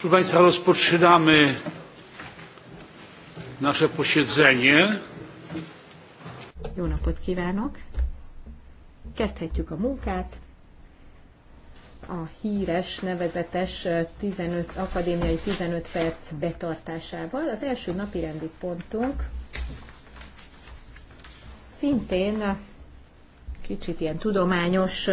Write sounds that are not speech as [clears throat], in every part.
Proszę Państwa, rozpoczynamy nasze posiedzenie. Jó napot kívánok! Kezdhetjük a munkát. A híres, nevezetes 15, akadémiai 15 perc betartásával. Az első napi rendi pontunk szintén kicsit ilyen tudományos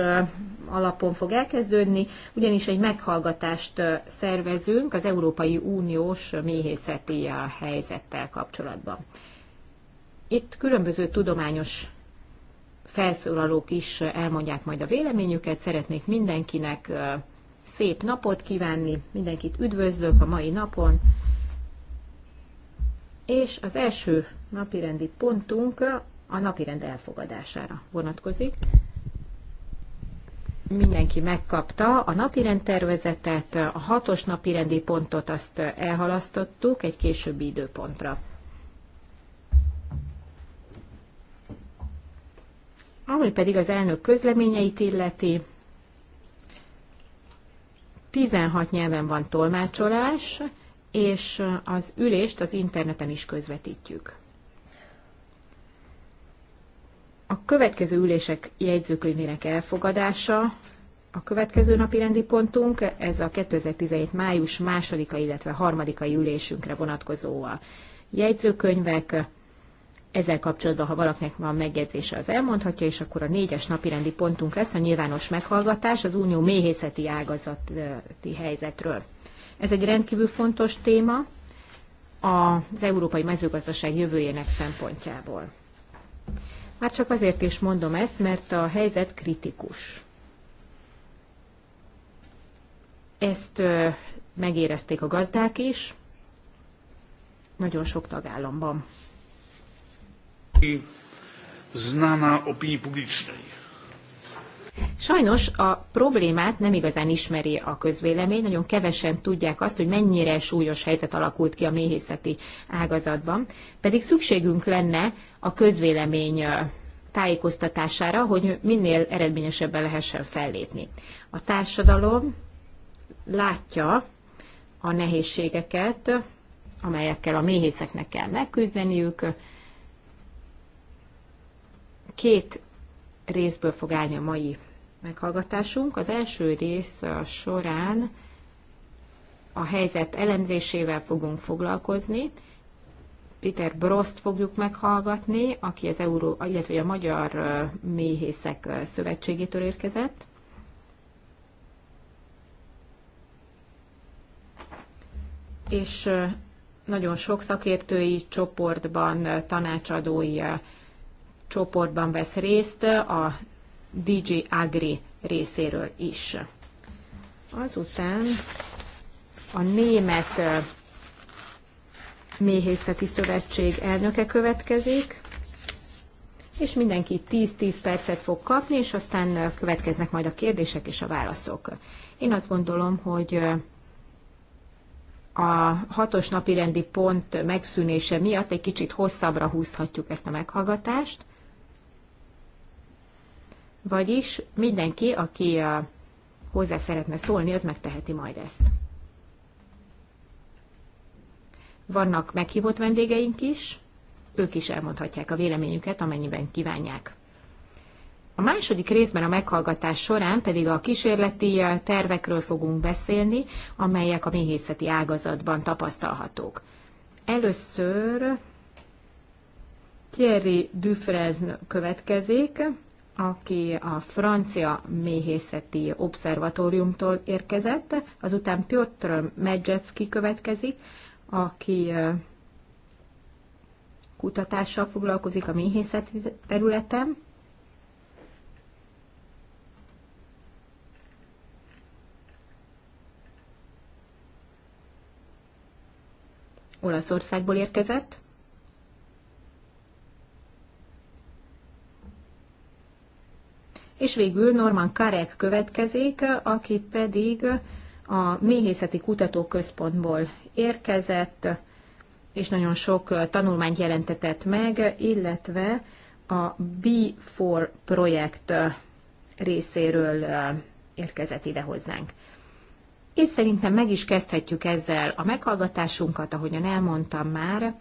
alapon fog elkezdődni, ugyanis egy meghallgatást szervezünk az Európai Uniós méhészeti helyzettel kapcsolatban. Itt különböző tudományos felszólalók is elmondják majd a véleményüket. Szeretnék mindenkinek szép napot kívánni, mindenkit üdvözlök a mai napon. És az első napirendi pontunk a napirend elfogadására vonatkozik. Mindenki megkapta a napirend rendtervezetet, a hatos napirendi pontot azt elhalasztottuk egy későbbi időpontra. Ami pedig az elnök közleményeit illeti, 16 nyelven van tolmácsolás, és az ülést az interneten is közvetítjük. A következő ülések jegyzőkönyvének elfogadása a következő napi rendi pontunk, ez a 2017. május 2 illetve harmadikai ülésünkre vonatkozó a jegyzőkönyvek. Ezzel kapcsolatban, ha valakinek van megjegyzése, az elmondhatja, és akkor a négyes napi rendi pontunk lesz a nyilvános meghallgatás az unió méhészeti ágazati helyzetről. Ez egy rendkívül fontos téma az európai mezőgazdaság jövőjének szempontjából. Már csak azért is mondom ezt, mert a helyzet kritikus. Ezt megérezték a gazdák is, nagyon sok tagállamban. Znana opinii publicznej. Sajnos a problémát nem igazán ismeri a közvélemény, nagyon kevesen tudják azt, hogy mennyire súlyos helyzet alakult ki a méhészeti ágazatban, pedig szükségünk lenne a közvélemény tájékoztatására, hogy minél eredményesebben lehessen fellépni. A társadalom látja a nehézségeket, amelyekkel a méhészeknek kell megküzdeniük. Két részből fog állni a mai meghallgatásunk. Az első rész uh, során a helyzet elemzésével fogunk foglalkozni. Peter Brost fogjuk meghallgatni, aki az Euró, illetve a Magyar uh, Méhészek uh, Szövetségétől érkezett. És nagyon sok szakértői csoportban, tanácsadói csoportban vesz részt a DJ Agri részéről is. Azután a német Méhészeti Szövetség elnöke következik, és mindenki 10-10 percet fog kapni, és aztán következnek majd a kérdések és a válaszok. Én azt gondolom, hogy a hatos napi rendi pont megszűnése miatt egy kicsit hosszabbra húzhatjuk ezt a meghallgatást, vagyis mindenki, aki uh, hozzá szeretne szólni, az megteheti majd ezt. Vannak meghívott vendégeink is, ők is elmondhatják a véleményüket, amennyiben kívánják. A második részben a meghallgatás során pedig a kísérleti uh, tervekről fogunk beszélni, amelyek a méhészeti ágazatban tapasztalhatók. Először Thierry Dufresne következik, aki a francia méhészeti obszervatóriumtól érkezett, azután Piotr Medzsecki következik, aki kutatással foglalkozik a méhészeti területen. Olaszországból érkezett. és végül Norman Karek következik, aki pedig a Méhészeti Kutatóközpontból érkezett, és nagyon sok tanulmányt jelentetett meg, illetve a B4 projekt részéről érkezett ide hozzánk. És szerintem meg is kezdhetjük ezzel a meghallgatásunkat, ahogyan elmondtam már,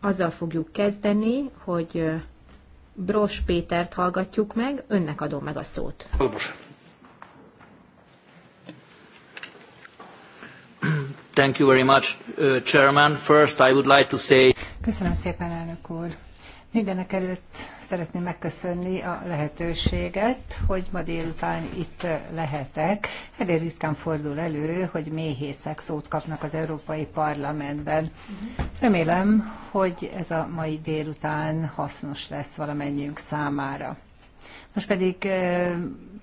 azzal fogjuk kezdeni, hogy Bros Pétert hallgatjuk meg, önnek adom meg a szót. Thank you very much, uh, Chairman. First, I would like to say... Köszönöm szépen, elnök úr. Mindenek előtt szeretném megköszönni a lehetőséget, hogy ma délután itt lehetek. Elég ritkán fordul elő, hogy méhészek szót kapnak az Európai Parlamentben. Remélem, hogy ez a mai délután hasznos lesz valamennyiünk számára. Most pedig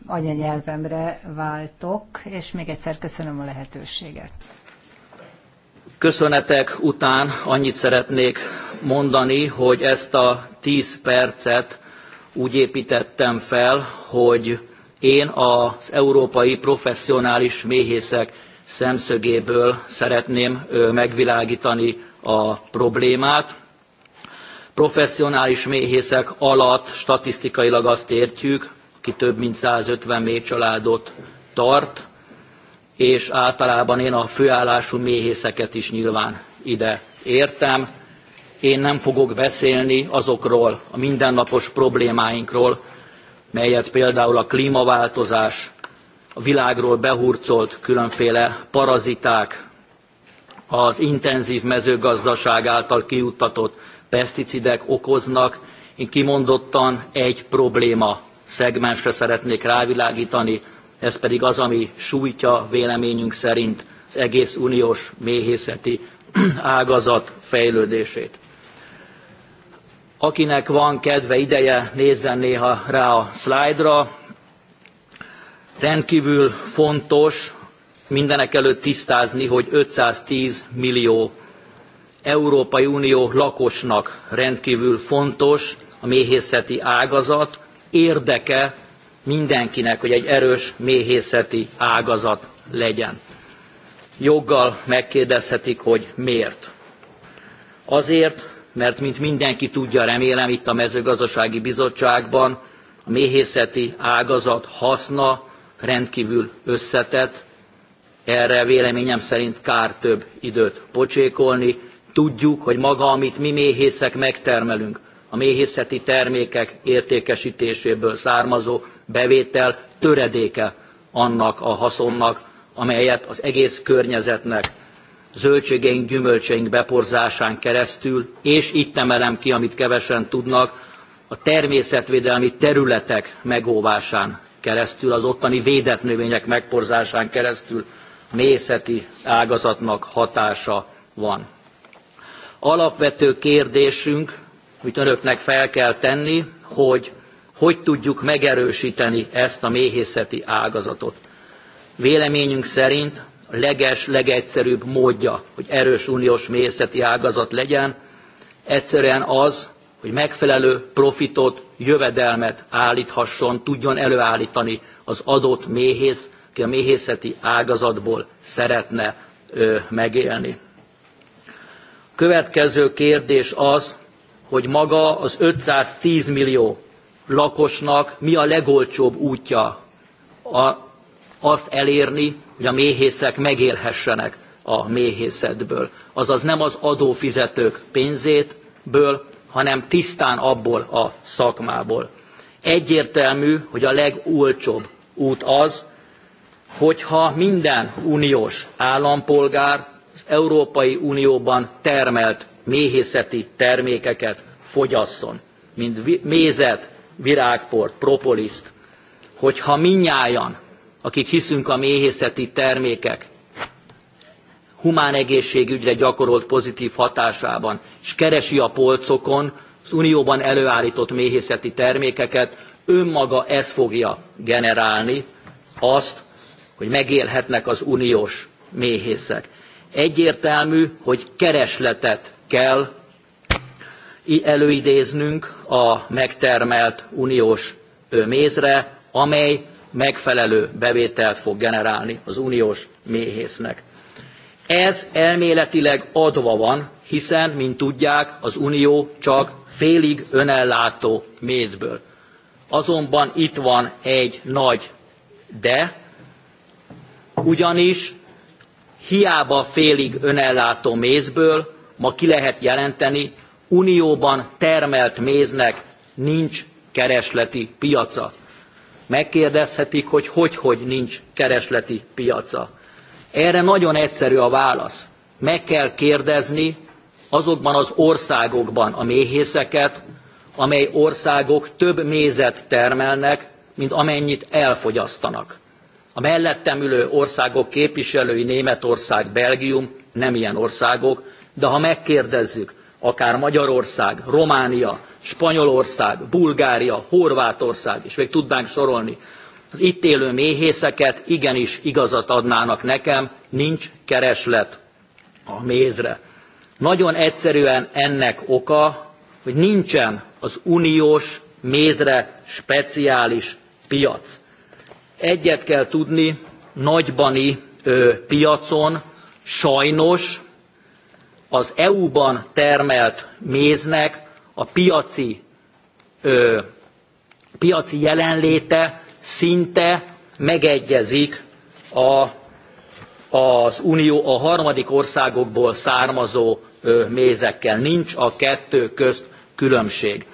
anyanyelvemre váltok, és még egyszer köszönöm a lehetőséget. Köszönetek után annyit szeretnék mondani, hogy ezt a tíz percet úgy építettem fel, hogy én az európai professzionális méhészek szemszögéből szeretném megvilágítani a problémát. Professzionális méhészek alatt statisztikailag azt értjük, aki több mint 150 mély családot tart, és általában én a főállású méhészeket is nyilván ide értem én nem fogok beszélni azokról a mindennapos problémáinkról, melyet például a klímaváltozás, a világról behurcolt különféle paraziták, az intenzív mezőgazdaság által kiuttatott peszticidek okoznak. Én kimondottan egy probléma szegmensre szeretnék rávilágítani, ez pedig az, ami sújtja véleményünk szerint az egész uniós méhészeti ágazat fejlődését. Akinek van kedve, ideje, nézzen néha rá a szlájdra. Rendkívül fontos mindenekelőtt tisztázni, hogy 510 millió Európai Unió lakosnak rendkívül fontos a méhészeti ágazat, érdeke mindenkinek, hogy egy erős méhészeti ágazat legyen. Joggal megkérdezhetik, hogy miért. Azért, mert mint mindenki tudja, remélem itt a mezőgazdasági bizottságban a méhészeti ágazat haszna rendkívül összetett, erre véleményem szerint kár több időt pocsékolni. Tudjuk, hogy maga, amit mi méhészek megtermelünk, a méhészeti termékek értékesítéséből származó bevétel töredéke annak a haszonnak, amelyet az egész környezetnek zöldségeink, gyümölcseink beporzásán keresztül, és itt emelem ki, amit kevesen tudnak, a természetvédelmi területek megóvásán keresztül, az ottani védett növények megporzásán keresztül mészeti ágazatnak hatása van. Alapvető kérdésünk, amit önöknek fel kell tenni, hogy hogy tudjuk megerősíteni ezt a méhészeti ágazatot. Véleményünk szerint leges, legegyszerűbb módja, hogy erős uniós mészeti ágazat legyen, egyszerűen az, hogy megfelelő profitot, jövedelmet állíthasson, tudjon előállítani az adott méhész, aki a méhészeti ágazatból szeretne ö, megélni. Következő kérdés az, hogy maga az 510 millió lakosnak mi a legolcsóbb útja a azt elérni, hogy a méhészek megélhessenek a méhészetből. Azaz nem az adófizetők pénzétből, hanem tisztán abból a szakmából. Egyértelmű, hogy a legolcsóbb út az, hogyha minden uniós állampolgár az Európai Unióban termelt méhészeti termékeket fogyasszon, mint mézet, virágport, propoliszt, hogyha minnyájan akik hiszünk a méhészeti termékek humán egészségügyre gyakorolt pozitív hatásában, és keresi a polcokon az unióban előállított méhészeti termékeket, önmaga ez fogja generálni azt, hogy megélhetnek az uniós méhészek. Egyértelmű, hogy keresletet kell előidéznünk a megtermelt uniós mézre, amely megfelelő bevételt fog generálni az uniós méhésznek. Ez elméletileg adva van, hiszen, mint tudják, az Unió csak félig önellátó mézből. Azonban itt van egy nagy de, ugyanis hiába félig önellátó mézből ma ki lehet jelenteni, unióban termelt méznek nincs keresleti piaca megkérdezhetik, hogy hogy-hogy nincs keresleti piaca. Erre nagyon egyszerű a válasz. Meg kell kérdezni azokban az országokban a méhészeket, amely országok több mézet termelnek, mint amennyit elfogyasztanak. A mellettem ülő országok képviselői Németország, Belgium nem ilyen országok, de ha megkérdezzük, akár Magyarország, Románia, Spanyolország, Bulgária, Horvátország, és még tudnánk sorolni, az itt élő méhészeket igenis igazat adnának nekem, nincs kereslet a mézre. Nagyon egyszerűen ennek oka, hogy nincsen az uniós mézre speciális piac. Egyet kell tudni, nagybani ö, piacon sajnos az EU-ban termelt méznek a piaci, ö, piaci jelenléte szinte megegyezik a, az unió a harmadik országokból származó ö, mézekkel. Nincs a kettő közt különbség.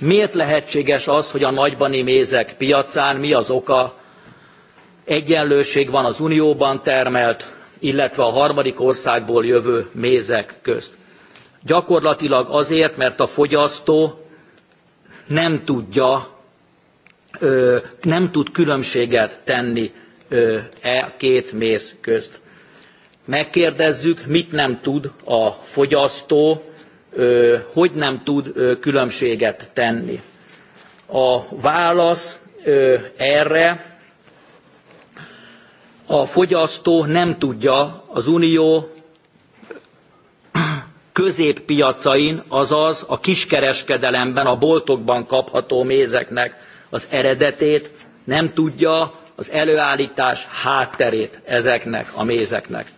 Miért lehetséges az, hogy a nagybani mézek piacán mi az oka? Egyenlőség van az unióban termelt, illetve a harmadik országból jövő mézek közt. Gyakorlatilag azért, mert a fogyasztó nem tudja, nem tud különbséget tenni e két méz közt. Megkérdezzük, mit nem tud a fogyasztó, hogy nem tud különbséget tenni. A válasz erre a fogyasztó nem tudja az unió középpiacain, azaz a kiskereskedelemben, a boltokban kapható mézeknek az eredetét, nem tudja az előállítás hátterét ezeknek a mézeknek.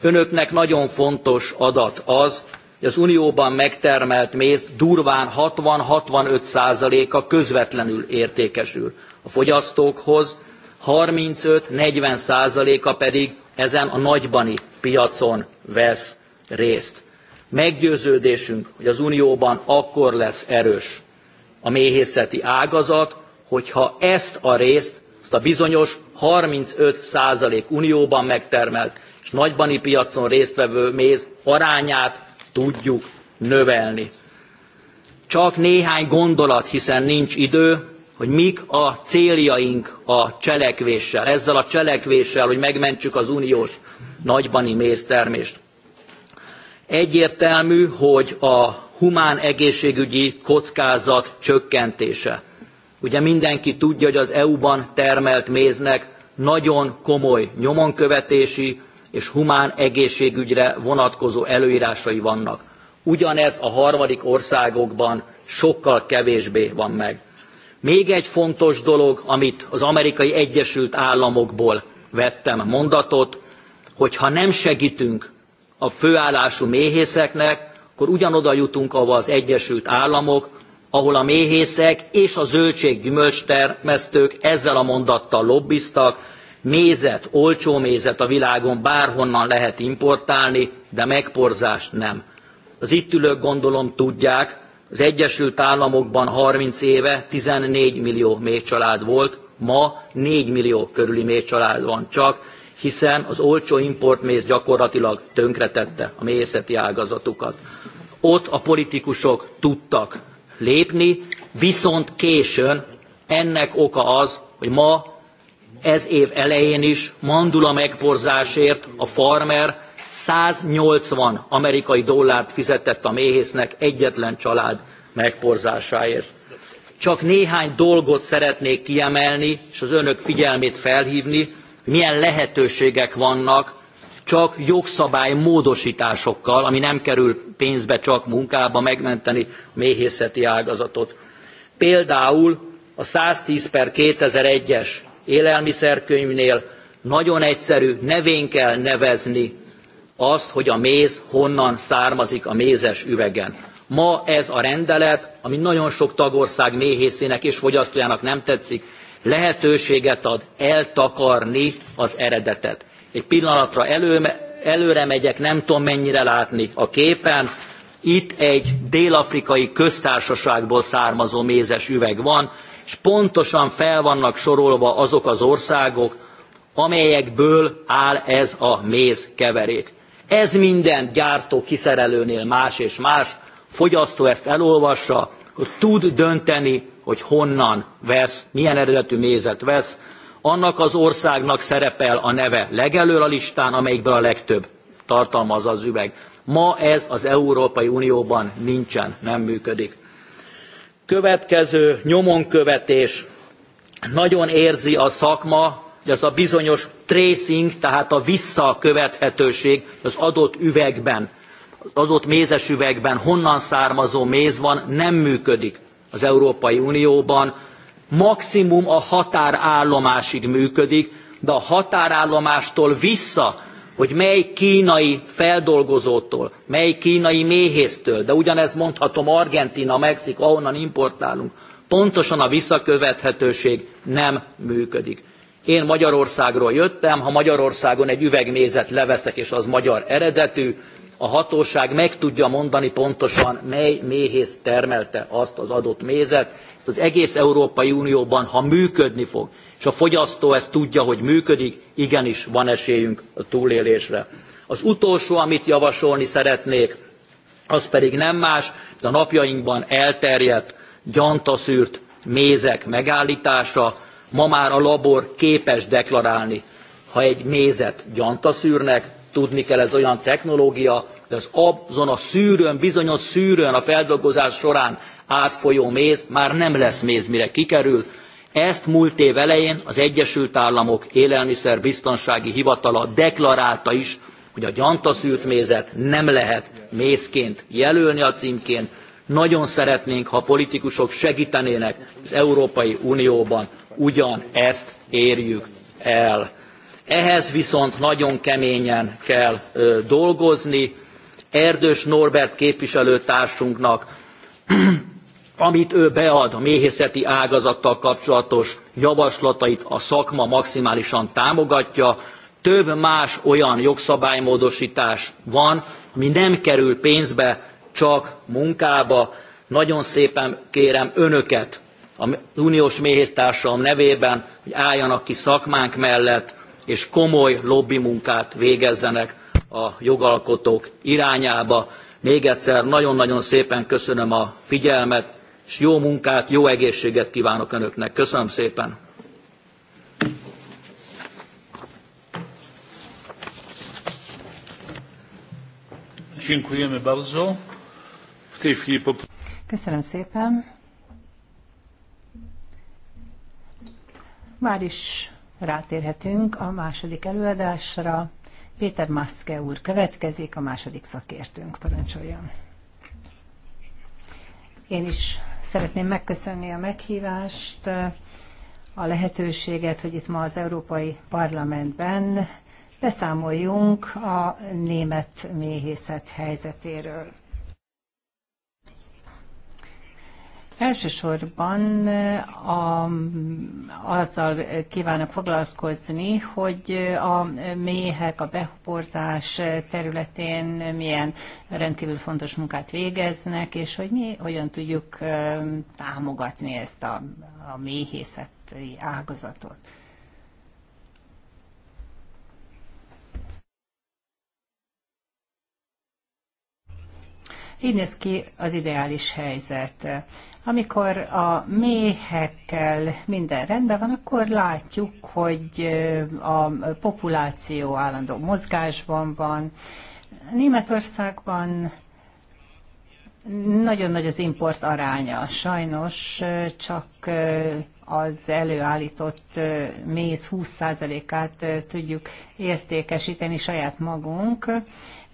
Önöknek nagyon fontos adat az, hogy az Unióban megtermelt méz durván 60-65 százaléka közvetlenül értékesül a fogyasztókhoz, 35-40 százaléka pedig ezen a nagybani piacon vesz részt. Meggyőződésünk, hogy az Unióban akkor lesz erős a méhészeti ágazat, hogyha ezt a részt, azt a bizonyos 35% unióban megtermelt és nagybani piacon résztvevő méz arányát tudjuk növelni. Csak néhány gondolat, hiszen nincs idő, hogy mik a céljaink a cselekvéssel, ezzel a cselekvéssel, hogy megmentsük az uniós nagybani méztermést. Egyértelmű, hogy a humán egészségügyi kockázat csökkentése. Ugye mindenki tudja, hogy az EU-ban termelt méznek nagyon komoly nyomonkövetési és humán egészségügyre vonatkozó előírásai vannak. Ugyanez a harmadik országokban sokkal kevésbé van meg. Még egy fontos dolog, amit az amerikai Egyesült Államokból vettem mondatot, hogy ha nem segítünk a főállású méhészeknek, akkor ugyanoda jutunk, ahova az Egyesült Államok, ahol a méhészek és a zöldség gyümölcstermesztők ezzel a mondattal lobbiztak, mézet, olcsó mézet a világon bárhonnan lehet importálni, de megporzást nem. Az itt ülők gondolom tudják, az Egyesült Államokban 30 éve 14 millió méhcsalád volt, ma 4 millió körüli méhcsalád van csak, hiszen az olcsó importméz gyakorlatilag tönkretette a méhészeti ágazatukat. Ott a politikusok tudtak lépni, viszont későn ennek oka az, hogy ma ez év elején is mandula megborzásért a farmer 180 amerikai dollárt fizetett a méhésznek egyetlen család megporzásáért. Csak néhány dolgot szeretnék kiemelni, és az önök figyelmét felhívni, milyen lehetőségek vannak csak jogszabály módosításokkal, ami nem kerül pénzbe, csak munkába megmenteni a méhészeti ágazatot. Például a 110 per 2001-es élelmiszerkönyvnél nagyon egyszerű, nevén kell nevezni azt, hogy a méz honnan származik a mézes üvegen. Ma ez a rendelet, ami nagyon sok tagország méhészének és fogyasztójának nem tetszik, lehetőséget ad eltakarni az eredetet. Egy pillanatra elő, előre megyek, nem tudom mennyire látni a képen. Itt egy dél-afrikai köztársaságból származó mézes üveg van, és pontosan fel vannak sorolva azok az országok, amelyekből áll ez a keverék. Ez minden gyártó kiszerelőnél más és más, fogyasztó ezt elolvassa, hogy tud dönteni, hogy honnan vesz, milyen eredetű mézet vesz, annak az országnak szerepel a neve legelől a listán, amelyikben a legtöbb tartalmaz az üveg. Ma ez az Európai Unióban nincsen, nem működik. Következő nyomonkövetés. Nagyon érzi a szakma, hogy az a bizonyos tracing, tehát a visszakövethetőség az adott üvegben az ott mézes üvegben honnan származó méz van, nem működik az Európai Unióban. Maximum a határállomásig működik, de a határállomástól vissza, hogy mely kínai feldolgozótól, mely kínai méhésztől, de ugyanezt mondhatom Argentina, Mexik, ahonnan importálunk, pontosan a visszakövethetőség nem működik. Én Magyarországról jöttem, ha Magyarországon egy üvegmézet leveszek, és az magyar eredetű, a hatóság meg tudja mondani pontosan, mely méhész termelte azt az adott mézet. Ezt az egész Európai Unióban, ha működni fog, és a fogyasztó ezt tudja, hogy működik, igenis van esélyünk a túlélésre. Az utolsó, amit javasolni szeretnék, az pedig nem más, mint a napjainkban elterjedt gyantaszűrt mézek megállítása. Ma már a labor képes deklarálni, ha egy mézet gyantaszűrnek, Tudni kell, ez olyan technológia, de az azon a szűrőn, bizonyos szűrőn a feldolgozás során átfolyó méz már nem lesz méz, mire kikerül. Ezt múlt év elején az Egyesült Államok Élelmiszerbiztonsági Hivatala deklarálta is, hogy a gyantaszűrt mézet nem lehet mézként jelölni a címkén. Nagyon szeretnénk, ha politikusok segítenének az Európai Unióban ugyan ezt érjük el. Ehhez viszont nagyon keményen kell dolgozni. Erdős Norbert képviselőtársunknak, [clears throat] amit ő bead a méhészeti ágazattal kapcsolatos javaslatait, a szakma maximálisan támogatja. Több más olyan jogszabálymódosítás van, ami nem kerül pénzbe, csak munkába. Nagyon szépen kérem önöket, az uniós méhésztársaim nevében, hogy álljanak ki szakmánk mellett, és komoly lobby munkát végezzenek a jogalkotók irányába. Még egyszer nagyon-nagyon szépen köszönöm a figyelmet, és jó munkát, jó egészséget kívánok Önöknek. Köszönöm szépen! Köszönöm szépen. Már is rátérhetünk a második előadásra. Péter Maszke úr következik, a második szakértőnk parancsoljon. Én is szeretném megköszönni a meghívást, a lehetőséget, hogy itt ma az Európai Parlamentben beszámoljunk a német méhészet helyzetéről. Elsősorban a, azzal kívánok foglalkozni, hogy a méhek, a beporzás területén milyen rendkívül fontos munkát végeznek, és hogy mi hogyan tudjuk támogatni ezt a, a méhészeti ágazatot. Így néz ki az ideális helyzet. Amikor a méhekkel minden rendben van, akkor látjuk, hogy a populáció állandó mozgásban van. Németországban nagyon nagy az import aránya. Sajnos csak az előállított méz 20%-át tudjuk értékesíteni saját magunk,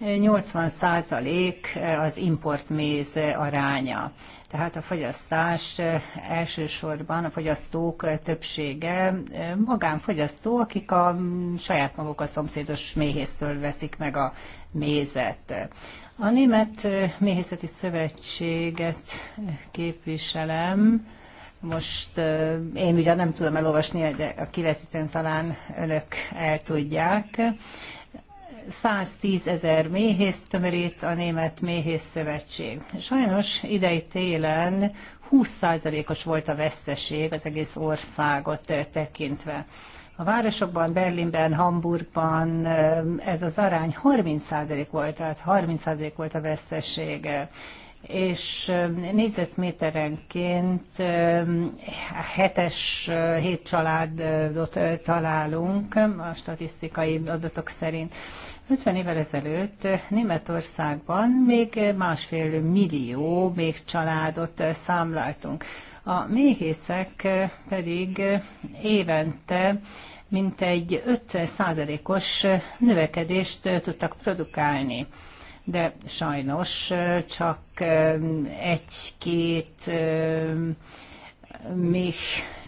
80% az importméz aránya. Tehát a fogyasztás elsősorban a fogyasztók többsége magánfogyasztó, akik a saját maguk a szomszédos méhésztől veszik meg a mézet. A Német Méhészeti Szövetséget képviselem. Most eh, én ugye nem tudom elolvasni, de a kivetítőn talán önök el tudják. 110 ezer méhész tömörít a Német Méhész Szövetség. Sajnos idei télen 20%-os volt a veszteség az egész országot tekintve. A városokban, Berlinben, Hamburgban ez az arány 30% volt, tehát 30% volt a vesztesége és négyzetméterenként hetes, hét családot találunk a statisztikai adatok szerint. 50 évvel ezelőtt Németországban még másfél millió még családot számláltunk. A méhészek pedig évente mintegy 5 os növekedést tudtak produkálni. De sajnos csak egy-két még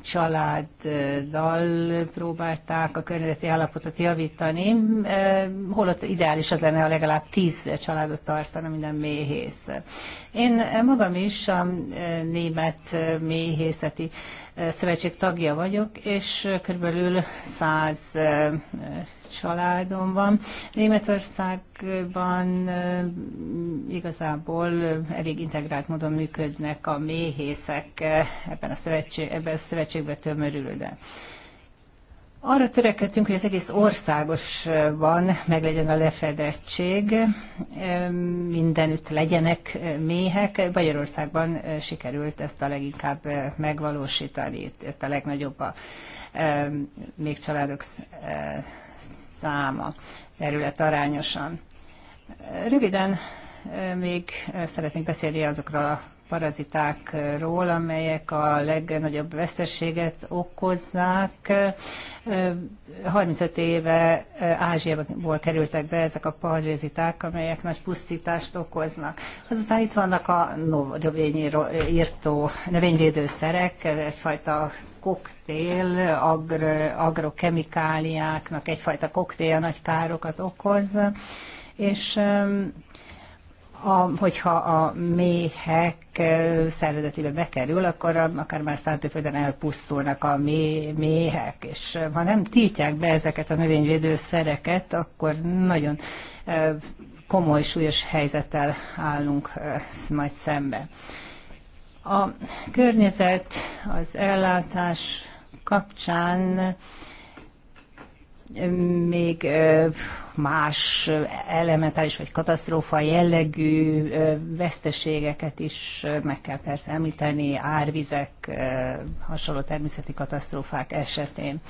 családdal próbálták a környezeti állapotot javítani, holott ideális az lenne, ha legalább tíz családot tartana minden méhész. Én magam is a német méhészeti szövetség tagja vagyok, és körülbelül 100 családom van. Németországban igazából elég integrált módon működnek a méhészek ebben a, szövetség, ebben a szövetségbe tömörülően. Arra törekedtünk, hogy az egész országosban meglegyen a lefedettség, mindenütt legyenek méhek. Magyarországban eh, sikerült ezt a leginkább eh, megvalósítani, itt a legnagyobb a még családok eh, száma terület arányosan. Röviden még szeretnénk beszélni azokról a parazitákról, amelyek a legnagyobb veszteséget okoznák. 35 éve Ázsiából kerültek be ezek a paraziták, amelyek nagy pusztítást okoznak. Azután itt vannak a szerek, növényvédőszerek, egyfajta koktél, agr, agrokemikáliáknak egyfajta koktél nagy károkat okoz, és a, hogyha a méhek szervezetébe bekerül, akkor akár már szántóföldön elpusztulnak a mé, méhek, és ha nem tiltják be ezeket a szereket, akkor nagyon komoly, súlyos helyzettel állunk majd szembe. A környezet, az ellátás kapcsán még más elementális vagy katasztrófa jellegű veszteségeket is meg kell persze említeni, árvizek, hasonló természeti katasztrófák esetén.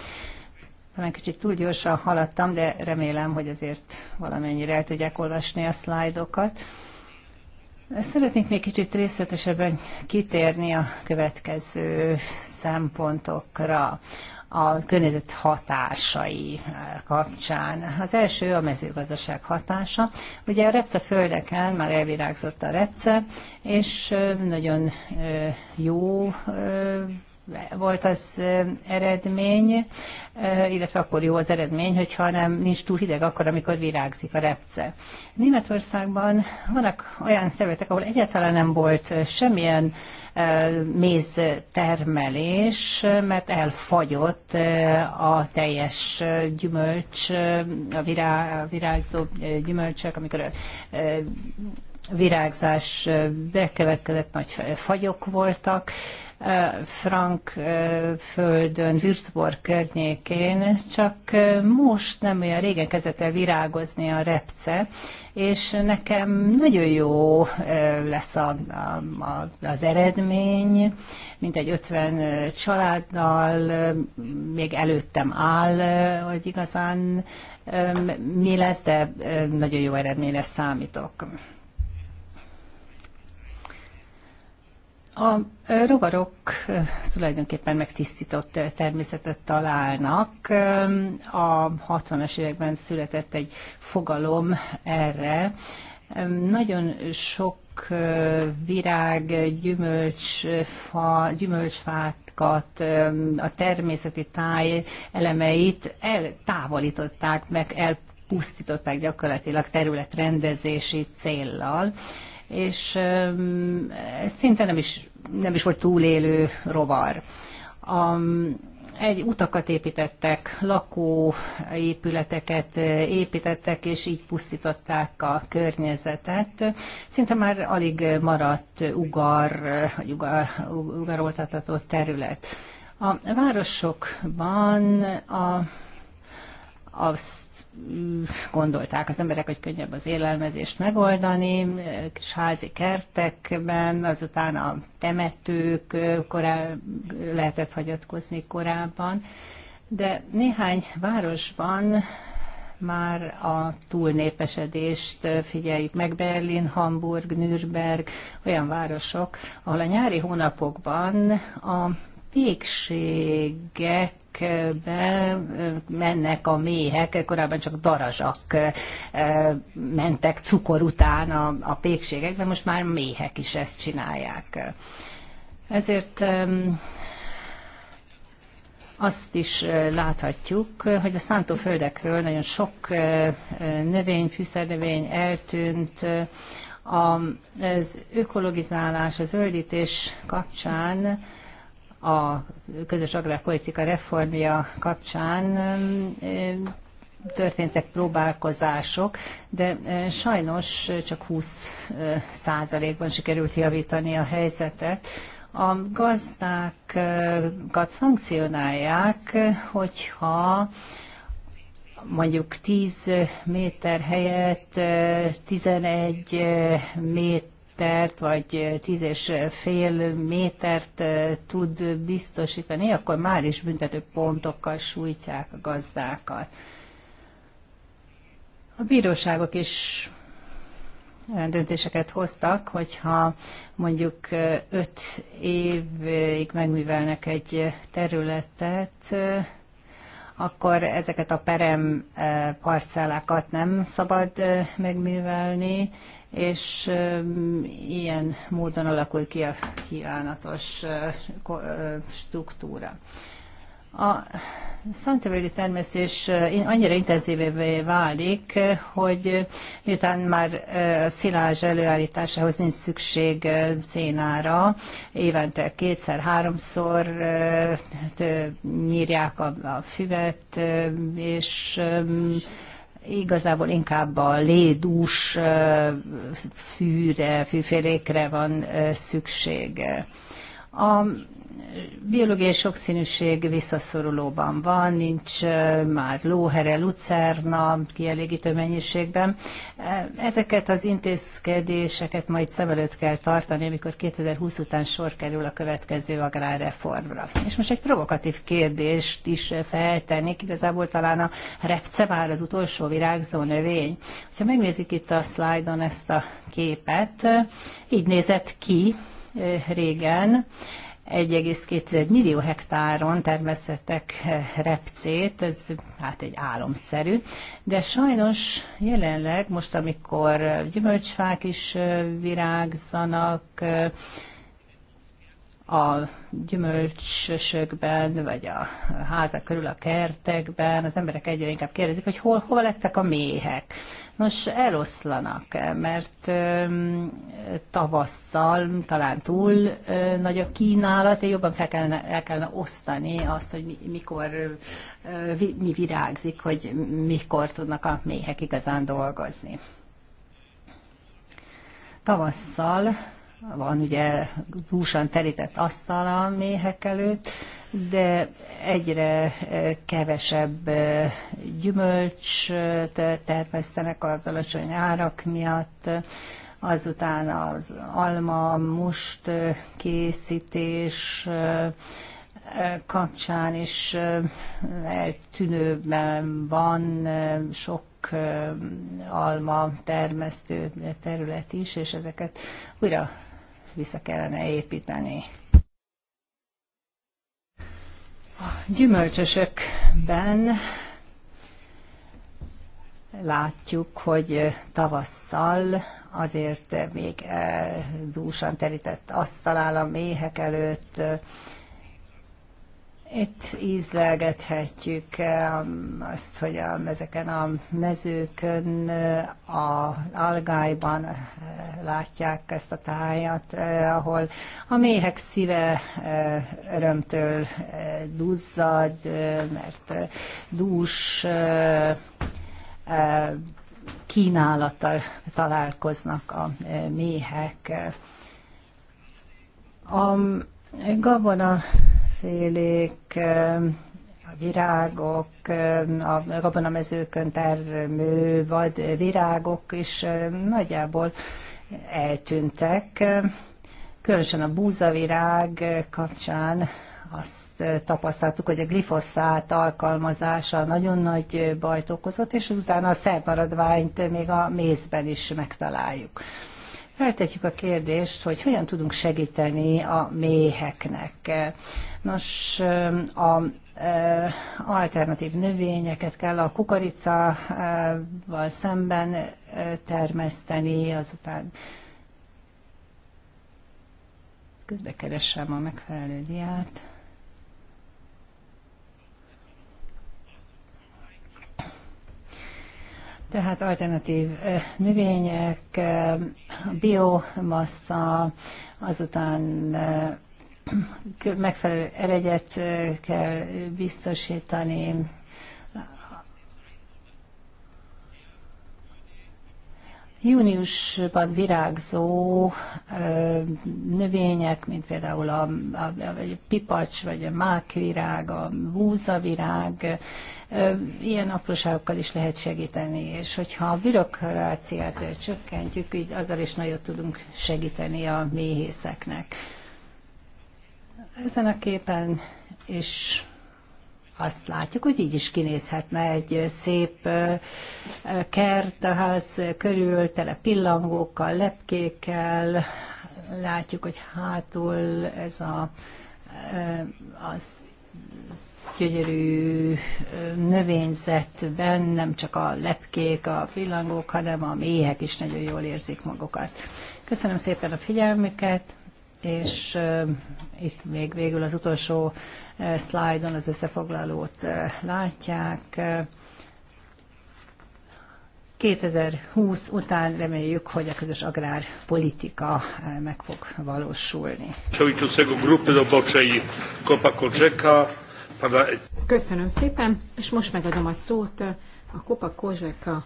Talán kicsit túl gyorsan haladtam, de remélem, hogy azért valamennyire el tudják olvasni a szlájdokat. Szeretnék még kicsit részletesebben kitérni a következő szempontokra a környezet hatásai eh, kapcsán. Az első a mezőgazdaság hatása. Ugye a repce földeken már elvirágzott a repce, és eh, nagyon eh, jó volt az eredmény, illetve akkor jó az eredmény, hogyha nem nincs túl hideg akkor, amikor virágzik a repce. Németországban vannak olyan területek, ahol egyáltalán nem volt semmilyen méztermelés, mert elfagyott a teljes gyümölcs, a, virágzó gyümölcsök, amikor a virágzás bekövetkezett, nagy fagyok voltak, Frank földön, Würzburg környékén, csak most nem olyan régen kezdett el virágozni a repce, és nekem nagyon jó lesz a, a, az eredmény, mint egy 50 családdal még előttem áll, hogy igazán mi lesz, de nagyon jó eredményre számítok. A rovarok tulajdonképpen megtisztított természetet találnak. A 60-as években született egy fogalom erre. Nagyon sok virág, gyümölcs, fa, gyümölcsfátkat, a természeti táj elemeit eltávolították, meg elpusztították gyakorlatilag területrendezési céllal és szinte nem is, nem is volt túlélő rovar. A, egy utakat építettek, lakóépületeket építettek, és így pusztították a környezetet. Szinte már alig maradt ugar, vagy ugar, ugaroltatható terület. A városokban a, a gondolták az emberek, hogy könnyebb az élelmezést megoldani, kis házi kertekben, azután a temetők korá, lehetett hagyatkozni korábban, de néhány városban már a túlnépesedést figyeljük meg, Berlin, Hamburg, Nürnberg, olyan városok, ahol a nyári hónapokban a pékségekbe mennek a méhek, korábban csak darazsak mentek cukor után a, a pékségekbe, most már méhek is ezt csinálják. Ezért azt is láthatjuk, hogy a szántóföldekről nagyon sok növény, fűszernövény eltűnt, az ökologizálás, az öldítés kapcsán a közös agrárpolitika reformja kapcsán történtek próbálkozások, de sajnos csak 20 százalékban sikerült javítani a helyzetet. A gazdákat szankcionálják, hogyha mondjuk 10 méter helyett 11 méter métert, vagy tíz és fél métert tud biztosítani, akkor már is büntető pontokkal sújtják a gazdákat. A bíróságok is olyan döntéseket hoztak, hogyha mondjuk öt évig megművelnek egy területet, akkor ezeket a perem parcellákat nem szabad megművelni, és ilyen módon alakul ki a kívánatos struktúra. A szantövődi termesztés annyira intenzívévé válik, hogy miután már a szilázs előállításához nincs szükség szénára, évente kétszer-háromszor nyírják a, a füvet, és igazából inkább a lédús fűre, fűfélékre van szüksége. A biológiai sokszínűség visszaszorulóban van, nincs már lóhere, lucerna kielégítő mennyiségben. Ezeket az intézkedéseket majd szem előtt kell tartani, amikor 2020 után sor kerül a következő agrárreformra. És most egy provokatív kérdést is feltennék, igazából talán a repce már az utolsó virágzó növény. Ha megnézik itt a szlájdon ezt a képet, így nézett ki régen, 1,2 millió hektáron termesztettek eh, repcét, ez hát egy álomszerű, de sajnos jelenleg most, amikor gyümölcsfák is eh, virágzanak, eh, a gyümölcsösökben, vagy a házak körül a kertekben, az emberek egyre inkább kérdezik, hogy hol, hova lettek a méhek. Nos, eloszlanak, mert tavasszal talán túl nagy a kínálat, és jobban fel kellene, el kellene osztani azt, hogy mi, mikor mi virágzik, hogy mikor tudnak a méhek igazán dolgozni. Tavasszal van ugye dúsan terített asztal a méhek előtt, de egyre eh, kevesebb eh, gyümölcs eh, termesztenek a alacsony árak miatt, azután az alma, most készítés kapcsán is eltűnőben van sok alma termesztő terület is, és ezeket újra vissza kellene építeni. A gyümölcsösökben látjuk, hogy tavasszal azért még eh, dúsan terített asztalál a méhek előtt, itt ízlelgethetjük um, azt, hogy a, ezeken a mezőkön, uh, a algájban uh, látják ezt a tájat, uh, ahol a méhek szíve örömtől duzzad, mert dús kínálattal találkoznak a méhek. A gabona félék, a virágok, a gabonamezőkön termő vad virágok is nagyjából eltűntek. Különösen a búzavirág kapcsán azt tapasztaltuk, hogy a glifoszát alkalmazása nagyon nagy bajt okozott, és utána a szermaradványt még a mézben is megtaláljuk feltetjük a kérdést, hogy hogyan tudunk segíteni a méheknek. Nos, a eh, alternatív növényeket kell a kukoricával szemben eh, termeszteni, azután közbekeressem a megfelelő diát. Tehát alternatív növények, biomassa, azután megfelelő eregyet kell biztosítani, Júniusban virágzó növények, mint például a, a, a, a pipacs, vagy a mákvirág, a búzavirág, ilyen apróságokkal is lehet segíteni, és hogyha a bürokráciát csökkentjük, így azzal is nagyot tudunk segíteni a méhészeknek. Ezen a képen is azt látjuk, hogy így is kinézhetne egy szép kert a ház körül, tele pillangókkal, lepkékkel. Látjuk, hogy hátul ez a, az gyönyörű növényzetben nem csak a lepkék, a pillangók, hanem a méhek is nagyon jól érzik magukat. Köszönöm szépen a figyelmüket, és itt még végül az utolsó szlájdon az összefoglalót látják. 2020 után reméljük, hogy a közös agrárpolitika meg fog valósulni. Przewodniczącego Kopa Koczeka. Köszönöm szépen, és most megadom a szót a Kopa Kozseka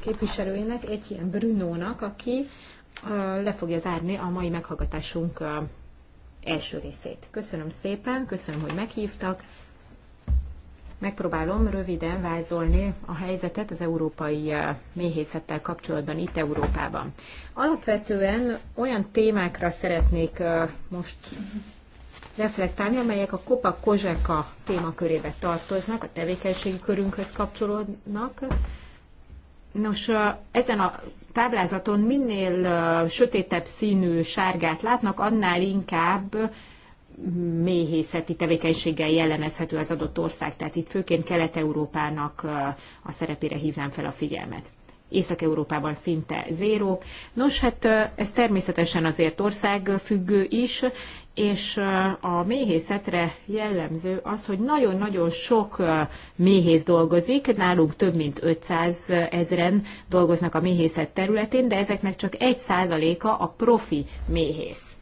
képviselőjének, egy ilyen Brunónak, aki le fogja zárni a mai meghallgatásunk első részét. Köszönöm szépen, köszönöm, hogy meghívtak. Megpróbálom röviden vázolni a helyzetet az európai méhészettel kapcsolatban itt Európában. Alapvetően olyan témákra szeretnék most reflektálni, amelyek a Kopa Kozseka témakörébe tartoznak, a tevékenységi körünkhöz kapcsolódnak. Nos, ezen a táblázaton minél sötétebb színű sárgát látnak, annál inkább méhészeti tevékenységgel jellemezhető az adott ország. Tehát itt főként Kelet-Európának a szerepére hívnám fel a figyelmet. Észak-Európában szinte zéró. Nos, hát ez természetesen azért országfüggő is, és a méhészetre jellemző az, hogy nagyon-nagyon sok méhész dolgozik, nálunk több mint 500 ezeren dolgoznak a méhészet területén, de ezeknek csak egy százaléka a profi méhész.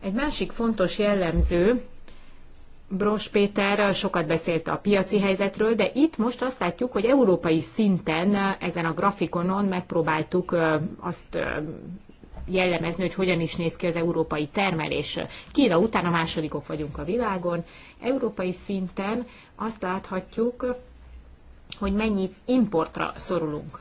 Egy másik fontos jellemző, Bros Péter sokat beszélt a piaci helyzetről, de itt most azt látjuk, hogy európai szinten ezen a grafikonon megpróbáltuk azt jellemezni, hogy hogyan is néz ki az európai termelés. Kína után a másodikok vagyunk a világon. Európai szinten azt láthatjuk, hogy mennyi importra szorulunk.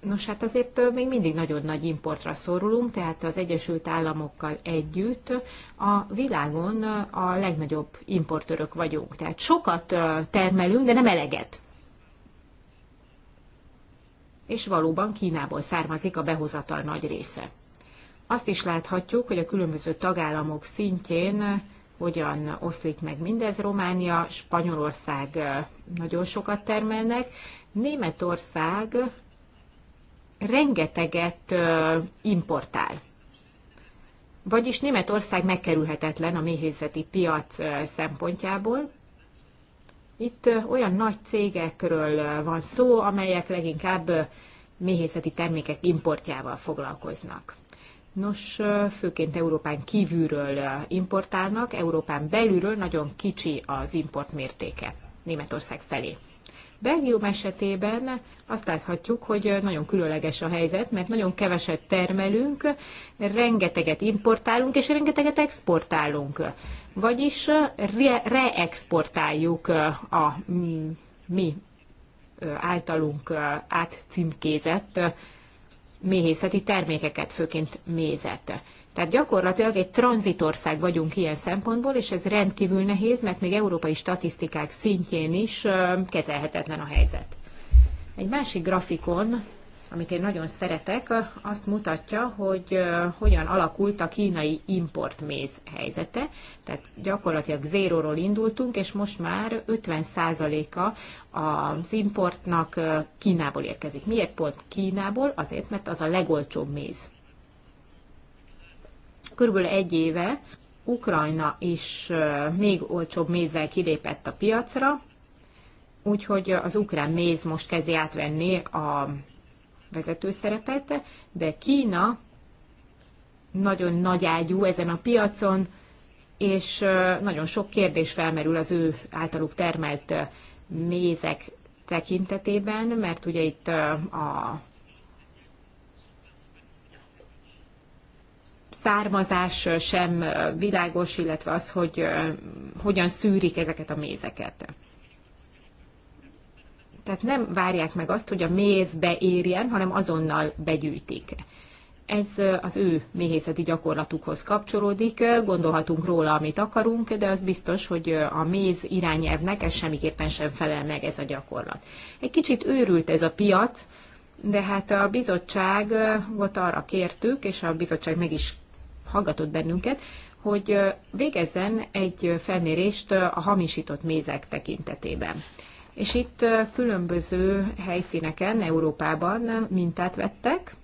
Nos, hát azért még mindig nagyon nagy importra szorulunk, tehát az Egyesült Államokkal együtt a világon a legnagyobb importőrök vagyunk. Tehát sokat termelünk, de nem eleget. És valóban Kínából származik a behozatal nagy része. Azt is láthatjuk, hogy a különböző tagállamok szintjén hogyan oszlik meg mindez. Románia, Spanyolország nagyon sokat termelnek, Németország rengeteget importál. Vagyis Németország megkerülhetetlen a méhészeti piac szempontjából. Itt olyan nagy cégekről van szó, amelyek leginkább méhészeti termékek importjával foglalkoznak. Nos, főként Európán kívülről importálnak, Európán belülről nagyon kicsi az import mértéke Németország felé. Belgium esetében azt láthatjuk, hogy nagyon különleges a helyzet, mert nagyon keveset termelünk, rengeteget importálunk és rengeteget exportálunk. Vagyis reexportáljuk a mi általunk átcímkézett méhészeti termékeket, főként mézet. Tehát gyakorlatilag egy tranzitország vagyunk ilyen szempontból, és ez rendkívül nehéz, mert még európai statisztikák szintjén is kezelhetetlen a helyzet. Egy másik grafikon amit én nagyon szeretek, azt mutatja, hogy hogyan alakult a kínai importméz helyzete. Tehát gyakorlatilag zéróról indultunk, és most már 50%-a az importnak Kínából érkezik. Miért pont Kínából? Azért, mert az a legolcsóbb méz. Körülbelül egy éve Ukrajna is még olcsóbb mézzel kilépett a piacra, úgyhogy az ukrán méz most kezdi átvenni a vezető szerepet, de Kína nagyon nagy ágyú ezen a piacon, és nagyon sok kérdés felmerül az ő általuk termelt mézek tekintetében, mert ugye itt a származás sem világos, illetve az, hogy hogyan szűrik ezeket a mézeket. Tehát nem várják meg azt, hogy a méz beérjen, hanem azonnal begyűjtik. Ez az ő méhészeti gyakorlatukhoz kapcsolódik, gondolhatunk róla, amit akarunk, de az biztos, hogy a méz irányelvnek ez semmiképpen sem felel meg ez a gyakorlat. Egy kicsit őrült ez a piac, de hát a bizottságot arra kértük, és a bizottság meg is hallgatott bennünket, hogy végezzen egy felmérést a hamisított mézek tekintetében és itt különböző helyszíneken Európában mintát vettek,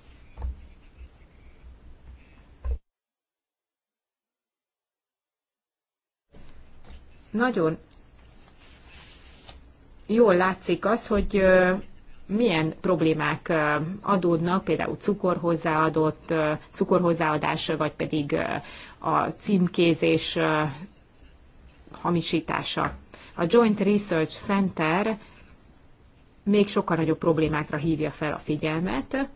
nagyon jól látszik az, hogy milyen problémák adódnak, például cukorhozzáadott, cukorhozzáadás, vagy pedig a címkézés hamisítása a Joint Research Center még sokkal nagyobb problémákra hívja fel a figyelmet.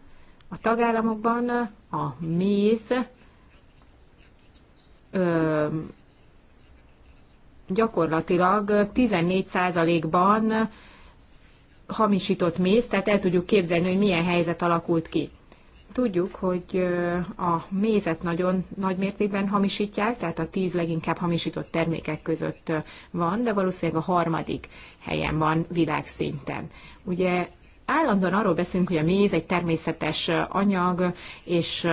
A tagállamokban a méz ö, gyakorlatilag 14%-ban hamisított méz, tehát el tudjuk képzelni, hogy milyen helyzet alakult ki tudjuk, hogy a mézet nagyon nagy mértékben hamisítják, tehát a tíz leginkább hamisított termékek között van, de valószínűleg a harmadik helyen van világszinten. Ugye állandóan arról beszélünk, hogy a méz egy természetes anyag, és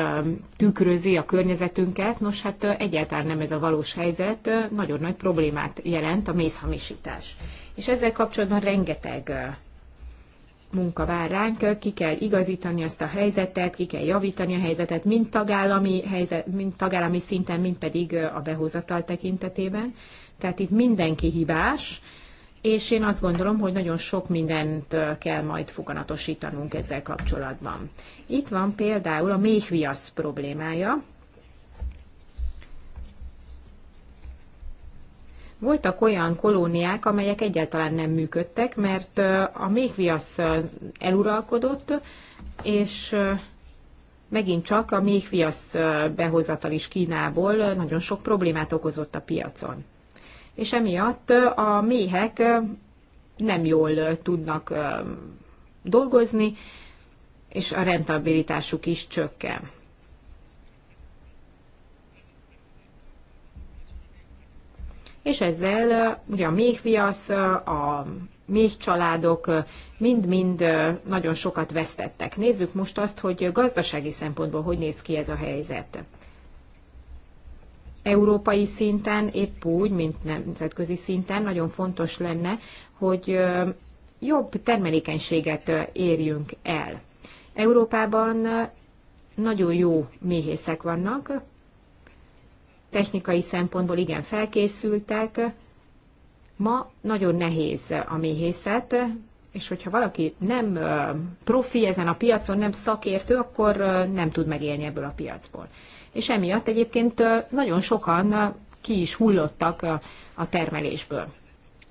tükrözi a környezetünket. Nos, hát egyáltalán nem ez a valós helyzet. Nagyon nagy problémát jelent a mézhamisítás. És ezzel kapcsolatban rengeteg munka vár ránk, ki kell igazítani ezt a helyzetet, ki kell javítani a helyzetet, mind tagállami, helyzet, mind tagállami szinten, mind pedig a behozatal tekintetében. Tehát itt mindenki hibás, és én azt gondolom, hogy nagyon sok mindent kell majd foganatosítanunk ezzel kapcsolatban. Itt van például a méhviasz problémája, Voltak olyan kolóniák, amelyek egyáltalán nem működtek, mert a méhviasz eluralkodott, és megint csak a méhviasz behozatal is Kínából nagyon sok problémát okozott a piacon. És emiatt a méhek nem jól tudnak dolgozni, és a rentabilitásuk is csökken. és ezzel ugye a méhviasz, a méhcsaládok mind-mind nagyon sokat vesztettek. Nézzük most azt, hogy gazdasági szempontból hogy néz ki ez a helyzet. Európai szinten, épp úgy, mint nemzetközi szinten nagyon fontos lenne, hogy jobb termelékenységet érjünk el. Európában nagyon jó méhészek vannak, technikai szempontból igen felkészültek. Ma nagyon nehéz a méhészet, és hogyha valaki nem profi ezen a piacon, nem szakértő, akkor nem tud megélni ebből a piacból. És emiatt egyébként nagyon sokan ki is hullottak a termelésből.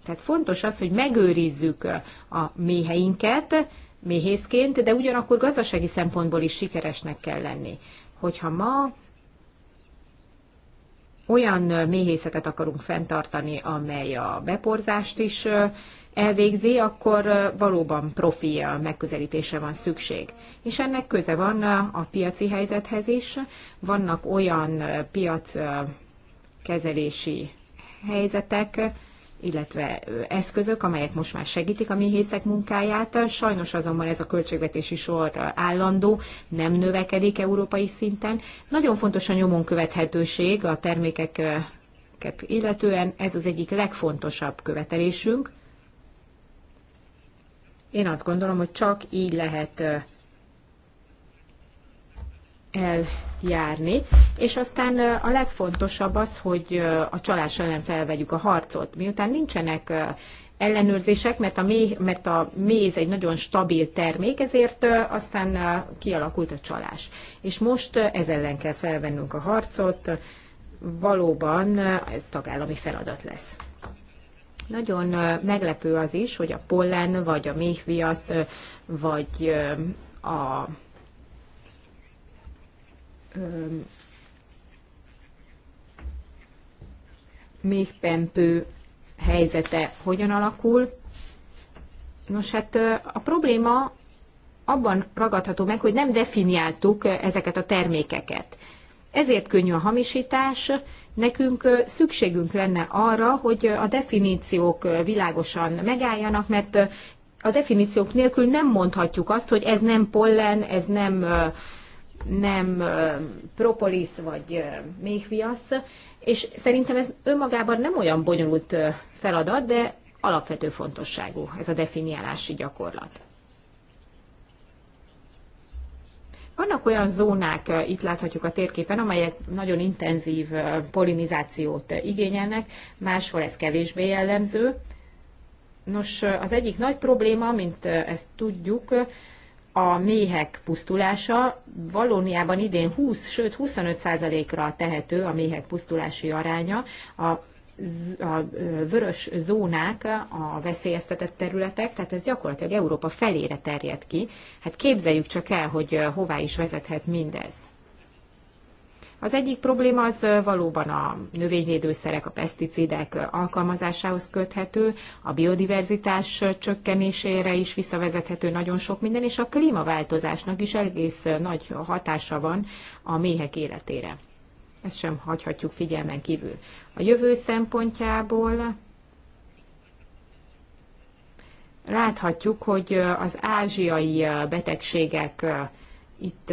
Tehát fontos az, hogy megőrizzük a méheinket méhészként, de ugyanakkor gazdasági szempontból is sikeresnek kell lenni. Hogyha ma olyan méhészetet akarunk fenntartani, amely a beporzást is elvégzi, akkor valóban profi megközelítése van szükség. És ennek köze van a piaci helyzethez is. Vannak olyan piackezelési helyzetek, illetve eszközök, amelyek most már segítik a méhészek munkáját. Sajnos azonban ez a költségvetési sor állandó, nem növekedik európai szinten. Nagyon fontos a nyomon követhetőség a termékeket illetően, ez az egyik legfontosabb követelésünk. Én azt gondolom, hogy csak így lehet eljárni, és aztán a legfontosabb az, hogy a csalás ellen felvegyük a harcot. Miután nincsenek ellenőrzések, mert a, méh, mert a méz egy nagyon stabil termék, ezért aztán kialakult a csalás. És most ez ellen kell felvennünk a harcot, valóban ez tagállami feladat lesz. Nagyon meglepő az is, hogy a pollen, vagy a méhviasz, vagy a méhpempő helyzete hogyan alakul. Nos, hát a probléma abban ragadható meg, hogy nem definiáltuk ezeket a termékeket. Ezért könnyű a hamisítás, nekünk szükségünk lenne arra, hogy a definíciók világosan megálljanak, mert a definíciók nélkül nem mondhatjuk azt, hogy ez nem pollen, ez nem nem propolis vagy méhviasz, és szerintem ez önmagában nem olyan bonyolult feladat, de alapvető fontosságú ez a definiálási gyakorlat. Vannak olyan zónák, itt láthatjuk a térképen, amelyek nagyon intenzív polinizációt igényelnek, máshol ez kevésbé jellemző. Nos, az egyik nagy probléma, mint ezt tudjuk, a méhek pusztulása valójában idén 20, sőt 25%-ra tehető a méhek pusztulási aránya. A a vörös zónák, a veszélyeztetett területek, tehát ez gyakorlatilag Európa felére terjed ki. Hát képzeljük csak el, hogy hová is vezethet mindez. Az egyik probléma az valóban a növényvédőszerek, a peszticidek alkalmazásához köthető, a biodiverzitás csökkenésére is visszavezethető nagyon sok minden, és a klímaváltozásnak is egész nagy hatása van a méhek életére. Ezt sem hagyhatjuk figyelmen kívül. A jövő szempontjából láthatjuk, hogy az ázsiai betegségek itt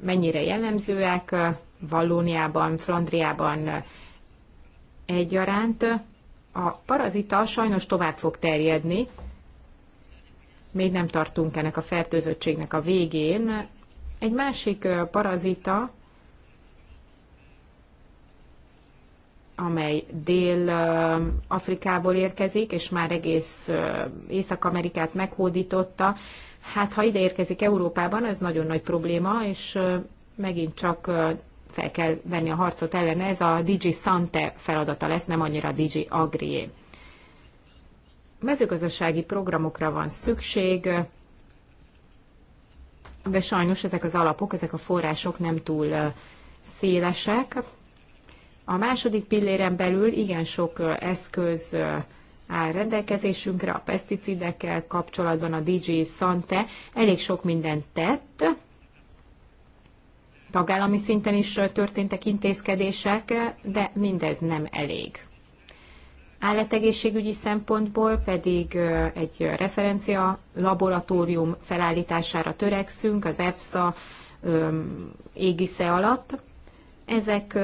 mennyire jellemzőek, Vallóniában, Flandriában egyaránt. A parazita sajnos tovább fog terjedni, még nem tartunk ennek a fertőzöttségnek a végén. Egy másik parazita, amely Dél-Afrikából érkezik, és már egész Észak-Amerikát meghódította. Hát, ha ide érkezik Európában, ez nagyon nagy probléma, és megint csak fel kell venni a harcot ellene, ez a DG Sante feladata lesz, nem annyira a DG Agrié. Mezőgazdasági programokra van szükség, de sajnos ezek az alapok, ezek a források nem túl szélesek. A második pilléren belül igen sok eszköz áll rendelkezésünkre, a peszticidekkel kapcsolatban a DG Sante elég sok mindent tett, tagállami szinten is történtek intézkedések, de mindez nem elég. Állategészségügyi szempontból pedig egy referencia laboratórium felállítására törekszünk az EFSA égisze alatt. Ezek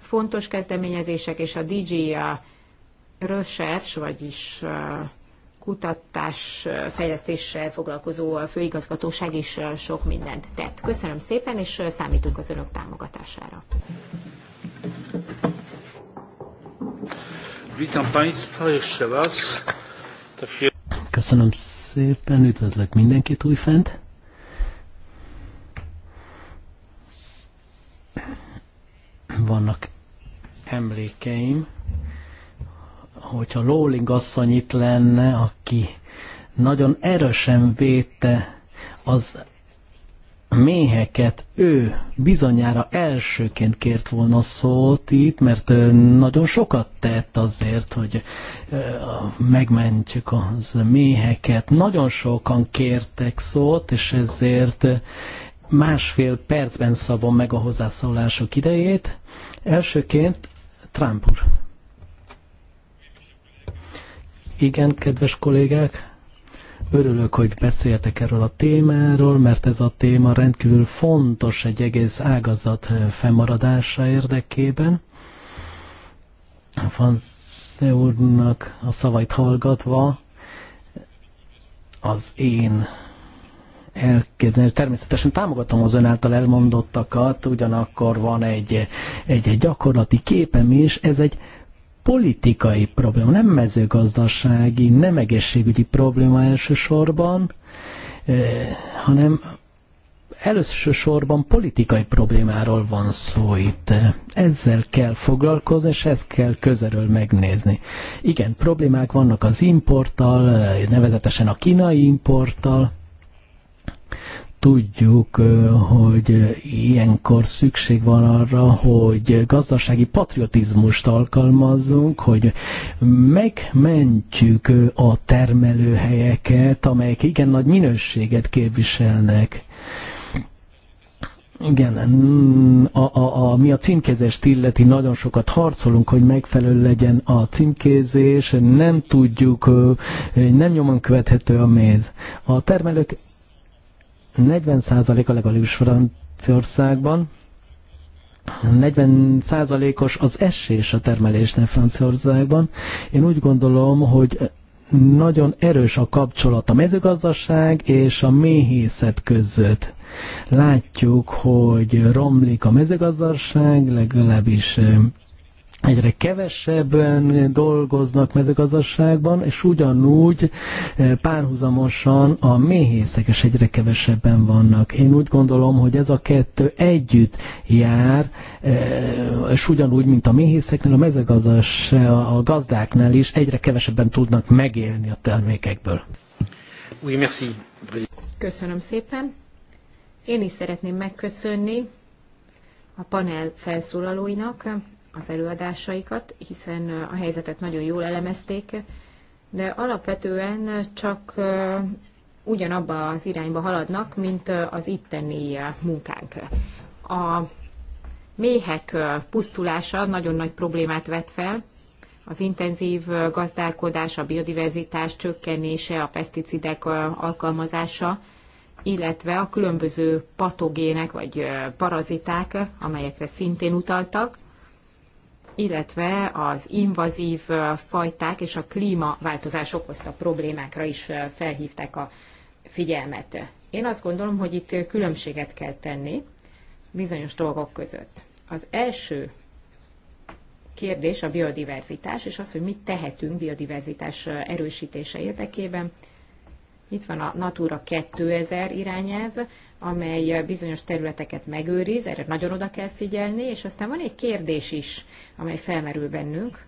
fontos kezdeményezések, és a DGA Research, vagyis kutatás fejlesztéssel foglalkozó főigazgatóság is sok mindent tett. Köszönöm szépen, és számítunk az önök támogatására. Köszönöm szépen, üdvözlök mindenkit újfent. Vannak emlékeim hogyha Lóling asszony itt lenne, aki nagyon erősen védte az méheket, ő bizonyára elsőként kért volna szót itt, mert nagyon sokat tett azért, hogy megmentjük az méheket. Nagyon sokan kértek szót, és ezért másfél percben szabom meg a hozzászólások idejét. Elsőként Trump úr. Igen, kedves kollégák, örülök, hogy beszéltek erről a témáról, mert ez a téma rendkívül fontos egy egész ágazat fennmaradása érdekében. Fansze úrnak a szavait hallgatva az én elképzelni. Természetesen támogatom az ön által elmondottakat, ugyanakkor van egy, egy, egy gyakorlati képem is. Ez egy politikai probléma, nem mezőgazdasági, nem egészségügyi probléma elsősorban, eh, hanem elsősorban politikai problémáról van szó itt. Ezzel kell foglalkozni, és ezt kell közelről megnézni. Igen, problémák vannak az importtal, eh, nevezetesen a kínai importtal, tudjuk, hogy ilyenkor szükség van arra, hogy gazdasági patriotizmust alkalmazzunk, hogy megmentjük a termelőhelyeket, amelyek igen nagy minőséget képviselnek. Igen, a, a, a, mi a címkézést illeti nagyon sokat harcolunk, hogy megfelelő legyen a címkézés, nem tudjuk, nem nyomon követhető a méz. A termelők 40% a legalábbis Franciaországban, 40%-os az esés a termelésnél Franciaországban. Én úgy gondolom, hogy nagyon erős a kapcsolat a mezőgazdaság és a méhészet között. Látjuk, hogy romlik a mezőgazdaság, legalábbis egyre kevesebben dolgoznak mezőgazdaságban, és ugyanúgy eh, párhuzamosan a méhészek is egyre kevesebben vannak. Én úgy gondolom, hogy ez a kettő együtt jár, eh, és ugyanúgy, mint a méhészeknél, a mezőgazdaság, a gazdáknál is egyre kevesebben tudnak megélni a termékekből. Köszönöm szépen. Én is szeretném megköszönni a panel felszólalóinak az előadásaikat, hiszen a helyzetet nagyon jól elemezték, de alapvetően csak ugyanabba az irányba haladnak, mint az itteni munkánk. A méhek pusztulása nagyon nagy problémát vet fel, az intenzív gazdálkodás, a biodiverzitás csökkenése, a peszticidek alkalmazása, illetve a különböző patogének vagy paraziták, amelyekre szintén utaltak, illetve az invazív fajták és a klímaváltozás okozta problémákra is felhívták a figyelmet. Én azt gondolom, hogy itt különbséget kell tenni bizonyos dolgok között. Az első kérdés a biodiverzitás, és az, hogy mit tehetünk biodiverzitás erősítése érdekében. Itt van a Natura 2000 irányelv, amely eh, bizonyos területeket megőriz, erre nagyon oda kell figyelni, és aztán van egy kérdés is, amely felmerül bennünk.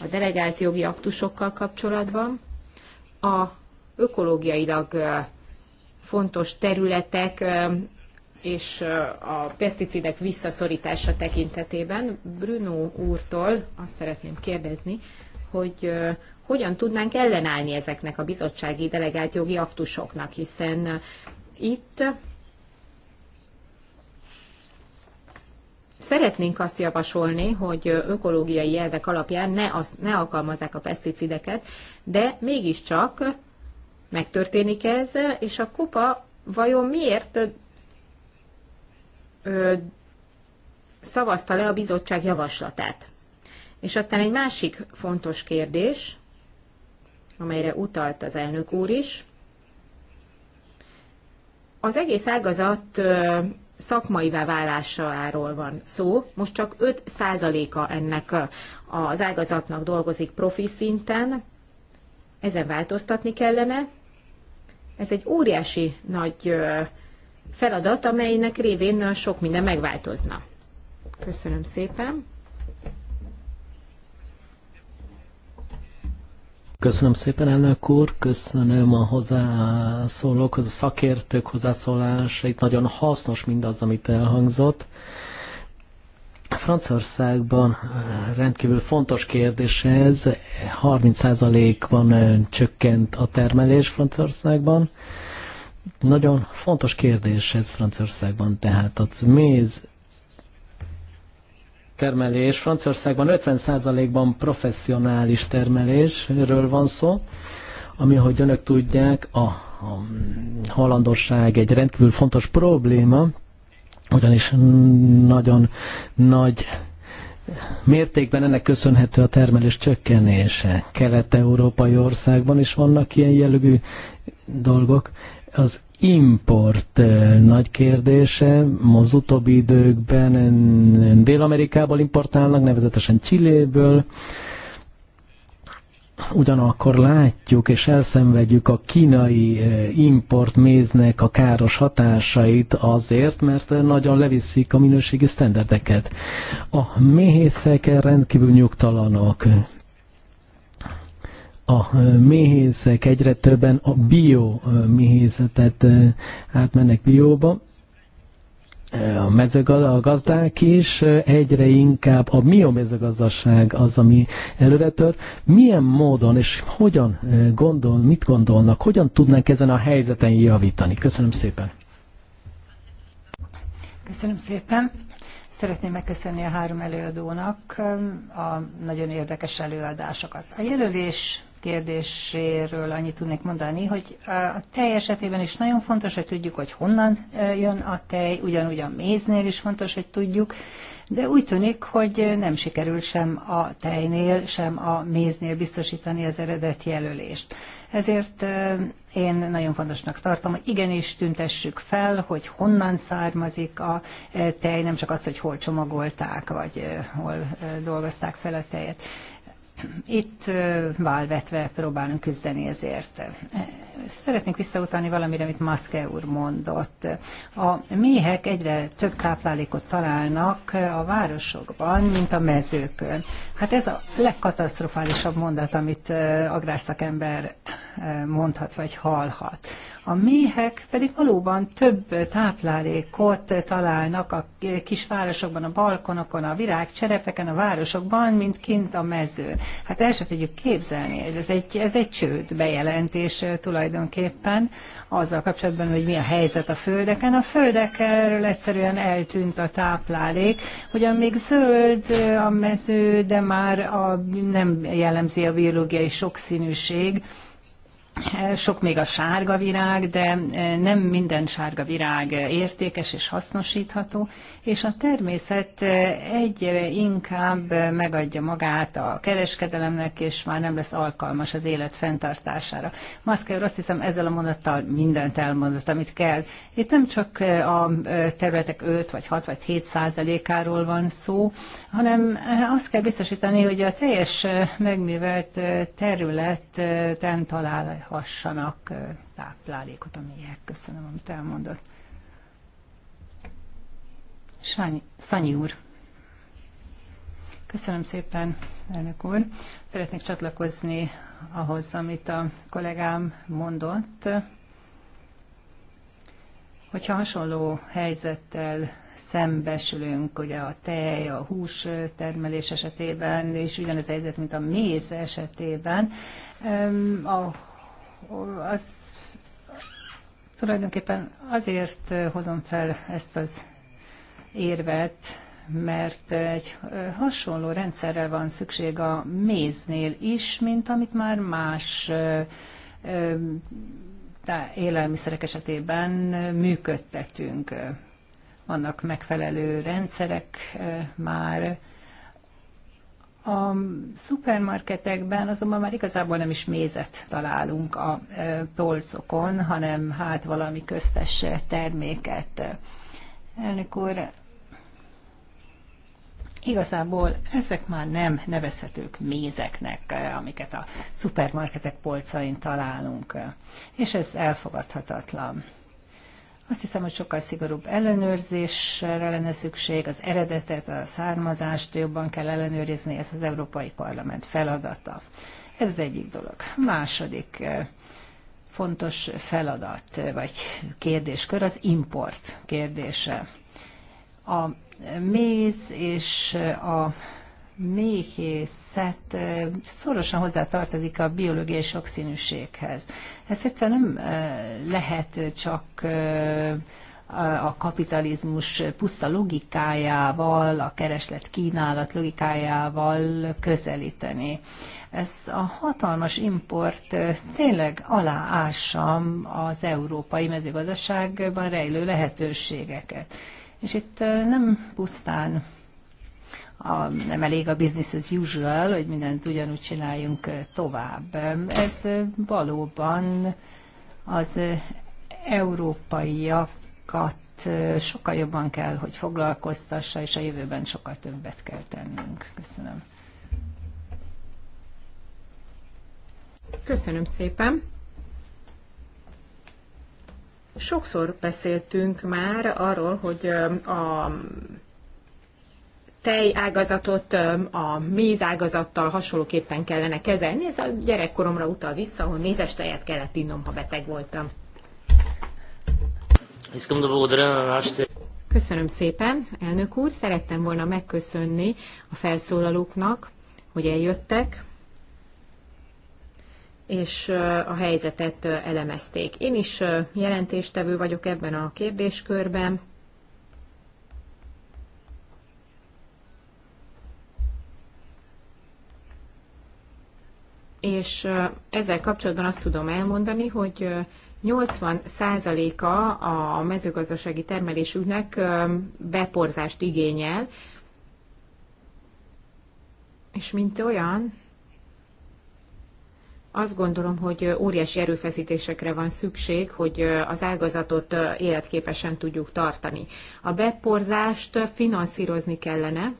A delegált jogi aktusokkal kapcsolatban a ökológiailag eh, fontos területek eh, és a peszticidek visszaszorítása tekintetében Bruno úrtól azt szeretném kérdezni, hogy hogyan tudnánk ellenállni ezeknek a bizottsági delegált jogi aktusoknak, hiszen uh, itt Szeretnénk azt javasolni, hogy uh, ökológiai jelvek alapján ne, az, ne alkalmazzák a peszticideket, de mégiscsak megtörténik ez, és a kupa vajon miért ö, uh, szavazta le a bizottság javaslatát? És aztán egy másik fontos kérdés, amelyre utalt az elnök úr is. Az egész ágazat szakmaivá válásáról van szó. Most csak 5%-a ennek az ágazatnak dolgozik profi szinten. Ezen változtatni kellene. Ez egy óriási nagy feladat, amelynek révén sok minden megváltozna. Köszönöm szépen. Köszönöm szépen, elnök úr, köszönöm a hozzászólókhoz, a szakértők hozzászólásait, nagyon hasznos mindaz, amit elhangzott. Franciaországban eh, rendkívül fontos kérdés ez, 30%-ban eh, csökkent a termelés Franciaországban. Nagyon fontos kérdés ez Franciaországban, tehát az méz termelés. Franciaországban 50%-ban professzionális termelésről van szó, ami, ahogy önök tudják, a, a halandosság egy rendkívül fontos probléma, ugyanis nagyon nagy mértékben ennek köszönhető a termelés csökkenése. Kelet-európai országban is vannak ilyen jellegű dolgok. Az import eh, nagy kérdése. Az utóbbi időkben Dél-Amerikából importálnak, nevezetesen Csilléből. Ugyanakkor látjuk és elszenvedjük a kínai eh, méznek a káros hatásait azért, mert nagyon leviszik a minőségi sztenderdeket. A méhészek rendkívül nyugtalanok a méhészek egyre többen a bio méhészetet átmennek bióba, a mezőgazdák is egyre inkább a biomezőgazdaság az, ami előre tör. Milyen módon és hogyan gondol, mit gondolnak, hogyan tudnánk ezen a helyzeten javítani? Köszönöm szépen. Köszönöm szépen. Szeretném megköszönni a három előadónak a nagyon érdekes előadásokat. A jelölés kérdéséről annyit tudnék mondani, hogy a tej esetében is nagyon fontos, hogy tudjuk, hogy honnan jön a tej, ugyanúgy a méznél is fontos, hogy tudjuk, de úgy tűnik, hogy nem sikerül sem a tejnél, sem a méznél biztosítani az eredeti jelölést. Ezért én nagyon fontosnak tartom, hogy igenis tüntessük fel, hogy honnan származik a tej, nem csak az, hogy hol csomagolták, vagy hol dolgozták fel a tejet. Itt válvetve próbálunk küzdeni ezért. Szeretnék visszautalni valamire, amit Maszke úr mondott. A méhek egyre több táplálékot találnak a városokban, mint a mezőkön. Hát ez a legkatasztrofálisabb mondat, amit agrárszakember mondhat vagy hallhat. A méhek pedig valóban több táplálékot találnak a kisvárosokban, a balkonokon, a virágcserepeken, a városokban, mint kint a mezőn. Hát el sem tudjuk képzelni, ez egy, ez egy csőd bejelentés tulajdonképpen azzal kapcsolatban, hogy mi a helyzet a földeken. A földekről egyszerűen eltűnt a táplálék, ugyan még zöld a mező, de már a, nem jellemzi a biológiai sokszínűség sok még a sárga virág, de e, nem minden sárga virág értékes és hasznosítható, és a természet e, egyre inkább megadja magát a kereskedelemnek, és már nem lesz alkalmas az élet fenntartására. Maszker azt hiszem ezzel a mondattal mindent elmondott, amit kell. Itt nem csak e, a területek 5 vagy 6 vagy 7 százalékáról van szó, hanem azt kell biztosítani, hogy a teljes megművelt területen talál hassanak táplálékot a méhek. Köszönöm, amit elmondott. Sanyi, Szanyi úr. Köszönöm szépen, elnök úr. Szeretnék csatlakozni ahhoz, amit a kollégám mondott. Hogyha hasonló helyzettel szembesülünk, ugye a tej, a hús termelés esetében, és ugyanez a helyzet, mint a méz esetében, a az, tulajdonképpen azért hozom fel ezt az érvet, mert egy hasonló rendszerrel van szükség a méznél is, mint amit már más élelmiszerek esetében működtetünk. Vannak megfelelő rendszerek már, a szupermarketekben azonban már igazából nem is mézet találunk a e, polcokon, hanem hát valami köztes terméket. Elnök úr, Igazából ezek már nem nevezhetők mézeknek, e, amiket a szupermarketek polcain találunk, e, és ez elfogadhatatlan. Azt hiszem, hogy sokkal szigorúbb ellenőrzésre lenne szükség, az eredetet, a származást jobban kell ellenőrizni, ez az Európai Parlament feladata. Ez az egyik dolog. Második eh, fontos feladat, eh, vagy kérdéskör az import kérdése. A méz és a méhészet szorosan hozzátartozik a biológiai sokszínűséghez. Ez egyszerűen nem lehet csak a kapitalizmus puszta logikájával, a kereslet kínálat logikájával közelíteni. Ez a hatalmas import tényleg aláássa az európai mezőgazdaságban rejlő lehetőségeket. És itt nem pusztán a, nem elég a business as usual, hogy mindent ugyanúgy csináljunk eh, tovább. Ez eh, valóban az eh, európaiakat sokkal jobban kell, hogy foglalkoztassa, és a jövőben sokkal többet kell tennünk. Köszönöm. Köszönöm szépen. Sokszor beszéltünk már arról, hogy a tejágazatot a méz ágazattal hasonlóképpen kellene kezelni. Ez a gyerekkoromra utal vissza, ahol mézes tejet kellett innom, ha beteg voltam. Köszönöm szépen, elnök úr. Szerettem volna megköszönni a felszólalóknak, hogy eljöttek, és a helyzetet elemezték. Én is jelentéstevő vagyok ebben a kérdéskörben. és ezzel kapcsolatban azt tudom elmondani, hogy 80%-a a mezőgazdasági termelésünknek beporzást igényel, és mint olyan, azt gondolom, hogy óriási erőfeszítésekre van szükség, hogy az ágazatot életképesen tudjuk tartani. A beporzást finanszírozni kellene,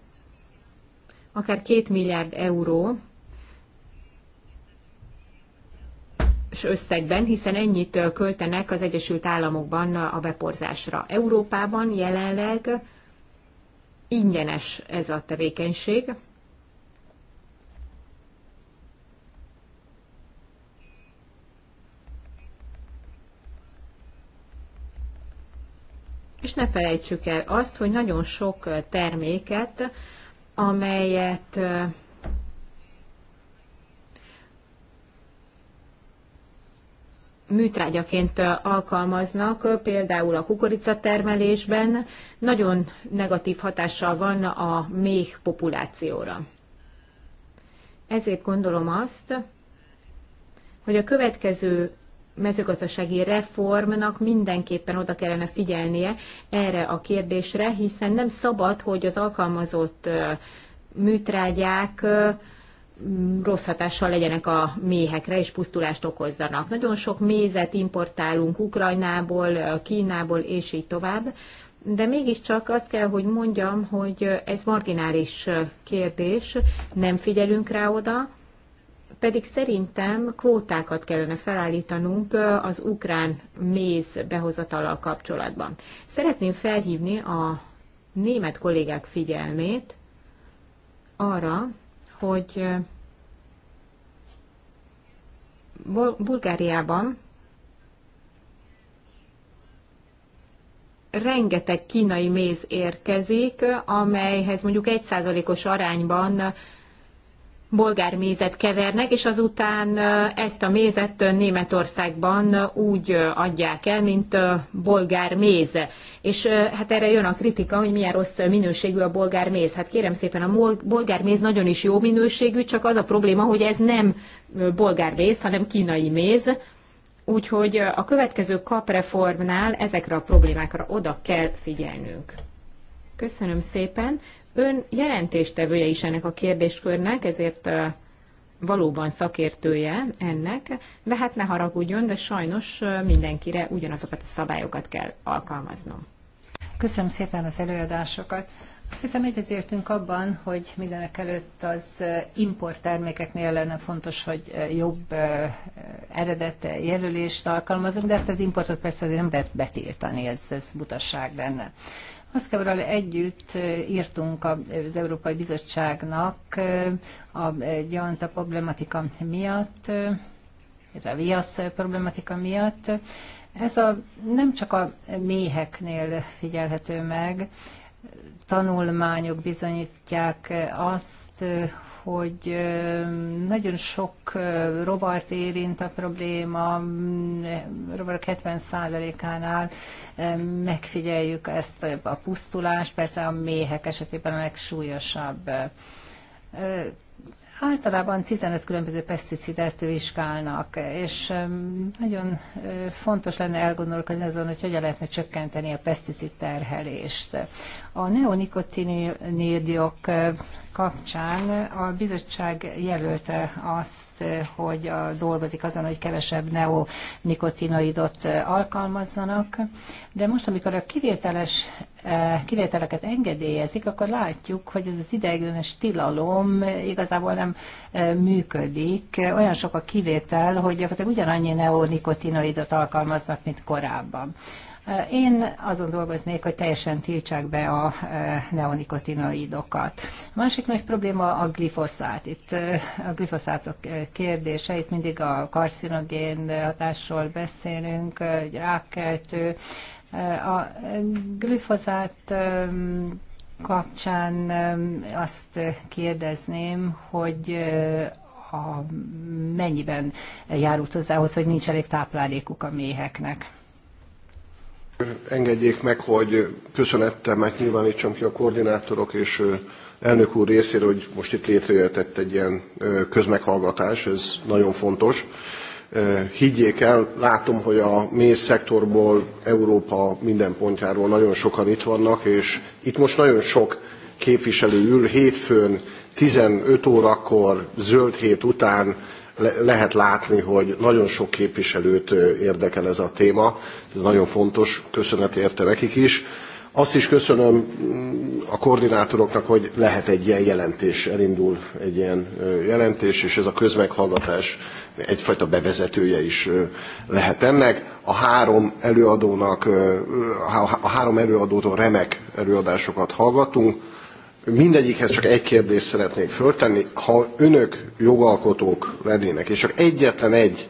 akár két milliárd euró összegben, hiszen ennyit költenek az Egyesült Államokban a beporzásra. Európában jelenleg ingyenes ez a tevékenység. És ne felejtsük el azt, hogy nagyon sok terméket, amelyet műtrágyaként alkalmaznak, például a kukoricatermelésben, nagyon negatív hatással van a méh populációra. Ezért gondolom azt, hogy a következő mezőgazdasági reformnak mindenképpen oda kellene figyelnie erre a kérdésre, hiszen nem szabad, hogy az alkalmazott műtrágyák rossz hatással legyenek a méhekre, és pusztulást okozzanak. Nagyon sok mézet importálunk Ukrajnából, Kínából, és így tovább, de mégiscsak azt kell, hogy mondjam, hogy ez marginális kérdés, nem figyelünk rá oda, pedig szerintem kvótákat kellene felállítanunk az ukrán méz behozatalal kapcsolatban. Szeretném felhívni a német kollégák figyelmét arra, hogy Bulgáriában rengeteg kínai méz érkezik, amelyhez mondjuk egy százalékos arányban Bolgár mézet kevernek, és azután ezt a mézet Németországban úgy adják el, mint bolgár méz. És hát erre jön a kritika, hogy milyen rossz minőségű a bolgár méz. Hát kérem szépen, a bolgár méz nagyon is jó minőségű, csak az a probléma, hogy ez nem bolgár méz, hanem kínai méz. Úgyhogy a következő kapreformnál ezekre a problémákra oda kell figyelnünk. Köszönöm szépen. Ön jelentéstevője is ennek a kérdéskörnek, ezért valóban szakértője ennek, de hát ne haragudjon, de sajnos mindenkire ugyanazokat a szabályokat kell alkalmaznom. Köszönöm szépen az előadásokat. Azt hiszem egyetértünk abban, hogy mindenek előtt az termékeknél lenne fontos, hogy jobb eredet jelölést alkalmazunk, de hát az importot persze azért nem lehet betiltani, ez, ez butasság lenne. Haszkeurral együtt írtunk az Európai Bizottságnak a gyanta problematika miatt, a viasz problematika miatt. Ez a, nem csak a méheknél figyelhető meg, tanulmányok bizonyítják azt, hogy nagyon sok rovart érint a probléma, rovarok 70%-ánál megfigyeljük ezt a pusztulást, persze a méhek esetében a legsúlyosabb. Általában 15 különböző peszticidet vizsgálnak, és nagyon fontos lenne elgondolkozni azon, hogy hogyan lehetne csökkenteni a peszticid terhelést. A neonikotinoidok kapcsán a bizottság jelölte azt, hogy a, dolgozik azon, hogy kevesebb neonikotinoidot alkalmazzanak, de most, amikor a kivételes eh, kivételeket engedélyezik, akkor látjuk, hogy ez az ideiglenes tilalom igazából nem eh, működik. Olyan sok a kivétel, hogy gyakorlatilag ugyanannyi neonikotinoidot alkalmaznak, mint korábban. Én azon dolgoznék, hogy teljesen tiltsák be a e, neonikotinoidokat. A másik nagy probléma a glifoszát. Itt e, a glifoszátok e, kérdése, itt mindig a karcinogén hatásról beszélünk, rákkeltő. A glifoszát kapcsán azt kérdezném, hogy a mennyiben járult hozzához, hogy nincs elég táplálékuk a méheknek. Engedjék meg, hogy köszönettemet nyilvánítsam ki a koordinátorok és elnök úr részéről, hogy most itt létrejöhetett egy ilyen közmeghallgatás, ez nagyon fontos. Higgyék el, látom, hogy a méz szektorból Európa minden pontjáról nagyon sokan itt vannak, és itt most nagyon sok képviselő ül, hétfőn 15 órakor, zöld hét után lehet látni, hogy nagyon sok képviselőt érdekel ez a téma, ez nagyon fontos, köszönet érte nekik is. Azt is köszönöm mm, a koordinátoroknak, hogy lehet egy ilyen jelentés, elindul egy ilyen jelentés, és ez a közmeghallgatás egyfajta bevezetője is lehet ennek. A három előadónak, a három előadótól remek előadásokat hallgatunk mindegyikhez csak egy kérdést szeretnék föltenni. Ha önök jogalkotók lennének, és csak egyetlen egy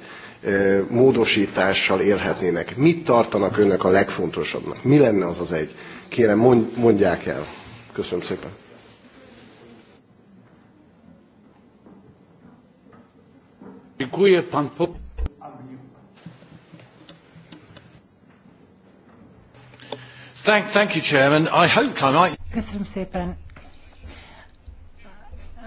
módosítással élhetnének, mit tartanak önök a legfontosabbnak? Mi lenne az az egy? Kérem, mondják el. Köszönöm szépen. Köszönöm szépen,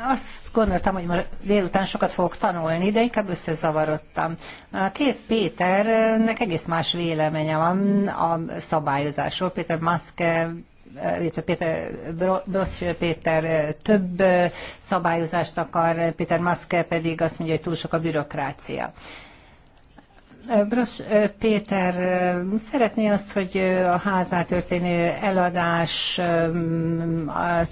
azt gondoltam, hogy ma délután sokat fogok tanulni, de inkább összezavarodtam. A két Péternek egész más véleménye van a szabályozásról. Péter Maszke Péter Brossz Péter több szabályozást akar, Péter Maszke pedig azt mondja, hogy túl sok a bürokrácia. Bros Péter szeretné azt, hogy a háznál történő eladás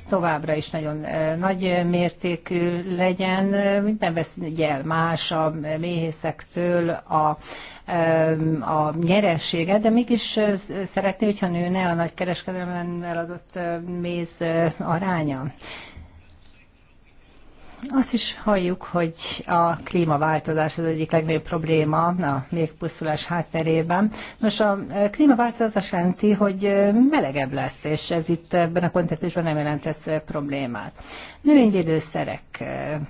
továbbra is nagyon nagy mértékű legyen, nem el más a méhészektől a, a nyeressége, de mégis szeretné, hogyha nőne a nagy kereskedelmen eladott méz aránya. Azt is halljuk, hogy a klímaváltozás az egyik legnagyobb probléma a mégpusztulás hátterében. Nos, a e, klímaváltozás jelenti, hogy e, melegebb lesz, és ez itt ebben a kontextusban nem jelent ez e, problémát. Növényvédőszerek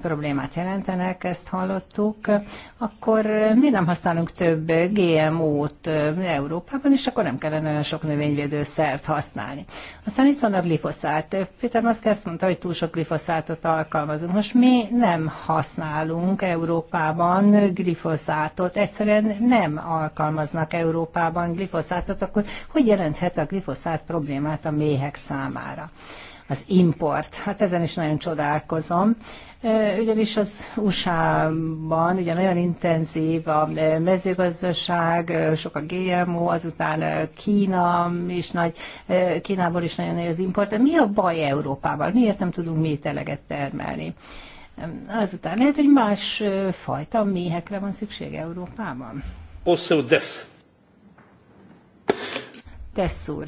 problémát jelentenek, ezt hallottuk, akkor mi nem használunk több GMO-t Európában, és akkor nem kellene olyan sok növényvédőszert használni. Aztán itt van a glifoszát. Péter Maszk ezt mondta, hogy túl sok glifoszátot alkalmazunk. Most mi nem használunk Európában glifoszátot, egyszerűen nem alkalmaznak Európában glifoszátot, akkor hogy jelenthet a glifoszát problémát a méhek számára? Az import, hát ezen is nagyon csodálkozom ugyanis az USA-ban ugye nagyon intenzív a mezőgazdaság, sok a GMO, azután Kína is nagy, Kínából is nagyon nagy az import. Mi a baj Európával? Miért nem tudunk mi eleget termelni? Azután lehet, hogy más fajta méhekre van szükség Európában. Posso desz. Tesz úr.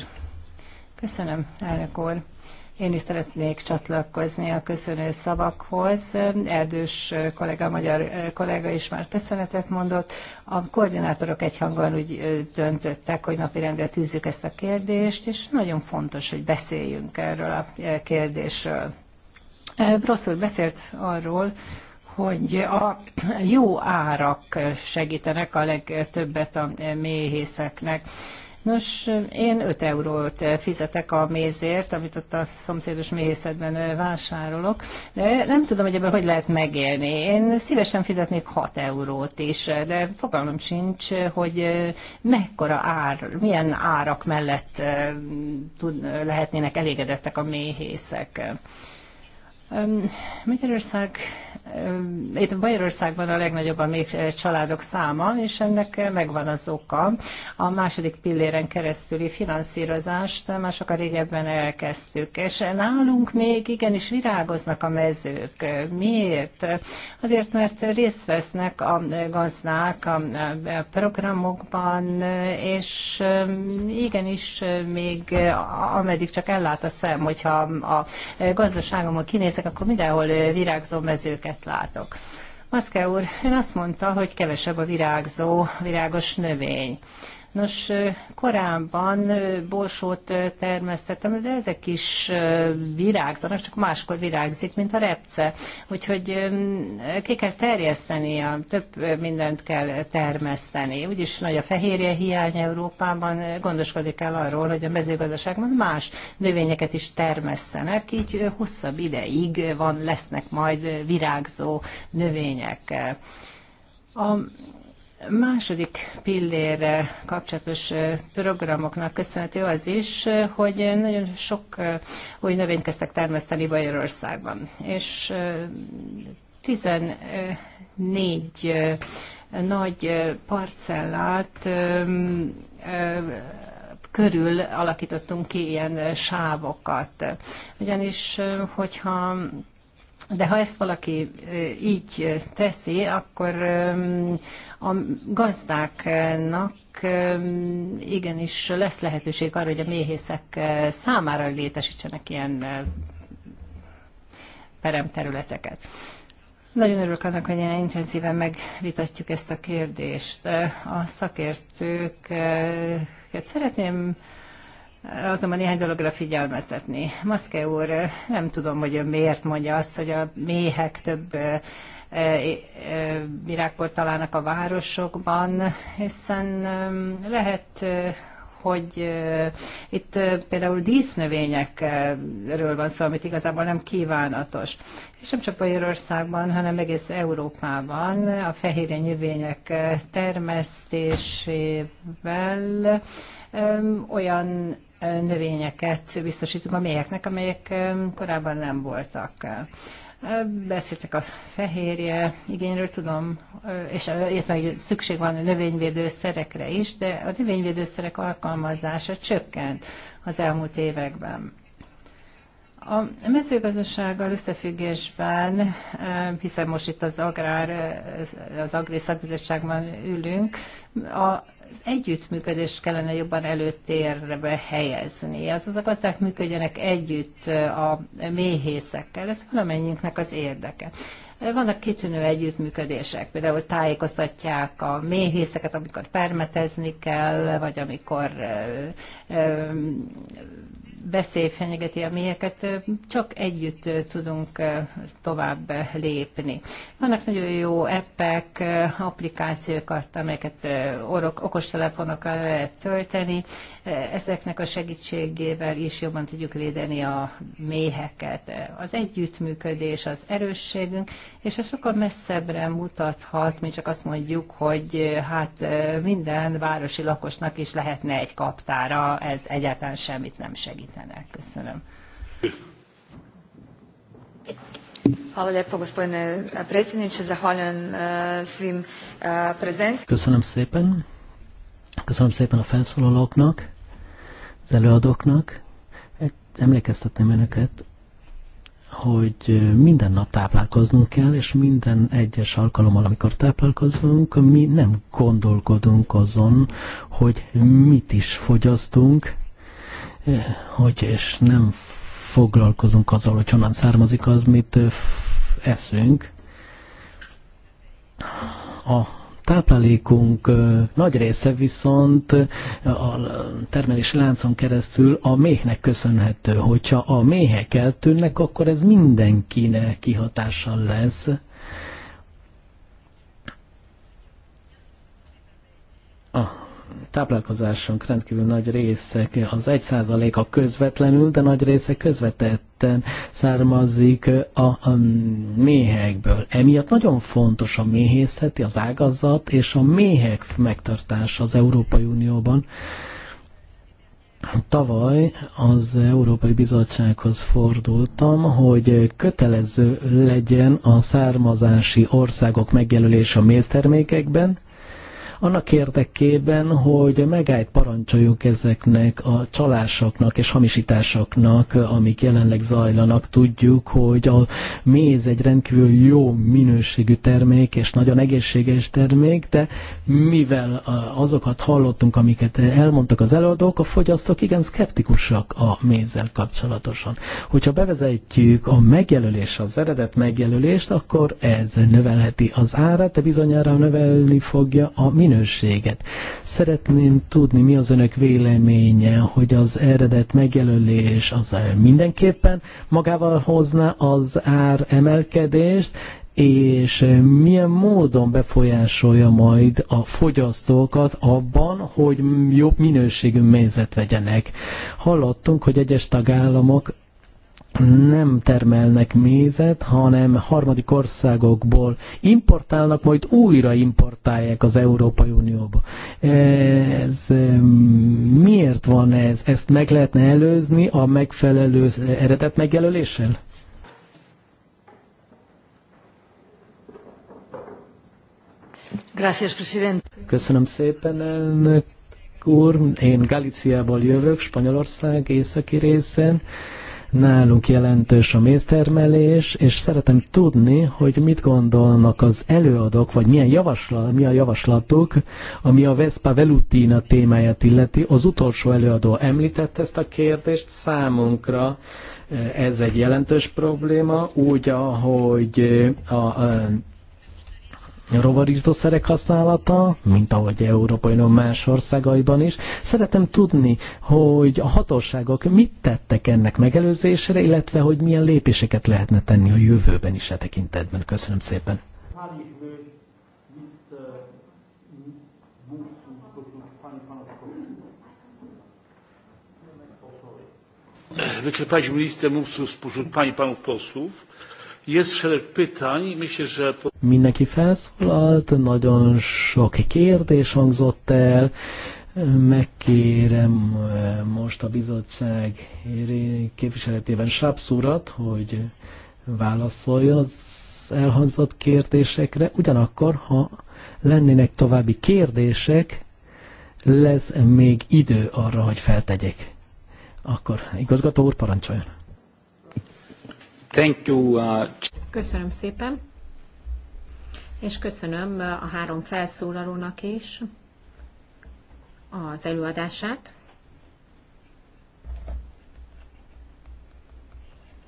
Köszönöm, elnök úr. Én is szeretnék csatlakozni a köszönő szavakhoz. Erdős kollega, magyar kollega is már köszönetet mondott. A koordinátorok egyhangon úgy döntöttek, hogy rendre tűzzük ezt a kérdést, és nagyon fontos, hogy beszéljünk erről a kérdésről. Rosszul beszélt arról, hogy a jó árak segítenek a legtöbbet a méhészeknek. Nos, én 5 eurót fizetek a mézért, amit ott a szomszédos méhészetben vásárolok, de nem tudom, hogy ebből hogy lehet megélni. Én szívesen fizetnék 6 eurót is, de fogalmam sincs, hogy mekkora ár, milyen árak mellett tud, lehetnének elégedettek a méhészek. Magyarország itt Magyarországban a legnagyobb a még családok száma, és ennek megvan az oka. A második pilléren keresztüli finanszírozást már sokkal régebben elkezdtük, és nálunk még igenis virágoznak a mezők. Miért? Azért, mert részt vesznek a gazdák a programokban, és igenis még ameddig csak ellát a szem, hogyha a gazdaságomon kinézek, akkor mindenhol virágzó mezőket mit látok. Maszke úr, ön azt mondta, hogy kevesebb a virágzó, virágos növény. Nos, korábban borsót termesztettem, de ezek is virágzanak, csak máskor virágzik, mint a repce. Úgyhogy ki kell terjeszteni, a több mindent kell termeszteni. Úgyis nagy a fehérje hiány Európában, gondoskodik el arról, hogy a mezőgazdaságban más növényeket is termesztenek, így hosszabb ideig van, lesznek majd virágzó növények. A második pillérre kapcsolatos programoknak köszönhető az is, hogy nagyon sok új növényt kezdtek termeszteni Magyarországban. És 14 nagy parcellát körül alakítottunk ki ilyen sávokat. Ugyanis, hogyha de ha ezt valaki így teszi, akkor a gazdáknak igenis lesz lehetőség arra, hogy a méhészek számára létesítsenek ilyen peremterületeket. Nagyon örülök annak, hogy ilyen intenzíven megvitatjuk ezt a kérdést. A szakértőket szeretném azonban néhány dologra figyelmeztetni. Maszke úr, nem tudom, hogy ön miért mondja azt, hogy a méhek több virágportalának a városokban, hiszen um, lehet uh, hogy uh, itt uh, például dísznövényekről van szó, amit igazából nem kívánatos. És nem csak Magyarországban, hanem egész Európában a fehérje növények termesztésével um, olyan növényeket biztosítunk a méheknek, amelyek um, korábban nem voltak. Beszéltek a fehérje igényről, tudom, és értem, szükség van a növényvédőszerekre is, de a növényvédőszerek alkalmazása csökkent az elmúlt években. A mezőgazdasággal összefüggésben, hiszen most itt az agrár, az agri szakbizottságban ülünk, az együttműködést kellene jobban előtérbe helyezni. Azaz a gazdák működjenek együtt a méhészekkel. Ez valamennyiünknek az érdeke. Vannak kitűnő együttműködések, például tájékoztatják a méhészeket, amikor permetezni kell, vagy amikor beszél fenyegeti a méheket, csak együtt tudunk tovább lépni. Vannak nagyon jó appek, applikációkat, amelyeket orok, okostelefonokra lehet tölteni. Ezeknek a segítségével is jobban tudjuk védeni a méheket. Az együttműködés az erősségünk, és ez sokkal messzebbre mutathat, mint csak azt mondjuk, hogy eh, hát eh, minden városi lakosnak is lehetne egy kaptára, ez egyáltalán semmit nem segítene. Köszönöm. Hvala lijepo gospodine predsjedniče, zahvaljujem eh, svim prezentima. Köszönöm szépen. Köszönöm szépen a felszólalóknak, az előadóknak. Emlékeztetném önöket hogy minden nap táplálkoznunk kell, és minden egyes alkalommal, amikor táplálkozunk, mi nem gondolkodunk azon, hogy mit is fogyasztunk, hogy és nem foglalkozunk azzal, hogy honnan származik az, mit eszünk. A táplálékunk nagy része viszont a termelési láncon keresztül a méhnek köszönhető. Hogyha a méhek eltűnnek, akkor ez mindenkinek kihatással lesz. Aha táplálkozásunk rendkívül nagy része, az egy a közvetlenül, de nagy része közvetetten származik a, a méhekből. Emiatt nagyon fontos a méhészeti, az ágazat és a méhek megtartása az Európai Unióban. Tavaly az Európai Bizottsághoz fordultam, hogy kötelező legyen a származási országok megjelölése a méztermékekben, annak érdekében, hogy megállt parancsoljuk ezeknek a csalásoknak és hamisításoknak, amik jelenleg zajlanak. Tudjuk, hogy a méz egy rendkívül jó minőségű termék és nagyon egészséges termék, de mivel azokat hallottunk, amiket elmondtak az előadók, a fogyasztók igen szkeptikusak a mézzel kapcsolatosan. Hogyha bevezetjük a megjelölés, az eredet megjelölést, akkor ez növelheti az árat, de bizonyára növelni fogja a minőséget minőséget. Szeretném tudni, mi az önök véleménye, hogy az eredet megjelölés az mindenképpen magával hozna az ár emelkedést, és milyen módon befolyásolja majd a fogyasztókat abban, hogy jobb minőségű mézet vegyenek. Hallottunk, hogy egyes tagállamok nem termelnek mézet, hanem harmadik országokból importálnak, majd újra importálják az Európai Unióba. Ez miért van ez? Ezt meg lehetne előzni a megfelelő eredet megjelöléssel? Köszönöm szépen, elnök úr. Én Galíciából jövök, Spanyolország északi részen. Nálunk jelentős a méztermelés, és szeretem tudni, hogy mit gondolnak az előadók, vagy milyen javaslat, mi a javaslatuk, ami a Vespa Velutina témáját illeti. Az utolsó előadó említett ezt a kérdést számunkra. Eh, ez egy jelentős probléma, úgy, ahogy eh, a, a rovarizdószerek használata, mint ahogy Európai Unió más országaiban is. Szeretem tudni, hogy a hatóságok mit tettek ennek megelőzésére, illetve hogy milyen lépéseket lehetne tenni a jövőben is e tekintetben. Köszönöm szépen. Wyczerpaliśmy listę mówców spośród pań i panów posłów. Jest szereg pytań, myślę, że... Mindenki felszólalt, nagyon sok kérdés hangzott el. Megkérem eh, most a bizottság képviseletében Sápsz urat, hogy válaszoljon az elhangzott kérdésekre. Ugyanakkor, ha lennének további kérdések, lesz még idő arra, hogy feltegyek. Akkor igazgató úr parancsoljon. Thank you. Uh, köszönöm szépen, és köszönöm uh, a három felszólalónak is az előadását.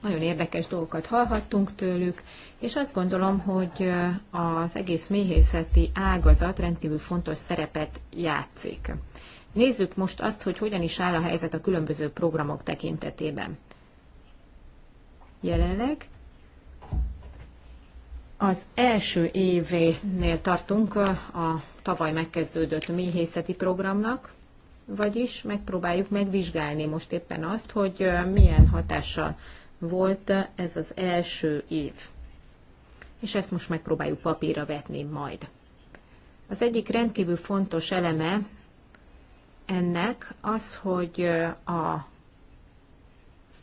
Nagyon érdekes dolgokat hallhattunk tőlük, és azt gondolom, hogy uh, az egész méhészeti ágazat rendkívül fontos szerepet játszik. Nézzük most azt, hogy hogyan is áll a helyzet a különböző programok tekintetében jelenleg. Az első événél tartunk a tavaly megkezdődött méhészeti programnak, vagyis megpróbáljuk megvizsgálni most éppen azt, hogy milyen hatással volt ez az első év. És ezt most megpróbáljuk papírra vetni majd. Az egyik rendkívül fontos eleme ennek az, hogy a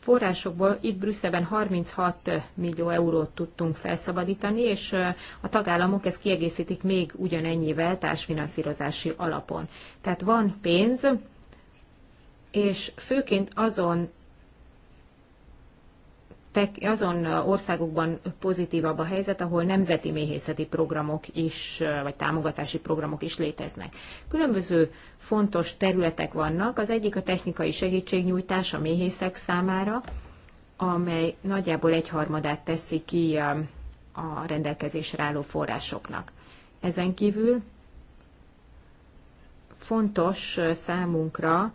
forrásokból itt Brüsszelben 36 millió eurót tudtunk felszabadítani, és a tagállamok ezt kiegészítik még ugyanennyivel társfinanszírozási alapon. Tehát van pénz, és főként azon tek, azon országokban pozitívabb a helyzet, ahol nemzeti méhészeti programok is, vagy támogatási programok is léteznek. Különböző fontos területek vannak. Az egyik a technikai segítségnyújtás a méhészek számára, amely nagyjából egyharmadát teszi ki a rendelkezésre álló forrásoknak. Ezen kívül fontos számunkra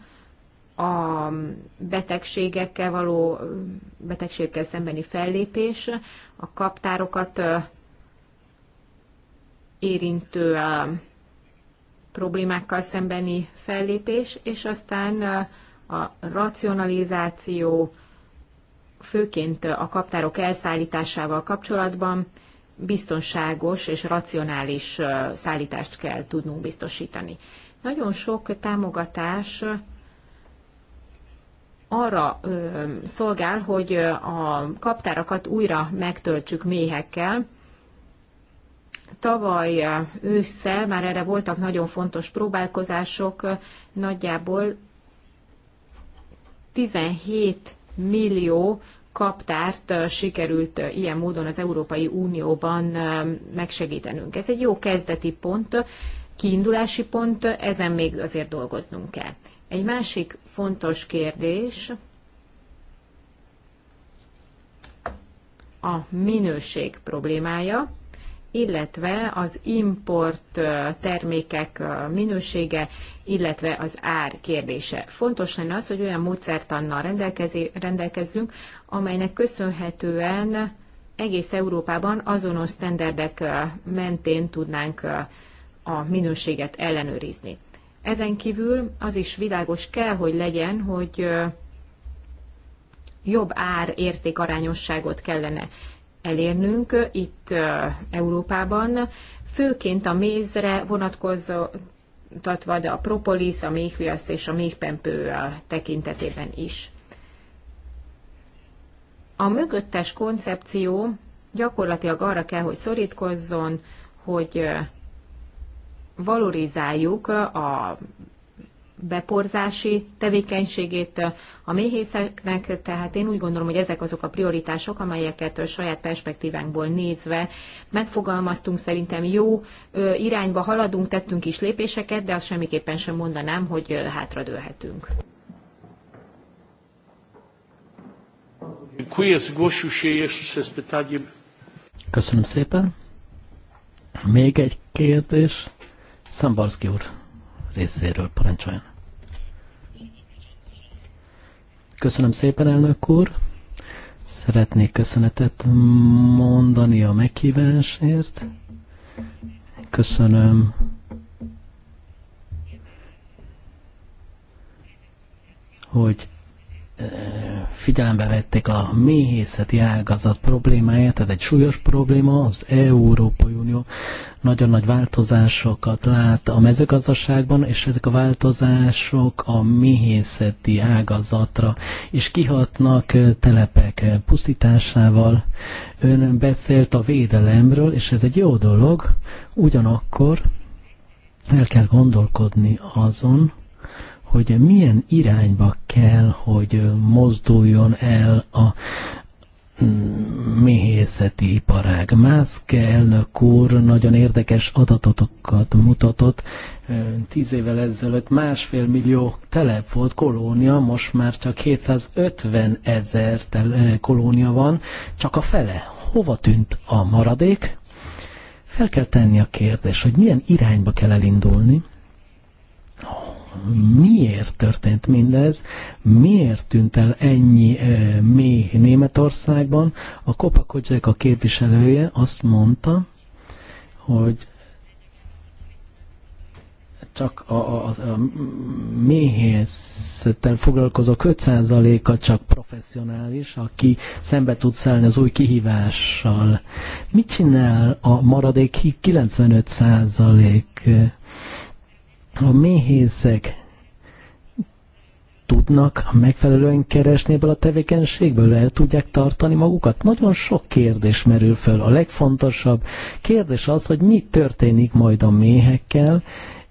a betegségekkel való, betegségekkel szembeni fellépés, a kaptárokat érintő problémákkal szembeni fellépés, és aztán a racionalizáció, főként a kaptárok elszállításával kapcsolatban biztonságos és racionális szállítást kell tudnunk biztosítani. Nagyon sok támogatás arra ö, szolgál, hogy a kaptárakat újra megtöltsük méhekkel. Tavaly ősszel már erre voltak nagyon fontos próbálkozások, nagyjából 17 millió kaptárt sikerült ilyen módon az Európai Unióban megsegítenünk. Ez egy jó kezdeti pont, kiindulási pont, ezen még azért dolgoznunk kell. Egy másik fontos kérdés a minőség problémája, illetve az import termékek minősége, illetve az ár kérdése. Fontos lenne az, hogy olyan módszertannal rendelkezzünk, amelynek köszönhetően egész Európában azonos sztenderdek mentén tudnánk a minőséget ellenőrizni. Ezen kívül az is világos kell, hogy legyen, hogy jobb ár-érték arányosságot kellene elérnünk itt Európában, főként a mézre vonatkoztatva, de a propolis, a méhviasz és a méhpempő tekintetében is. A mögöttes koncepció gyakorlatilag arra kell, hogy szorítkozzon, hogy valorizáljuk a beporzási tevékenységét a méhészeknek, tehát én úgy gondolom, hogy ezek azok a prioritások, amelyeket saját perspektívánkból nézve megfogalmaztunk, szerintem jó irányba haladunk, tettünk is lépéseket, de azt semmiképpen sem mondanám, hogy hátradőlhetünk. Köszönöm szépen. Még egy kérdés. Szambarszki úr részéről parancsoljon. Köszönöm szépen, elnök úr. Szeretnék köszönetet mondani a meghívásért. Köszönöm hogy figyelembe vették a méhészeti ágazat problémáját, ez egy súlyos probléma, az Európai Unió nagyon nagy változásokat lát a mezőgazdaságban, és ezek a változások a méhészeti ágazatra is kihatnak telepek pusztításával. Ön beszélt a védelemről, és ez egy jó dolog, ugyanakkor el kell gondolkodni azon, hogy milyen irányba kell, hogy mozduljon el a mm, méhészeti iparág. Mászke elnök úr nagyon érdekes adatokat mutatott. Tíz évvel ezelőtt másfél millió telep volt kolónia, most már csak 750 ezer kolónia van, csak a fele. Hova tűnt a maradék? Fel kell tenni a kérdés, hogy milyen irányba kell elindulni, miért történt mindez, miért tűnt el ennyi e, eh, mély Németországban. A Kopakocsek a képviselője azt mondta, hogy csak a, a, a méhészettel foglalkozó 5%-a csak professzionális, aki szembe tud szállni az új kihívással. Mit csinál a maradék 95%? a méhészek tudnak megfelelően keresni ebből a tevékenységből, el tudják tartani magukat? Nagyon sok kérdés merül föl. A legfontosabb kérdés az, hogy mi történik majd a méhekkel.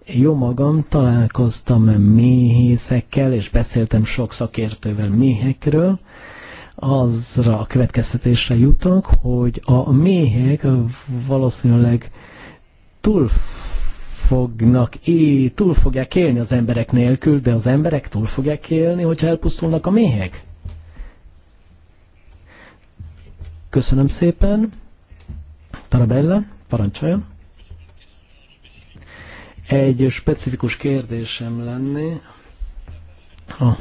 Jó magam, találkoztam méhészekkel, és beszéltem sok szakértővel méhekről. Azra a következtetésre jutok, hogy a méhek valószínűleg túl fognak é, túl fogják élni az emberek nélkül, de az emberek túl fogják élni, hogyha elpusztulnak a méhek. Köszönöm szépen. Tarabella, parancsoljon. Egy specifikus kérdésem lenni a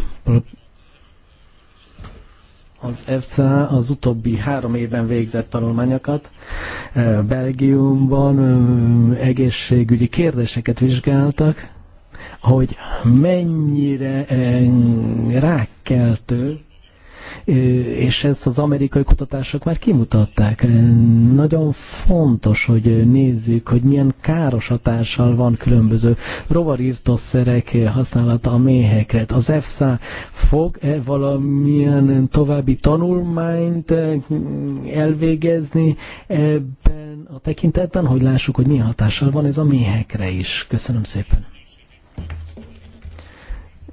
az EFSA az utóbbi három évben végzett tanulmányokat. Belgiumban egészségügyi kérdéseket vizsgáltak, hogy mennyire rákkeltő és ezt az amerikai kutatások már kimutatták. Nagyon fontos, hogy nézzük, hogy milyen káros hatással van különböző rovarírtószerek használata a méhekre. Az EFSA fog-e valamilyen további tanulmányt elvégezni ebben a tekintetben, hogy lássuk, hogy milyen hatással van ez a méhekre is. Köszönöm szépen.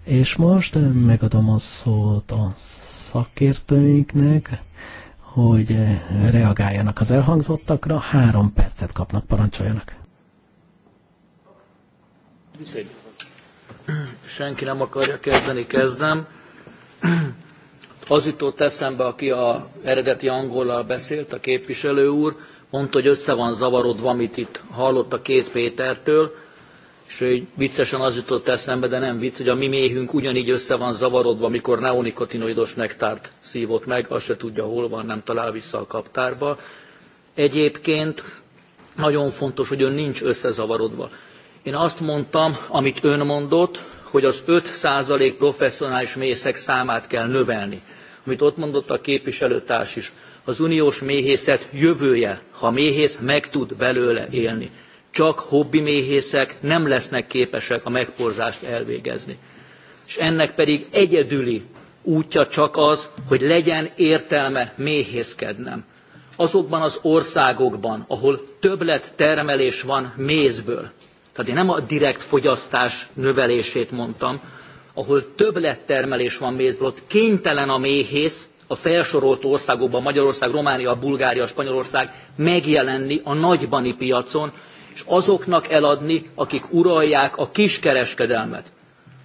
És most megadom a szót a szakértőinknek, hogy reagáljanak az elhangzottakra, három percet kapnak, parancsoljanak. Senki nem akarja kezdeni, kezdem. Az jutott eszembe, aki a eredeti angollal beszélt, a képviselő úr, mondta, hogy össze van zavarodva, amit itt hallott a két Pétertől, és hogy viccesen az jutott eszembe, de nem vicc, hogy a mi méhünk ugyanígy össze van zavarodva, mikor neonikotinoidos nektárt szívott meg, azt se tudja, hol van, nem talál vissza a kaptárba. Egyébként nagyon fontos, hogy ön nincs összezavarodva. Én azt mondtam, amit ön mondott, hogy az 5% professzionális mészek számát kell növelni. Amit ott mondott a képviselőtárs is. Az uniós méhészet jövője, ha méhész meg tud belőle élni csak hobbi méhészek nem lesznek képesek a megporzást elvégezni. És ennek pedig egyedüli útja csak az, hogy legyen értelme méhészkednem. Azokban az országokban, ahol többlet termelés van mézből, tehát én nem a direkt fogyasztás növelését mondtam, ahol többlettermelés van mézből, ott kénytelen a méhész a felsorolt országokban, Magyarország, Románia, Bulgária, Spanyolország megjelenni a nagybani piacon, és azoknak eladni, akik uralják a kiskereskedelmet.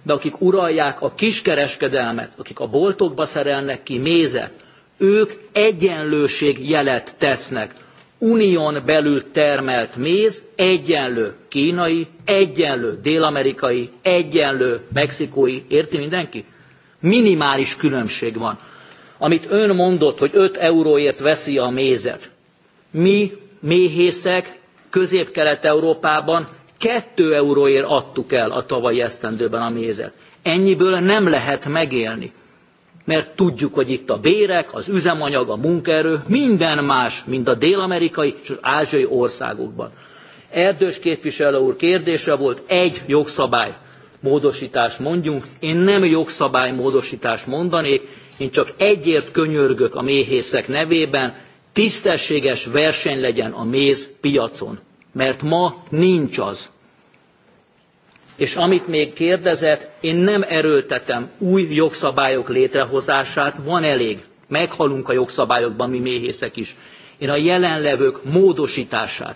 De akik uralják a kiskereskedelmet, akik a boltokba szerelnek ki mézet, ők egyenlőség jelet tesznek. Unión belül termelt méz egyenlő kínai, egyenlő dél-amerikai, egyenlő mexikói, érti mindenki? Minimális különbség van. Amit ön mondott, hogy 5 euróért veszi a mézet. Mi méhészek Közép-Kelet-Európában 2 euróért adtuk el a tavalyi esztendőben a mézet. Ennyiből nem lehet megélni, mert tudjuk, hogy itt a bérek, az üzemanyag, a munkaerő, minden más, mint a dél-amerikai és az ázsiai országokban. Erdős képviselő úr kérdése volt, egy jogszabály módosítás mondjunk. Én nem jogszabály módosítás mondanék, én csak egyért könyörgök a méhészek nevében, tisztességes verseny legyen a méz piacon, mert ma nincs az. És amit még kérdezett, én nem erőltetem új jogszabályok létrehozását, van elég. Meghalunk a jogszabályokban mi méhészek is. Én a jelenlevők módosítását.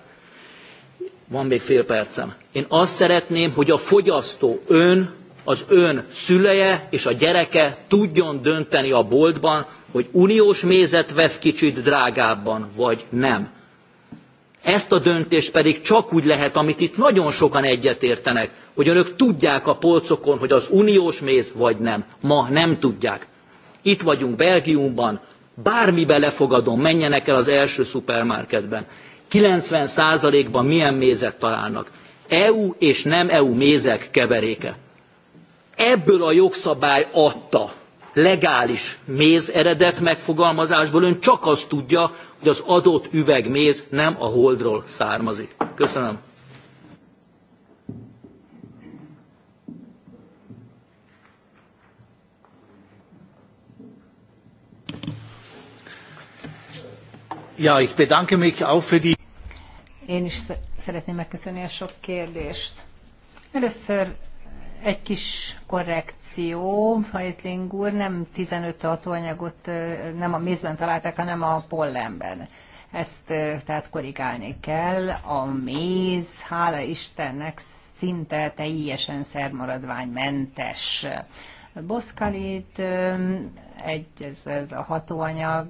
Van még fél percem. Én azt szeretném, hogy a fogyasztó ön, az ön szüleje és a gyereke tudjon dönteni a boltban, hogy uniós mézet vesz kicsit drágábban, vagy nem. Ezt a döntést pedig csak úgy lehet, amit itt nagyon sokan egyetértenek, hogy önök tudják a polcokon, hogy az uniós méz vagy nem. Ma nem tudják. Itt vagyunk Belgiumban, bármibe lefogadom, menjenek el az első szupermarketben. 90%-ban milyen mézet találnak. EU és nem EU mézek keveréke. Ebből a jogszabály adta legális méz eredet megfogalmazásból ön csak azt tudja, hogy az adott üvegméz nem a holdról származik. Köszönöm. Ja, ich bedanke mich auch für die... Én is szeretném megköszönni a sok kérdést. Először egy kis korrekció, Heisling úr, nem 15 hatóanyagot nem a mézben találták, hanem a pollenben. Ezt tehát korrigálni kell. A méz, hála Istennek, szinte teljesen szermaradványmentes. Boszkalit, egy, ez, ez a hatóanyag,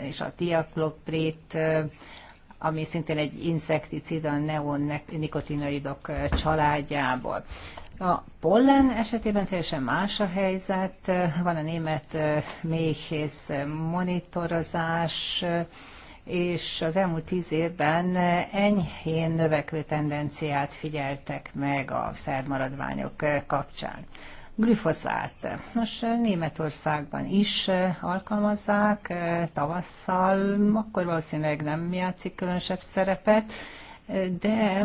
és a tiakloprit, ami szintén egy inszekticida a nikotinoidok családjából. A pollen esetében teljesen más a helyzet. Van a német méhész monitorozás, és az elmúlt tíz évben enyhén növekvő tendenciát figyeltek meg a szermaradványok kapcsán. Glüfoszát. Nos, Németországban is alkalmazzák tavasszal, akkor valószínűleg nem játszik különösebb szerepet, de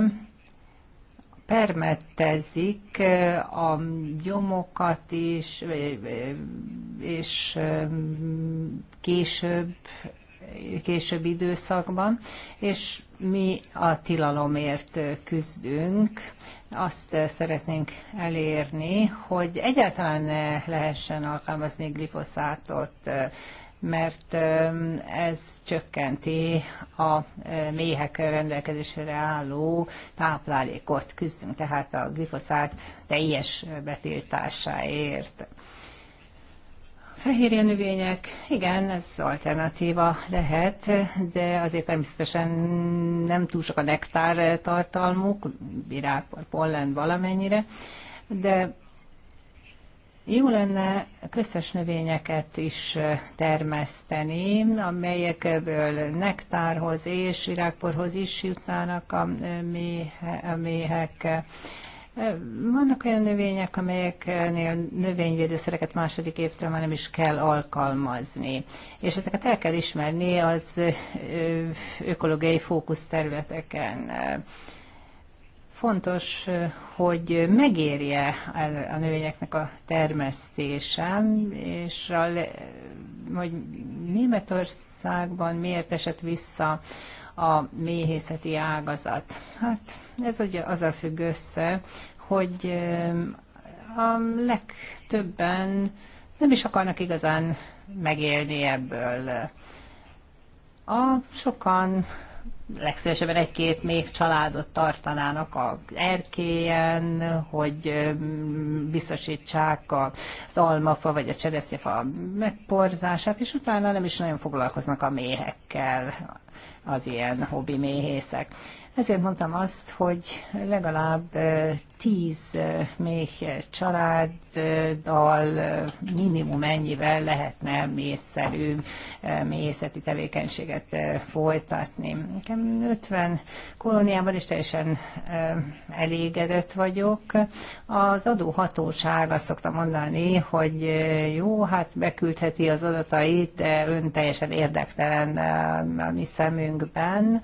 permettezik a gyomokat is, és később később időszakban, és mi a tilalomért küzdünk. Azt szeretnénk elérni, hogy egyáltalán ne lehessen alkalmazni glifoszátot mert ez csökkenti a méhek rendelkezésre álló táplálékot. Küzdünk tehát a glifoszát teljes betiltásáért. Fehérje növények, igen, ez alternatíva lehet, de azért természetesen nem túl sok a nektár tartalmuk, virágpor, pollen valamennyire, de jó lenne köztes növényeket is eh, termeszteni, amelyekből nektárhoz és virágporhoz is jutnának a, eh, méhe, a méhek. Eh, vannak olyan növények, amelyeknél növényvédőszereket második évtől már nem is kell alkalmazni, és ezeket el kell ismerni az ökológiai fókusz területeken fontos, hogy megérje a növényeknek a termesztése, és a, hogy Németországban miért esett vissza a méhészeti ágazat. Hát ez ugye azzal függ össze, hogy a legtöbben nem is akarnak igazán megélni ebből. A sokan legszívesebben egy-két még családot tartanának a erkélyen, hogy biztosítsák az almafa vagy a cseresznyefa megporzását, és utána nem is nagyon foglalkoznak a méhekkel az ilyen hobbi méhészek. Ezért mondtam azt, hogy legalább tíz méh családdal minimum ennyivel lehetne mészszerű mészeti tevékenységet folytatni. Nekem 50 kolóniában is teljesen elégedett vagyok. Az adóhatóság azt szokta mondani, hogy jó, hát beküldheti az adatait, de ön teljesen érdektelen a mi szemünkben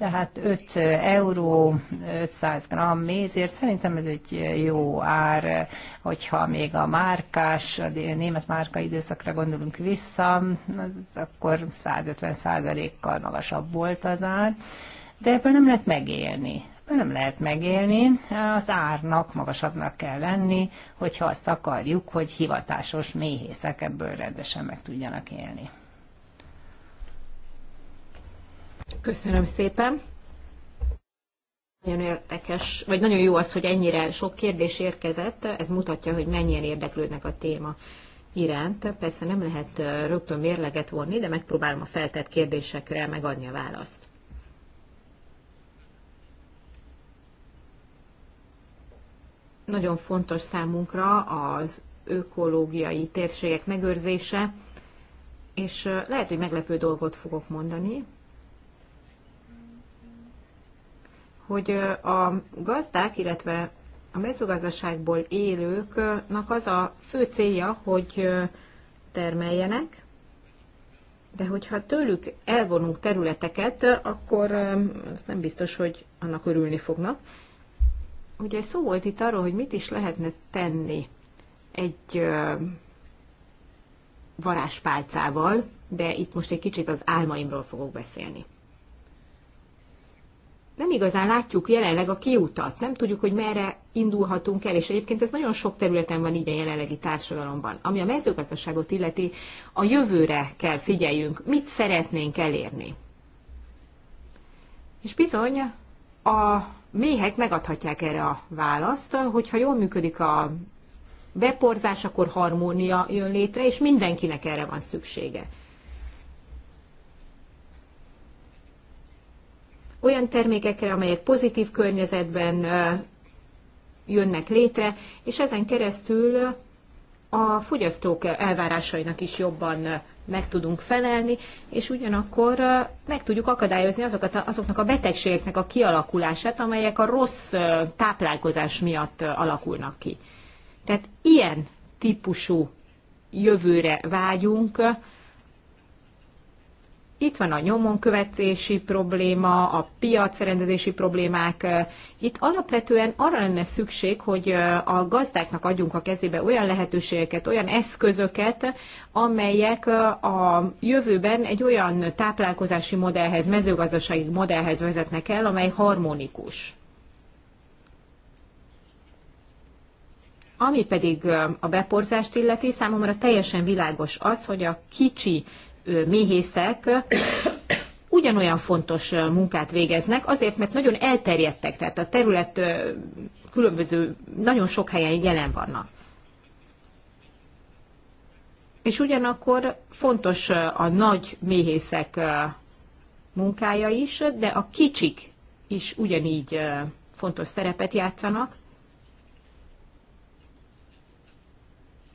tehát 5 euró 500 g mézért, szerintem ez egy jó ár, hogyha még a márkás, a német márka időszakra gondolunk vissza, akkor 150%-kal magasabb volt az ár, de ebből nem lehet megélni. Ebből nem lehet megélni, az árnak magasabbnak kell lenni, hogyha azt akarjuk, hogy hivatásos méhészek ebből rendesen meg tudjanak élni. Köszönöm szépen. Nagyon érdekes, vagy nagyon jó az, hogy ennyire sok kérdés érkezett. Ez mutatja, hogy mennyien érdeklődnek a téma iránt. Persze nem lehet rögtön mérleget vonni, de megpróbálom a feltett kérdésekre megadni a választ. Nagyon fontos számunkra az ökológiai térségek megőrzése, és lehet, hogy meglepő dolgot fogok mondani, hogy a gazdák, illetve a mezőgazdaságból élőknek az a fő célja, hogy termeljenek, de hogyha tőlük elvonunk területeket, akkor az nem biztos, hogy annak örülni fognak. Ugye szó volt itt arról, hogy mit is lehetne tenni egy varázspálcával, de itt most egy kicsit az álmaimról fogok beszélni nem igazán látjuk jelenleg a kiutat, nem tudjuk, hogy merre indulhatunk el, és egyébként ez nagyon sok területen van így a jelenlegi társadalomban. Ami a mezőgazdaságot illeti, a jövőre kell figyeljünk, mit szeretnénk elérni. És bizony, a méhek megadhatják erre a választ, hogyha jól működik a beporzás, akkor harmónia jön létre, és mindenkinek erre van szüksége. olyan termékekre, amelyek pozitív környezetben jönnek létre, és ezen keresztül a fogyasztók elvárásainak is jobban meg tudunk felelni, és ugyanakkor meg tudjuk akadályozni azokat, azoknak a betegségeknek a kialakulását, amelyek a rossz táplálkozás miatt alakulnak ki. Tehát ilyen típusú jövőre vágyunk, itt van a nyomon követési probléma, a piacrendezési problémák. Itt alapvetően arra lenne szükség, hogy a gazdáknak adjunk a kezébe olyan lehetőségeket, olyan eszközöket, amelyek a jövőben egy olyan táplálkozási modellhez, mezőgazdasági modellhez vezetnek el, amely harmonikus. Ami pedig a beporzást illeti, számomra teljesen világos az, hogy a kicsi méhészek ugyanolyan fontos munkát végeznek, azért, mert nagyon elterjedtek, tehát a terület különböző, nagyon sok helyen jelen vannak. És ugyanakkor fontos a nagy méhészek munkája is, de a kicsik is ugyanígy fontos szerepet játszanak.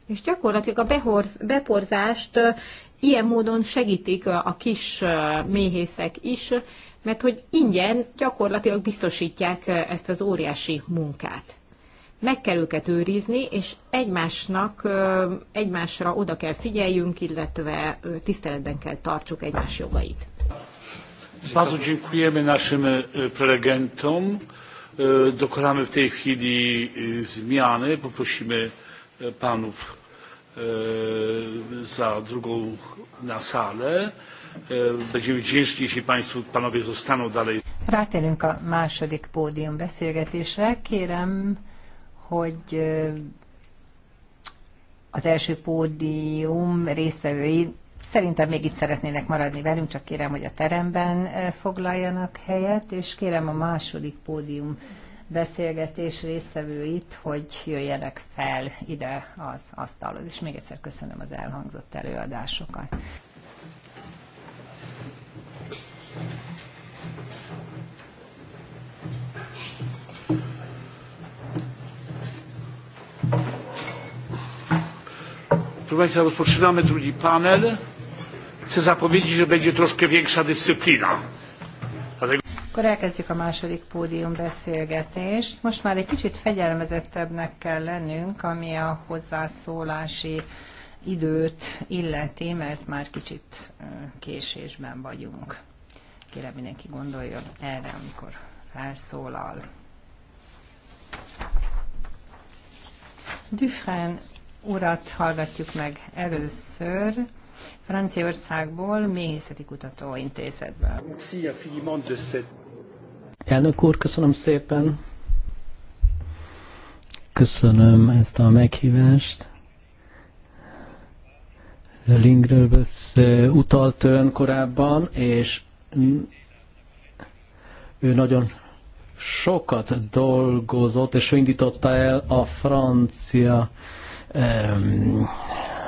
És gyakorlatilag a behorz, beporzást ilyen módon segítik a kis méhészek is, mert hogy ingyen gyakorlatilag biztosítják ezt az óriási munkát. Meg kell őket őrizni, és egymásnak, egymásra oda kell figyeljünk, illetve tiszteletben kell tartsuk egymás jogait. Bardzo dziękujemy naszym e, prelegentom. E, dokonamy w tej chwili e, zmiany. Poprosimy panów E, za drugą na salę. E, będziemy wdzięczni, jeśli Państwo, Panowie zostaną dalej. Rátérünk a második pódium beszélgetésre. Kérem, hogy e, az első pódium résztvevői szerintem még itt szeretnének maradni velünk, csak kérem, hogy a teremben foglaljanak helyet, és kérem a második pódium beszélgetés résztvevőit, hogy jöjjenek fel ide az asztalhoz. És még egyszer köszönöm az elhangzott előadásokat. Proszę Państwa, rozpoczynamy drugi panel. Chcę zapowiedzieć, że będzie troszkę większa dyscyplina. Akkor elkezdjük a második pódium beszélgetést. Most már egy kicsit fegyelmezettebbnek kell lennünk, ami a hozzászólási időt illeti, mert már kicsit késésben vagyunk. Kérem mindenki gondoljon erre, amikor felszólal. Dufren urat hallgatjuk meg először. Franciaországból Méhészeti Kutatóintézetből. Merci Elnök úr, köszönöm szépen. Köszönöm ezt a meghívást. Lingről eh, utalt ön korábban, és mm, ő nagyon sokat dolgozott, és ő indította el a francia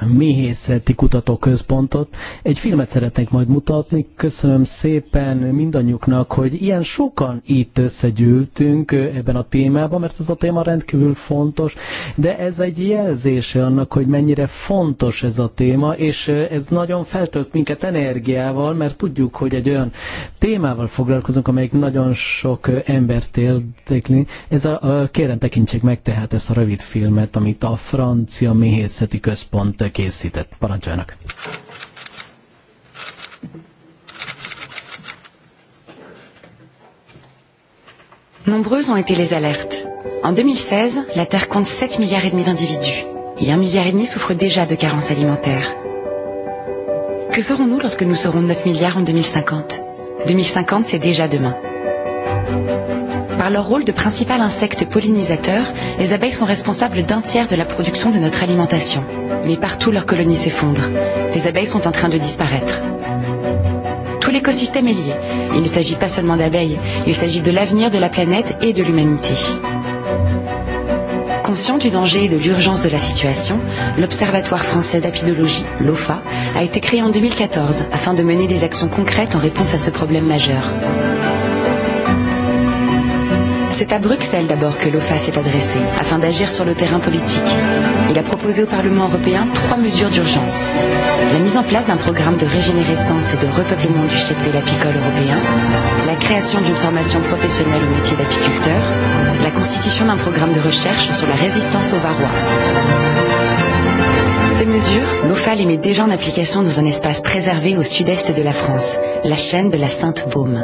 Méhészeti Kutatóközpontot. Egy filmet szeretnék majd mutatni. Köszönöm szépen mindannyiuknak, hogy ilyen sokan itt összegyűltünk ebben a témában, mert ez a téma rendkívül fontos, de ez egy jelzése annak, hogy mennyire fontos ez a téma, és ez nagyon feltölt minket energiával, mert tudjuk, hogy egy olyan témával foglalkozunk, amelyik nagyon sok embert érdekli. Ez a, a kérem tekintsék meg tehát ezt a rövid filmet, amit a francia méhészeti központ készített. Parancsoljanak! Nombreuses ont été les alertes. En 2016, la Terre compte 7 milliards et demi d'individus et un milliard et demi souffre déjà de carences alimentaires. Que ferons-nous lorsque nous serons 9 milliards en 2050 2050, c'est déjà demain. Par leur rôle de principal insecte pollinisateur, les abeilles sont responsables d'un tiers de la production de notre alimentation. Mais partout, leurs colonies s'effondrent. Les abeilles sont en train de disparaître. Tout l'écosystème est lié. Il ne s'agit pas seulement d'abeilles, il s'agit de l'avenir de la planète et de l'humanité. Conscient du danger et de l'urgence de la situation, l'Observatoire français d'apidologie, l'OFA, a été créé en 2014 afin de mener des actions concrètes en réponse à ce problème majeur. C'est à Bruxelles d'abord que l'OFA s'est adressée, afin d'agir sur le terrain politique. Il a proposé au Parlement européen trois mesures d'urgence. La mise en place d'un programme de régénérescence et de repeuplement du cheptel apicole européen, la création d'une formation professionnelle au métier d'apiculteur, la constitution d'un programme de recherche sur la résistance aux varrois. Ces mesures, l'OFA les met déjà en application dans un espace préservé au sud-est de la France, la chaîne de la Sainte-Baume.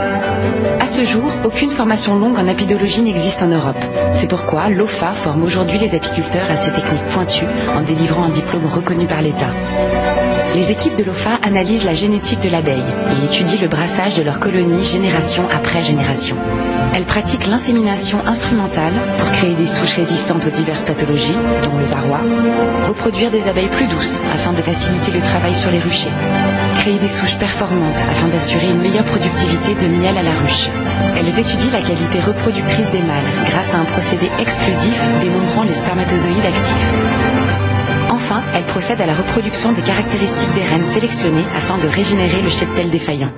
À ce jour, aucune formation longue en apidologie n'existe en Europe. C'est pourquoi l'OFA forme aujourd'hui les apiculteurs à ces techniques pointues en délivrant un diplôme reconnu par l'État. Les équipes de l'OFA analysent la génétique de l'abeille et étudient le brassage de leur colonie génération après génération. Elles pratiquent l'insémination instrumentale pour créer des souches résistantes aux diverses pathologies, dont le varroa, reproduire des abeilles plus douces afin de faciliter le travail sur les ruchers créer des souches performantes afin d'assurer une meilleure productivité de miel à la ruche. Elles étudient la qualité reproductrice des mâles grâce à un procédé exclusif dénombrant les spermatozoïdes actifs. Enfin, elles procèdent à la reproduction des caractéristiques des reines sélectionnées afin de régénérer le cheptel défaillant.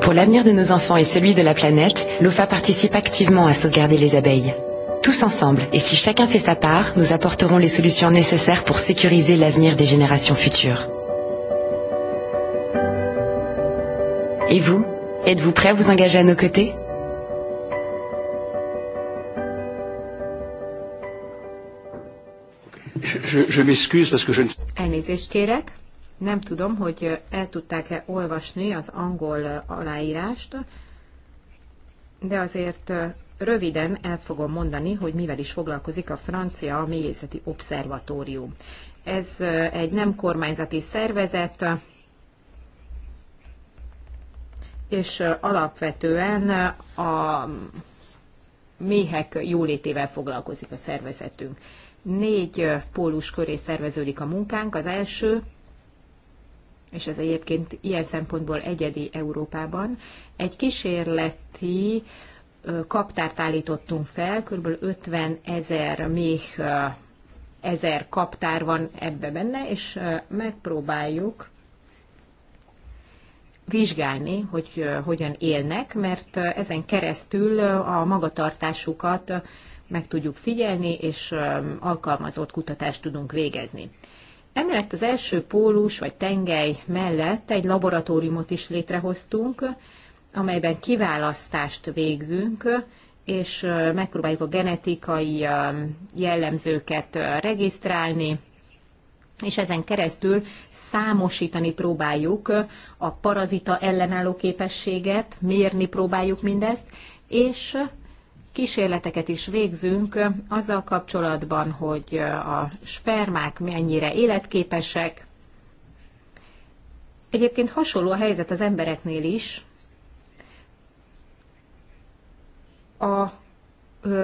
Pour l'avenir de nos enfants et celui de la planète, l'OFA participe activement à sauvegarder les abeilles. Tous ensemble, et si chacun fait sa part, nous apporterons les solutions nécessaires pour sécuriser l'avenir des générations futures. Et vous, êtes-vous prêt à vous engager à nos côtés Je, je m'excuse parce que je ne... Elnézést kérek. Nem tudom, hogy eh, el tudták-e olvasni az angol eh, aláírást, de azért eh, röviden el fogom mondani, hogy mivel is foglalkozik a Francia Méhészeti Obszervatórium. Ez egy nem kormányzati szervezet, és alapvetően a méhek jólétével foglalkozik a szervezetünk. Négy pólus köré szerveződik a munkánk. Az első, és ez egyébként ilyen szempontból egyedi Európában, egy kísérleti kaptárt állítottunk fel, kb. 50 ezer méh ezer kaptár van ebbe benne, és megpróbáljuk vizsgálni, hogy hogyan élnek, mert ezen keresztül a magatartásukat meg tudjuk figyelni, és alkalmazott kutatást tudunk végezni. Emellett az első pólus vagy tengely mellett egy laboratóriumot is létrehoztunk, amelyben kiválasztást végzünk, és megpróbáljuk a genetikai jellemzőket regisztrálni, és ezen keresztül számosítani próbáljuk a parazita ellenálló képességet, mérni próbáljuk mindezt, és kísérleteket is végzünk azzal kapcsolatban, hogy a spermák mennyire életképesek. Egyébként hasonló a helyzet az embereknél is. A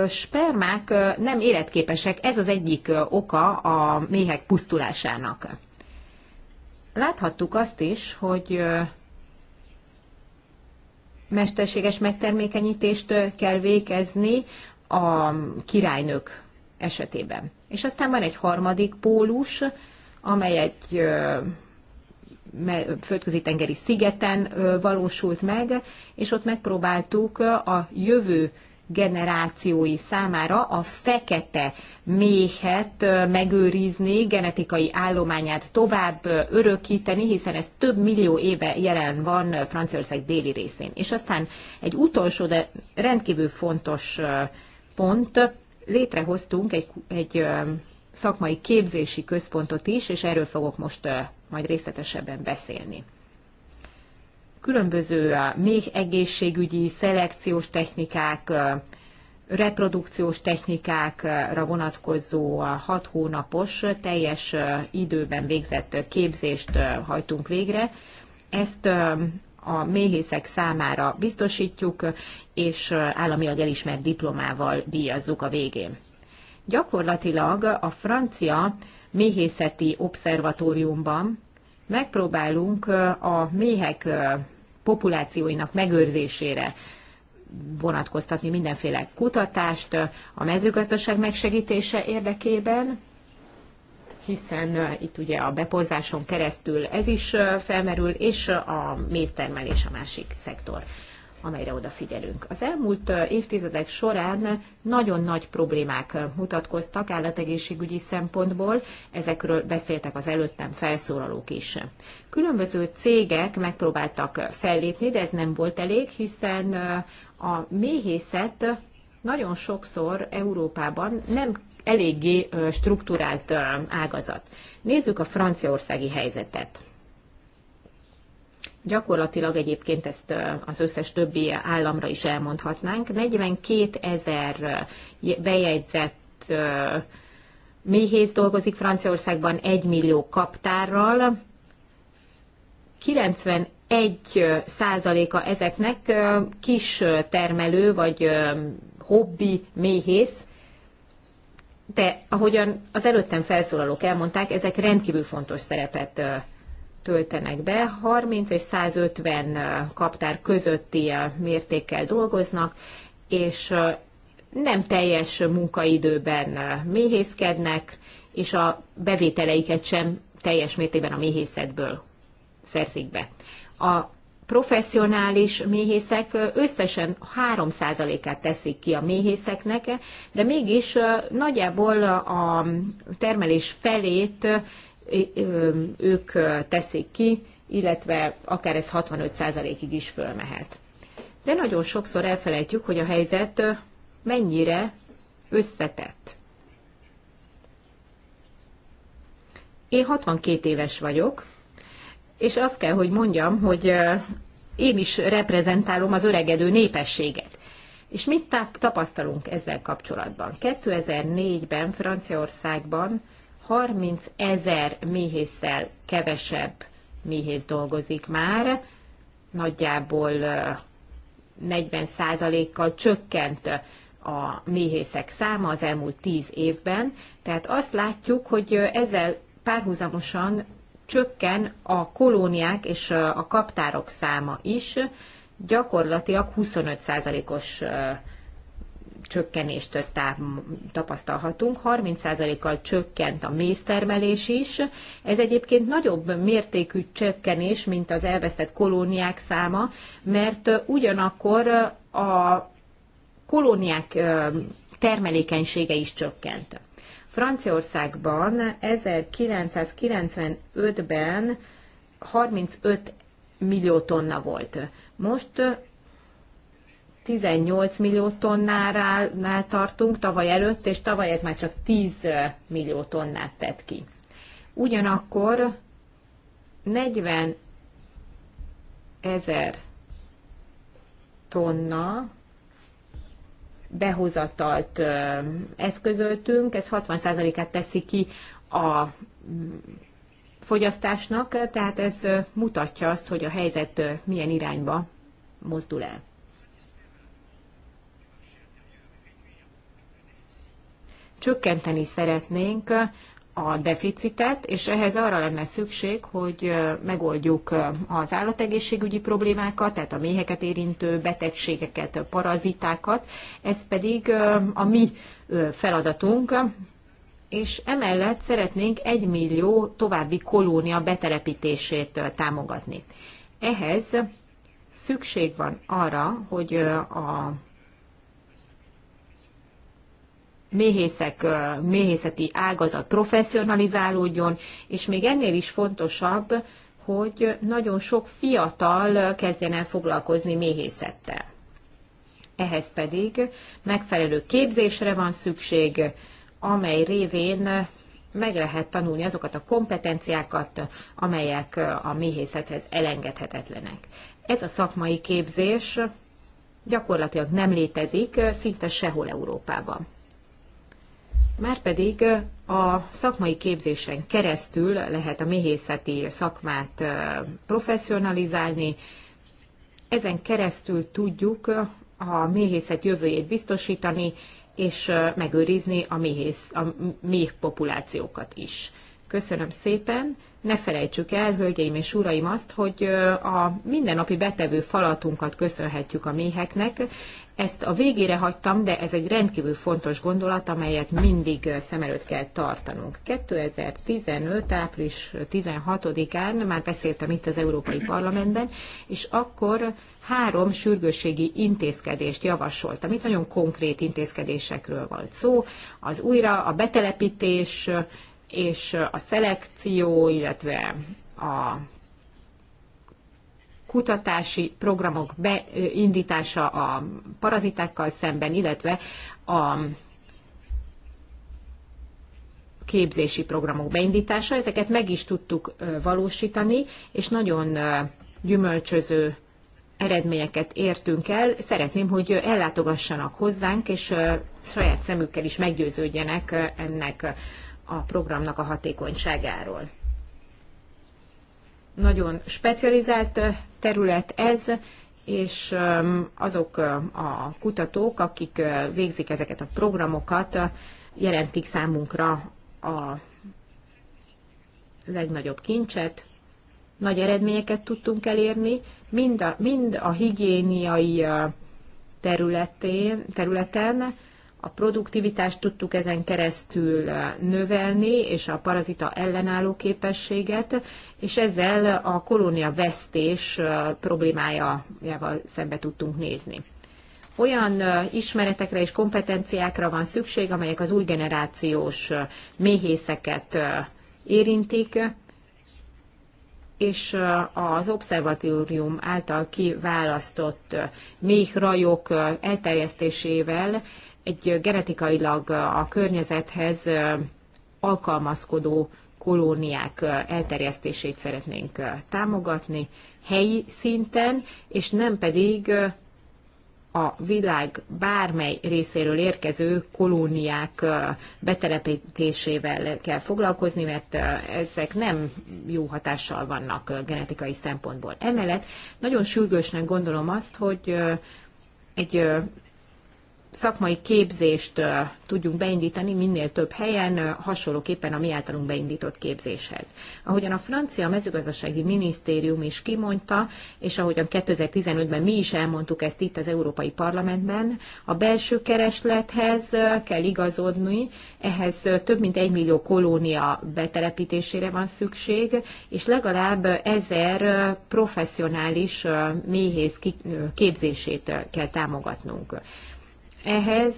spermák nem életképesek, ez az egyik oka a méhek pusztulásának. Láthattuk azt is, hogy mesterséges megtermékenyítést kell végezni a királynők esetében. És aztán van egy harmadik pólus, amely egy földközi tengeri szigeten valósult meg, és ott megpróbáltuk a jövő generációi számára a fekete méhet megőrizni, genetikai állományát tovább örökíteni, hiszen ez több millió éve jelen van Franciaország déli részén. És aztán egy utolsó, de rendkívül fontos pont, létrehoztunk egy, egy szakmai képzési központot is, és erről fogok most majd részletesebben beszélni különböző még egészségügyi, szelekciós technikák, reprodukciós technikákra vonatkozó hat hónapos teljes időben végzett képzést hajtunk végre. Ezt a méhészek számára biztosítjuk, és államilag elismert diplomával díjazzuk a végén. Gyakorlatilag a francia méhészeti obszervatóriumban megpróbálunk a méhek populációinak megőrzésére vonatkoztatni mindenféle kutatást a mezőgazdaság megsegítése érdekében, hiszen itt ugye a beporzáson keresztül ez is felmerül, és a méztermelés a másik szektor amelyre odafigyelünk. Az elmúlt évtizedek során nagyon nagy problémák mutatkoztak állategészségügyi szempontból, ezekről beszéltek az előttem felszólalók is. Különböző cégek megpróbáltak fellépni, de ez nem volt elég, hiszen a méhészet nagyon sokszor Európában nem eléggé strukturált ágazat. Nézzük a franciaországi helyzetet. Gyakorlatilag egyébként ezt az összes többi államra is elmondhatnánk. 42 ezer bejegyzett méhész dolgozik Franciaországban 1 millió kaptárral. 91 százaléka ezeknek kis termelő vagy hobbi méhész, de ahogyan az előttem felszólalók elmondták, ezek rendkívül fontos szerepet töltenek be, 30 és 150 kaptár közötti mértékkel dolgoznak, és nem teljes munkaidőben méhészkednek, és a bevételeiket sem teljes mértékben a méhészetből szerzik be. A professzionális méhészek összesen 3%-át teszik ki a méhészeknek, de mégis nagyjából a termelés felét ők teszik ki, illetve akár ez 65%-ig is fölmehet. De nagyon sokszor elfelejtjük, hogy a helyzet mennyire összetett. Én 62 éves vagyok, és azt kell, hogy mondjam, hogy én is reprezentálom az öregedő népességet. És mit tapasztalunk ezzel kapcsolatban? 2004-ben Franciaországban 30 ezer méhészsel kevesebb méhész dolgozik már, nagyjából 40%-kal csökkent a méhészek száma az elmúlt 10 évben. Tehát azt látjuk, hogy ezzel párhuzamosan csökken a kolóniák és a kaptárok száma is, gyakorlatilag 25%-os csökkenést tapasztalhatunk. 30%-kal csökkent a méztermelés is. Ez egyébként nagyobb mértékű csökkenés, mint az elveszett kolóniák száma, mert ugyanakkor a kolóniák termelékenysége is csökkent. Franciaországban 1995-ben 35 millió tonna volt. Most 18 millió tonnánál tartunk tavaly előtt, és tavaly ez már csak 10 millió tonnát tett ki. Ugyanakkor 40 ezer tonna behozatalt eszközöltünk, ez 60%-át teszi ki a mm, fogyasztásnak, tehát ez mutatja azt, hogy a helyzet milyen irányba mozdul el. csökkenteni szeretnénk a deficitet, és ehhez arra lenne szükség, hogy megoldjuk az állategészségügyi problémákat, tehát a méheket érintő betegségeket, parazitákat. Ez pedig a mi feladatunk, és emellett szeretnénk egy millió további kolónia betelepítését támogatni. Ehhez szükség van arra, hogy a méhészek, méhészeti ágazat professzionalizálódjon, és még ennél is fontosabb, hogy nagyon sok fiatal kezdjen el foglalkozni méhészettel. Ehhez pedig megfelelő képzésre van szükség, amely révén meg lehet tanulni azokat a kompetenciákat, amelyek a méhészethez elengedhetetlenek. Ez a szakmai képzés gyakorlatilag nem létezik szinte sehol Európában. Márpedig a szakmai képzésen keresztül lehet a méhészeti szakmát professzionalizálni, ezen keresztül tudjuk a méhészet jövőjét biztosítani, és megőrizni a, méhész, a méh populációkat is. Köszönöm szépen! Ne felejtsük el, hölgyeim és uraim, azt, hogy a mindennapi betevő falatunkat köszönhetjük a méheknek. Ezt a végére hagytam, de ez egy rendkívül fontos gondolat, amelyet mindig szem előtt kell tartanunk. 2015. április 16-án már beszéltem itt az Európai Parlamentben, és akkor három sürgősségi intézkedést javasoltam. Itt nagyon konkrét intézkedésekről volt szó. Az újra a betelepítés és a szelekció, illetve a kutatási programok beindítása a parazitákkal szemben, illetve a képzési programok beindítása. Ezeket meg is tudtuk valósítani, és nagyon gyümölcsöző eredményeket értünk el. Szeretném, hogy ellátogassanak hozzánk, és saját szemükkel is meggyőződjenek ennek a programnak a hatékonyságáról nagyon specializált terület ez, és azok a kutatók, akik végzik ezeket a programokat, jelentik számunkra a legnagyobb kincset. Nagy eredményeket tudtunk elérni, mind a, mind a higiéniai területén, területen, a produktivitást tudtuk ezen keresztül eh, növelni, és a parazita ellenálló képességet, és ezzel a kolónia vesztés eh, problémájával szembe tudtunk nézni. Olyan eh, ismeretekre és kompetenciákra van szükség, amelyek az új generációs méhészeket érintik, és az obszervatórium által kiválasztott méhrajok elterjesztésével egy genetikailag a környezethez alkalmazkodó kolóniák elterjesztését szeretnénk támogatni helyi szinten, és nem pedig a világ bármely részéről érkező kolóniák betelepítésével kell foglalkozni, mert ezek nem jó hatással vannak genetikai szempontból. Emellett nagyon sürgősnek gondolom azt, hogy egy szakmai képzést tudjunk beindítani minél több helyen, hasonlóképpen a mi általunk beindított képzéshez. Ahogyan a francia mezőgazdasági minisztérium is kimondta, és ahogyan 2015-ben mi is elmondtuk ezt itt az Európai Parlamentben, a belső kereslethez kell igazodni, ehhez több mint egy millió kolónia betelepítésére van szükség, és legalább ezer professzionális méhész képzését kell támogatnunk. Ehhez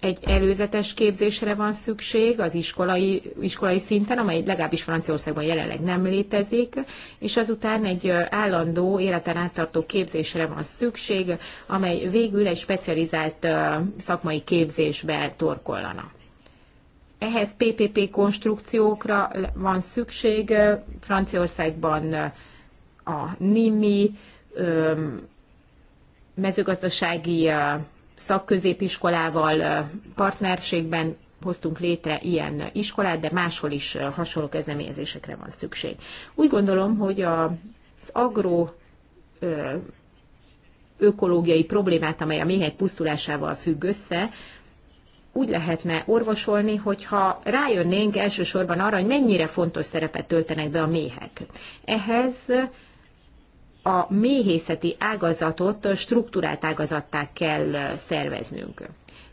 egy előzetes képzésre van szükség az iskolai, iskolai szinten, amely legalábbis Franciaországban jelenleg nem létezik, és azután egy állandó életen áttartó képzésre van szükség, amely végül egy specializált szakmai képzésbe torkollana. Ehhez PPP konstrukciókra van szükség. Franciaországban a NIMI, mezőgazdasági szakközépiskolával partnerségben hoztunk létre ilyen iskolát, de máshol is hasonló kezdeményezésekre van szükség. Úgy gondolom, hogy az agro ökológiai problémát, amely a méhek pusztulásával függ össze, úgy lehetne orvosolni, hogyha rájönnénk elsősorban arra, hogy mennyire fontos szerepet töltenek be a méhek. Ehhez a méhészeti ágazatot struktúrált ágazattá kell szerveznünk.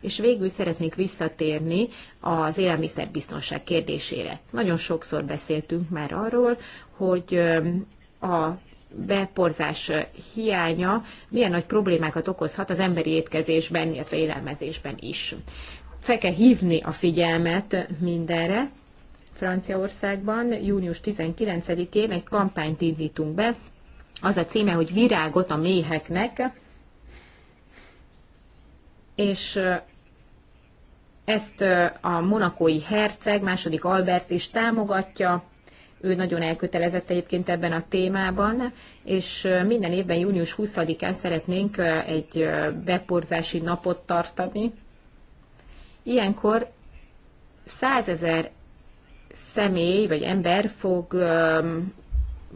És végül szeretnék visszatérni az élelmiszerbiztonság kérdésére. Nagyon sokszor beszéltünk már arról, hogy a beporzás hiánya milyen nagy problémákat okozhat az emberi étkezésben, illetve élelmezésben is. Fel kell hívni a figyelmet mindenre. Franciaországban június 19-én egy kampányt indítunk be, az a címe, hogy Virágot a méheknek, és ezt a monakói herceg, második Albert is támogatja, ő nagyon elkötelezett egyébként ebben a témában, és minden évben június 20-án szeretnénk egy beporzási napot tartani. Ilyenkor százezer személy vagy ember fog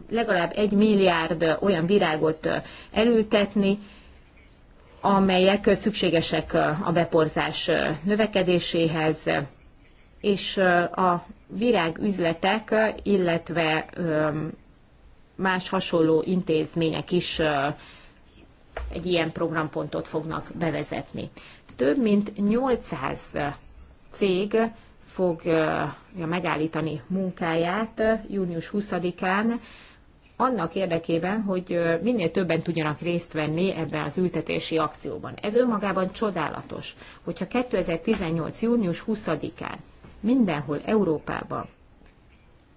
legalább egy milliárd olyan virágot elültetni, amelyek szükségesek a beporzás növekedéséhez, és a virágüzletek, illetve más hasonló intézmények is egy ilyen programpontot fognak bevezetni. Több mint 800 cég fogja megállítani munkáját június 20-án annak érdekében, hogy minél többen tudjanak részt venni ebben az ültetési akcióban. Ez önmagában csodálatos, hogyha 2018. június 20-án mindenhol Európában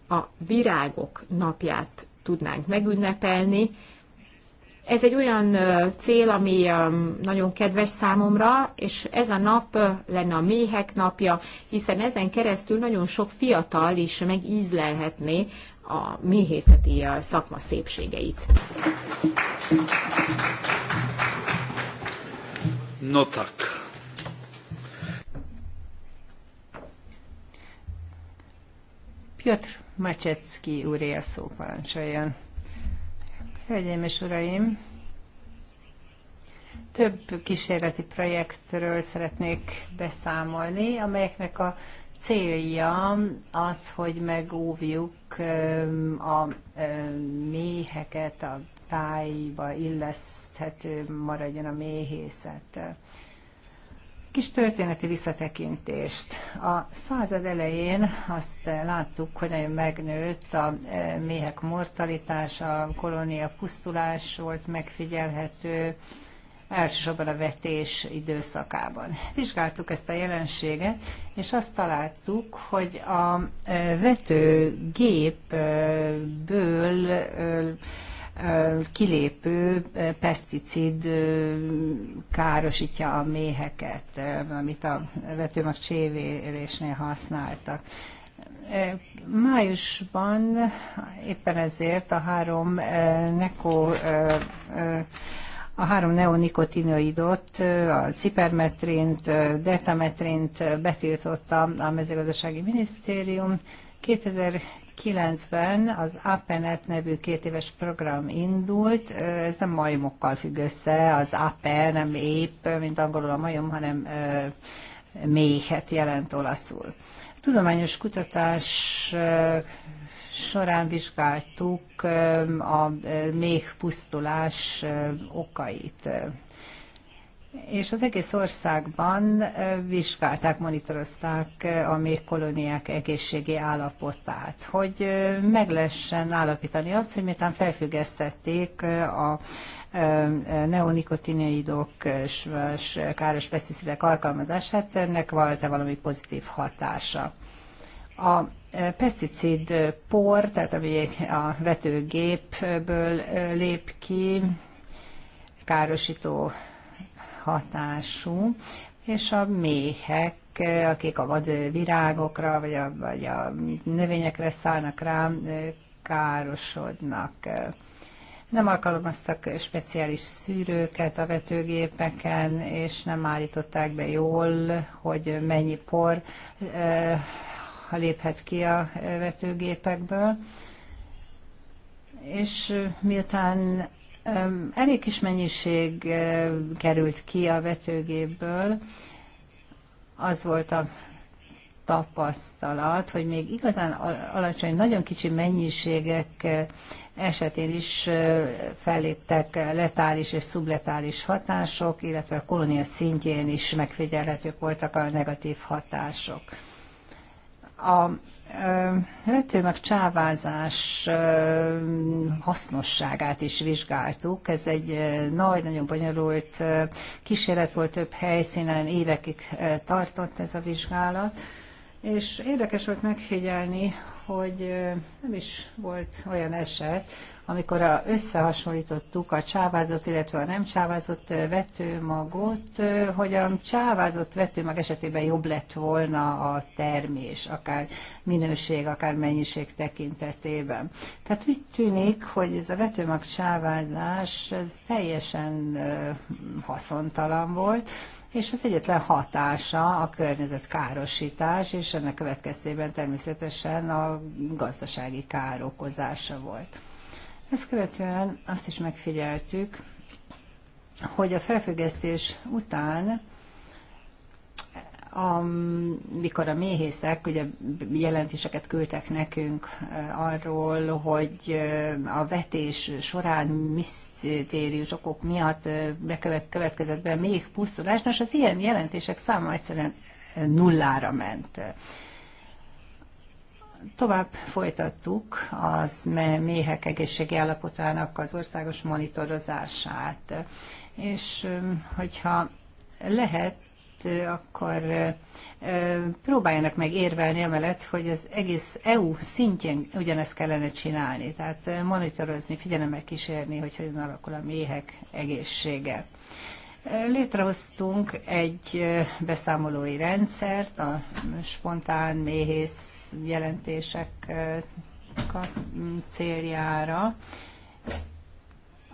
a virágok napját tudnánk megünnepelni. Ez egy olyan cél, ami nagyon kedves számomra, és ez a nap lenne a méhek napja, hiszen ezen keresztül nagyon sok fiatal is megízlelhetné a méhészeti szakma szépségeit. No tak. Piotr Macecki úr él szóparancsoljon. Hölgyeim és uraim, több kísérleti projektről szeretnék beszámolni, amelyeknek a célja az, hogy megóvjuk a méheket, a tájba illeszthető maradjon a méhészet. Kis történeti visszatekintést. A század elején azt láttuk, hogy nagyon megnőtt a méhek mortalitása, a kolónia pusztulás volt megfigyelhető, elsősorban a vetés időszakában. Vizsgáltuk ezt a jelenséget, és azt találtuk, hogy a vetőgépből kilépő peszticid károsítja a méheket, amit a vetőmag csévérésnél használtak. Májusban éppen ezért a három neko a három neonikotinoidot, a cipermetrint, detametrint betiltotta a mezőgazdasági minisztérium. 2009-ben az APENET nevű két éves program indult, ez nem majmokkal függ össze, az APE nem épp, mint angolul a majom, hanem méhet jelent olaszul. Tudományos kutatás során vizsgáltuk a méhpusztulás okait. És az egész országban vizsgálták, monitorozták a méhkolóniák egészségi állapotát, hogy meg lehessen állapítani azt, hogy miután felfüggesztették a neonikotinoidok és káros peszticidek alkalmazását, ennek volt-e valami pozitív hatása. A peszticidpor, por, tehát ami a vetőgépből lép ki, károsító hatású, és a méhek, akik a virágokra vagy a, vagy a növényekre szállnak rá, károsodnak. Nem alkalmaztak speciális szűrőket a vetőgépeken, és nem állították be jól, hogy mennyi por ha léphet ki a vetőgépekből. És miután elég kis mennyiség került ki a vetőgépből, az volt a tapasztalat, hogy még igazán alacsony, nagyon kicsi mennyiségek esetén is felléptek letális és szubletális hatások, illetve a kolónia szintjén is megfigyelhetők voltak a negatív hatások. A meg csávázás hasznosságát is vizsgáltuk. Ez egy nagy, nagyon bonyolult kísérlet volt több helyszínen, évekig tartott ez a vizsgálat. És érdekes volt megfigyelni, hogy nem is volt olyan eset, amikor a, összehasonlítottuk a csávázott, illetve a nem csávázott vetőmagot, hogy a csávázott vetőmag esetében jobb lett volna a termés, akár minőség, akár mennyiség tekintetében. Tehát úgy tűnik, hogy ez a vetőmag csávázás ez teljesen haszontalan volt, és az egyetlen hatása a környezet károsítás és ennek következtében természetesen a gazdasági károkozása volt. Ezt követően azt is megfigyeltük, hogy a felfüggesztés után amikor a méhészek ugye jelentéseket küldtek nekünk eh, arról, hogy eh, a vetés során misztérius okok miatt eh, bekövet, következett be még pusztulás, most az ilyen jelentések száma egyszerűen nullára ment. Tovább folytattuk az méhek egészségi állapotának az országos monitorozását, és hogyha lehet, akkor próbáljanak meg érvelni amellett, hogy az egész EU szintjén ugyanezt kellene csinálni, tehát monitorozni, figyelemmel kísérni, hogy hogyan alakul a méhek egészsége. Létrehoztunk egy beszámolói rendszert, a spontán méhész jelentések céljára.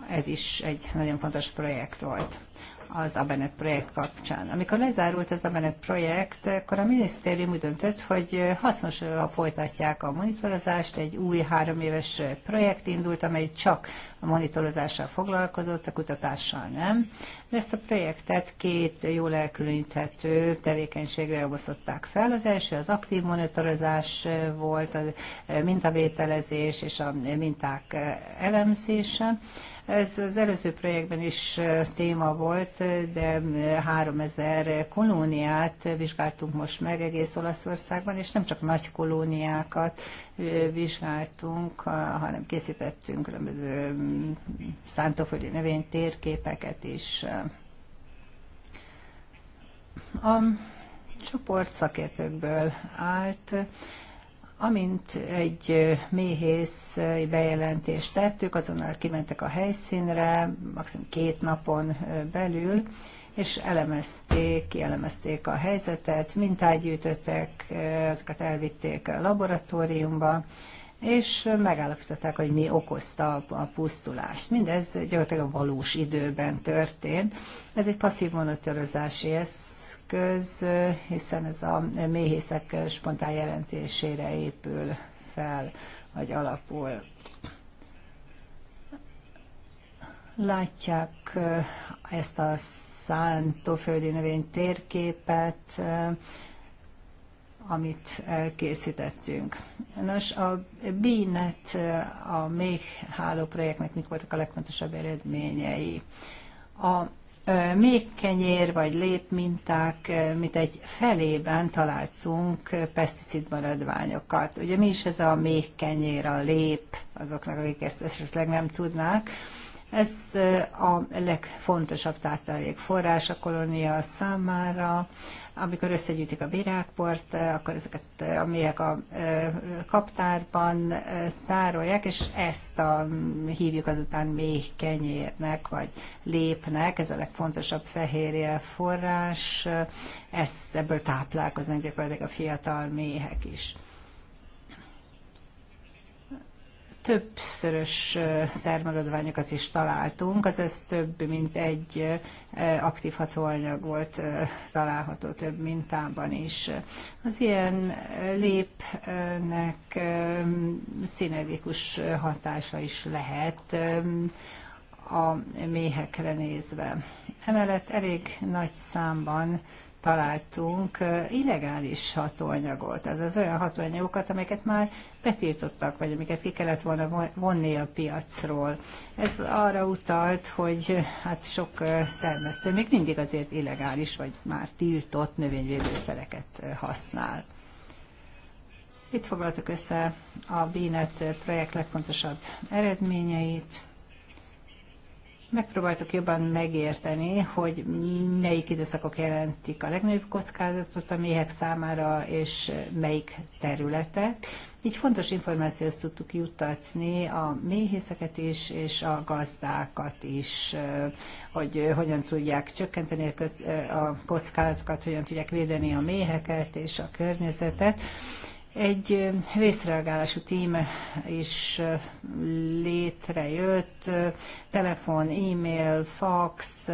Ez is egy nagyon fontos projekt volt az Abenet projekt kapcsán. Amikor lezárult az Abenet projekt, akkor a minisztérium úgy döntött, hogy hasznos, ha folytatják a monitorozást. Egy új három éves projekt indult, amely csak a monitorozással foglalkozott, a kutatással nem. De ezt a projektet két jól elkülöníthető tevékenységre osztották fel. Az első az aktív monitorozás volt, a mintavételezés és a minták elemzése. Ez az előző projektben is téma volt, de 3000 kolóniát vizsgáltunk most meg egész Olaszországban, és nem csak nagy kolóniákat vizsgáltunk, hanem készítettünk különböző mm, szántóföldi növény térképeket is. A csoport szakértőkből állt, Amint egy méhész bejelentést tettük, azonnal kimentek a helyszínre, maximum két napon belül, és elemezték, kielemezték a helyzetet, mintát gyűjtöttek, azokat elvitték a laboratóriumba, és megállapították, hogy mi okozta a pusztulást. Mindez gyakorlatilag a valós időben történt. Ez egy passzív monitorozási eszköz, hiszen ez a méhészek spontán jelentésére épül fel, vagy alapul. Látják ezt a szántóföldi növény térképet, amit elkészítettünk. Nos, a BINET, a méh háló projektnek mik voltak a legfontosabb eredményei? A még kenyér vagy lépminták, mint egy felében találtunk peszticid maradványokat. Ugye mi is ez a még kenyér, a lép, azoknak, akik ezt esetleg nem tudnák. Ez a legfontosabb táplálékforrás a kolónia számára. Amikor összegyűjtik a virágport, akkor ezeket a méhek a kaptárban tárolják, és ezt a, hívjuk azután méh kenyérnek, vagy lépnek, ez a legfontosabb fehérje forrás, ezt, ebből táplálkoznak gyakorlatilag a fiatal méhek is. többszörös szermaradványokat is találtunk, azaz több mint egy aktív hatóanyag volt található több mintában is. Az ilyen lépnek szinergikus hatása is lehet a méhekre nézve. Emellett elég nagy számban találtunk illegális hatóanyagot, azaz olyan hatóanyagokat, amelyeket már betiltottak, vagy amiket ki kellett volna vonni a piacról. Ez arra utalt, hogy hát sok termesztő még mindig azért illegális, vagy már tiltott növényvédőszereket használ. Itt foglaltuk össze a BINET projekt legfontosabb eredményeit, megpróbáltuk jobban megérteni, hogy melyik időszakok jelentik a legnagyobb kockázatot a méhek számára, és melyik területek. Így fontos információt tudtuk juttatni a méhészeket is, és a gazdákat is, hogy hogyan tudják csökkenteni a, a kockázatokat, hogyan tudják védeni a méheket és a környezetet. Egy vészreagálású tím is létrejött, telefon, e-mail, fax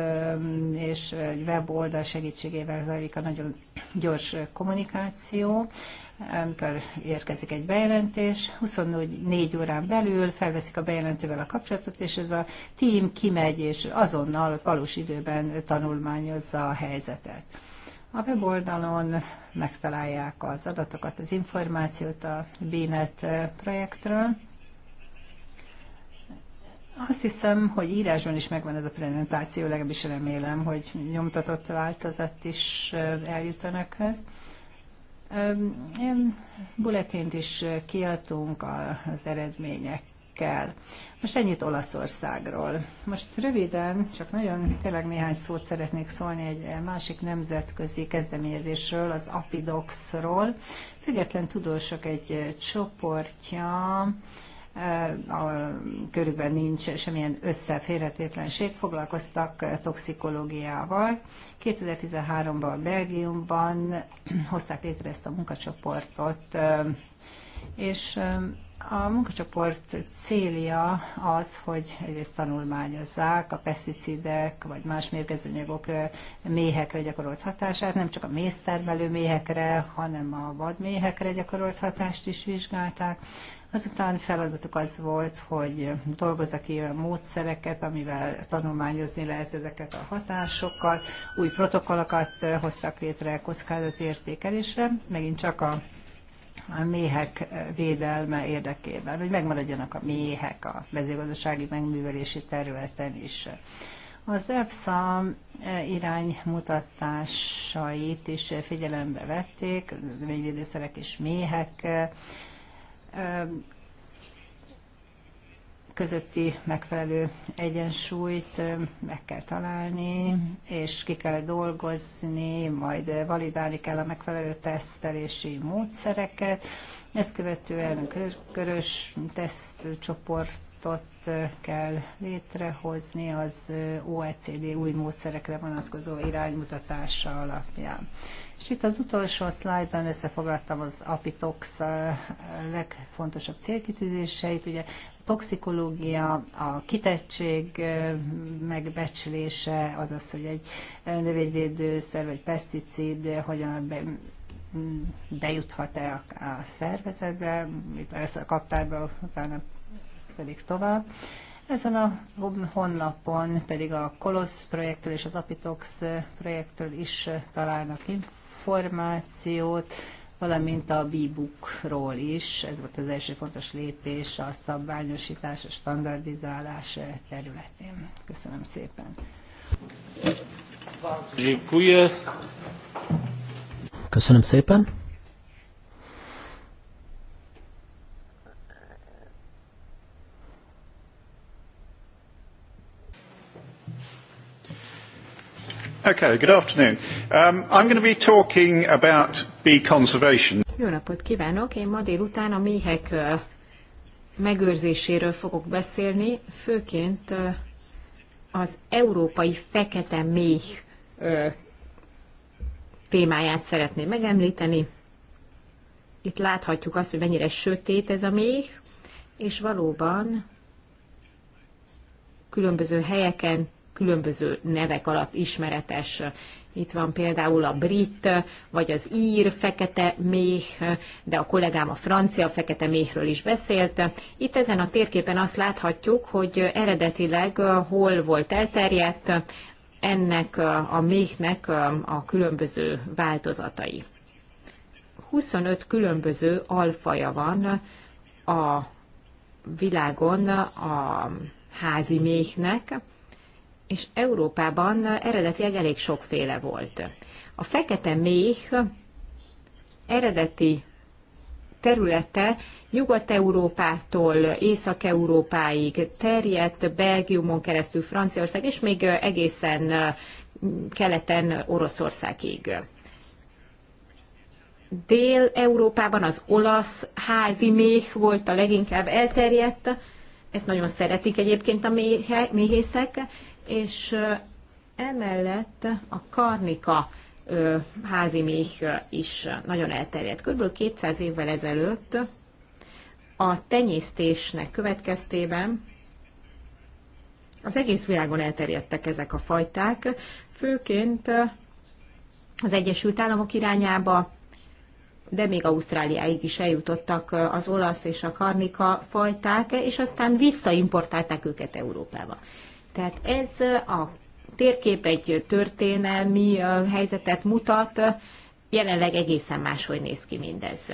és egy weboldal segítségével zajlik a nagyon gyors kommunikáció. Amikor érkezik egy bejelentés, 24 órán belül felveszik a bejelentővel a kapcsolatot, és ez a tím kimegy, és azonnal valós időben tanulmányozza a helyzetet. A weboldalon megtalálják az adatokat, az információt a BNET projektről. Azt hiszem, hogy írásban is megvan ez a prezentáció, legalábbis remélem, hogy nyomtatott változat is eljut önökhöz. Én bulletint is kiadtunk az eredmények kell. Most ennyit Olaszországról. Most röviden, csak nagyon tényleg néhány szót szeretnék szólni egy másik nemzetközi kezdeményezésről, az Apidoxról. Független tudósok egy csoportja, eh, a körülben nincs semmilyen összeférhetetlenség, foglalkoztak toxikológiával. 2013-ban Belgiumban hozták létre ezt a munkacsoportot, eh, és eh, a munkacsoport célja az, hogy egyrészt tanulmányozzák a peszticidek vagy más mérgezőanyagok méhekre gyakorolt hatását, nem csak a méztermelő méhekre, hanem a vadméhekre gyakorolt hatást is vizsgálták. Azután feladatuk az volt, hogy dolgozzak ki olyan módszereket, amivel tanulmányozni lehet ezeket a hatásokat, új protokollokat hoztak létre kockázatértékelésre, megint csak a a méhek védelme érdekében, hogy megmaradjanak a méhek a mezőgazdasági megművelési területen is. Az EPSA iránymutatásait is figyelembe vették, növényvédőszerek és méhek közötti megfelelő egyensúlyt meg kell találni, és ki kell dolgozni, majd validálni kell a megfelelő tesztelési módszereket. Ezt követően körös tesztcsoportot kell létrehozni az OECD új módszerekre vonatkozó iránymutatása alapján. És itt az utolsó szlájdon összefoglaltam az Apitox legfontosabb célkitűzéseit. Ugye toxikológia, a kitettség megbecslése, azaz, hogy egy növényvédőszer vagy peszticid hogyan be, bejuthat-e a, a szervezetbe, persze a kaptárba, utána pedig tovább. Ezen a honlapon pedig a Kolosz projektről és az Apitox projektről is találnak információt, valamint a bíbukról is. Ez volt az első fontos lépés a szabványosítás, a standardizálás területén. Köszönöm szépen. Köszönöm szépen. Okay, good afternoon. Um, I'm going to be talking about bee conservation. Jó napot kívánok! Én ma délután a méhek megőrzéséről fogok beszélni, főként az európai fekete méh témáját szeretném megemlíteni. Itt láthatjuk azt, hogy mennyire sötét ez a méh, és valóban különböző helyeken különböző nevek alatt ismeretes. Itt van például a brit, vagy az ír fekete méh, de a kollégám a francia fekete méhről is beszélt. Itt ezen a térképen azt láthatjuk, hogy eredetileg hol volt elterjedt ennek a méhnek a különböző változatai. 25 különböző alfaja van a világon a házi méhnek, és Európában eredetileg elég sokféle volt. A fekete méh eredeti területe Nyugat-Európától Észak-Európáig terjedt, Belgiumon keresztül Franciaország, és még egészen keleten Oroszországig. Dél-Európában az olasz házi méh volt a leginkább elterjedt, ezt nagyon szeretik egyébként a méhészek, és emellett a karnika méh is nagyon elterjedt. Körülbelül 200 évvel ezelőtt a tenyésztésnek következtében az egész világon elterjedtek ezek a fajták, főként az Egyesült Államok irányába, de még Ausztráliáig is eljutottak az olasz és a karnika fajták, és aztán visszaimportálták őket Európába. Tehát ez a térkép egy történelmi helyzetet mutat, jelenleg egészen máshogy néz ki mindez.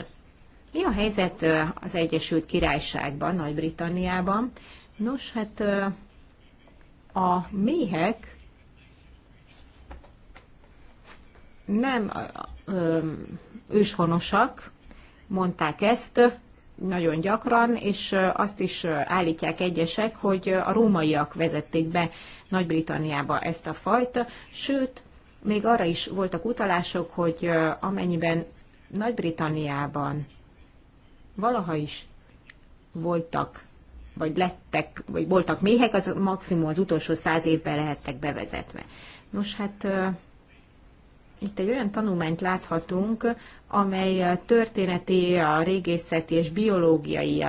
Mi a helyzet az Egyesült Királyságban, Nagy-Britanniában? Nos, hát a méhek nem őshonosak, mondták ezt, nagyon gyakran, és azt is állítják egyesek, hogy a rómaiak vezették be Nagy-Britanniába ezt a fajta, sőt, még arra is voltak utalások, hogy amennyiben Nagy-Britanniában valaha is voltak, vagy lettek, vagy voltak méhek, az maximum az utolsó száz évben lehettek bevezetve. Nos, hát itt egy olyan tanulmányt láthatunk, amely történeti, a régészeti és biológiai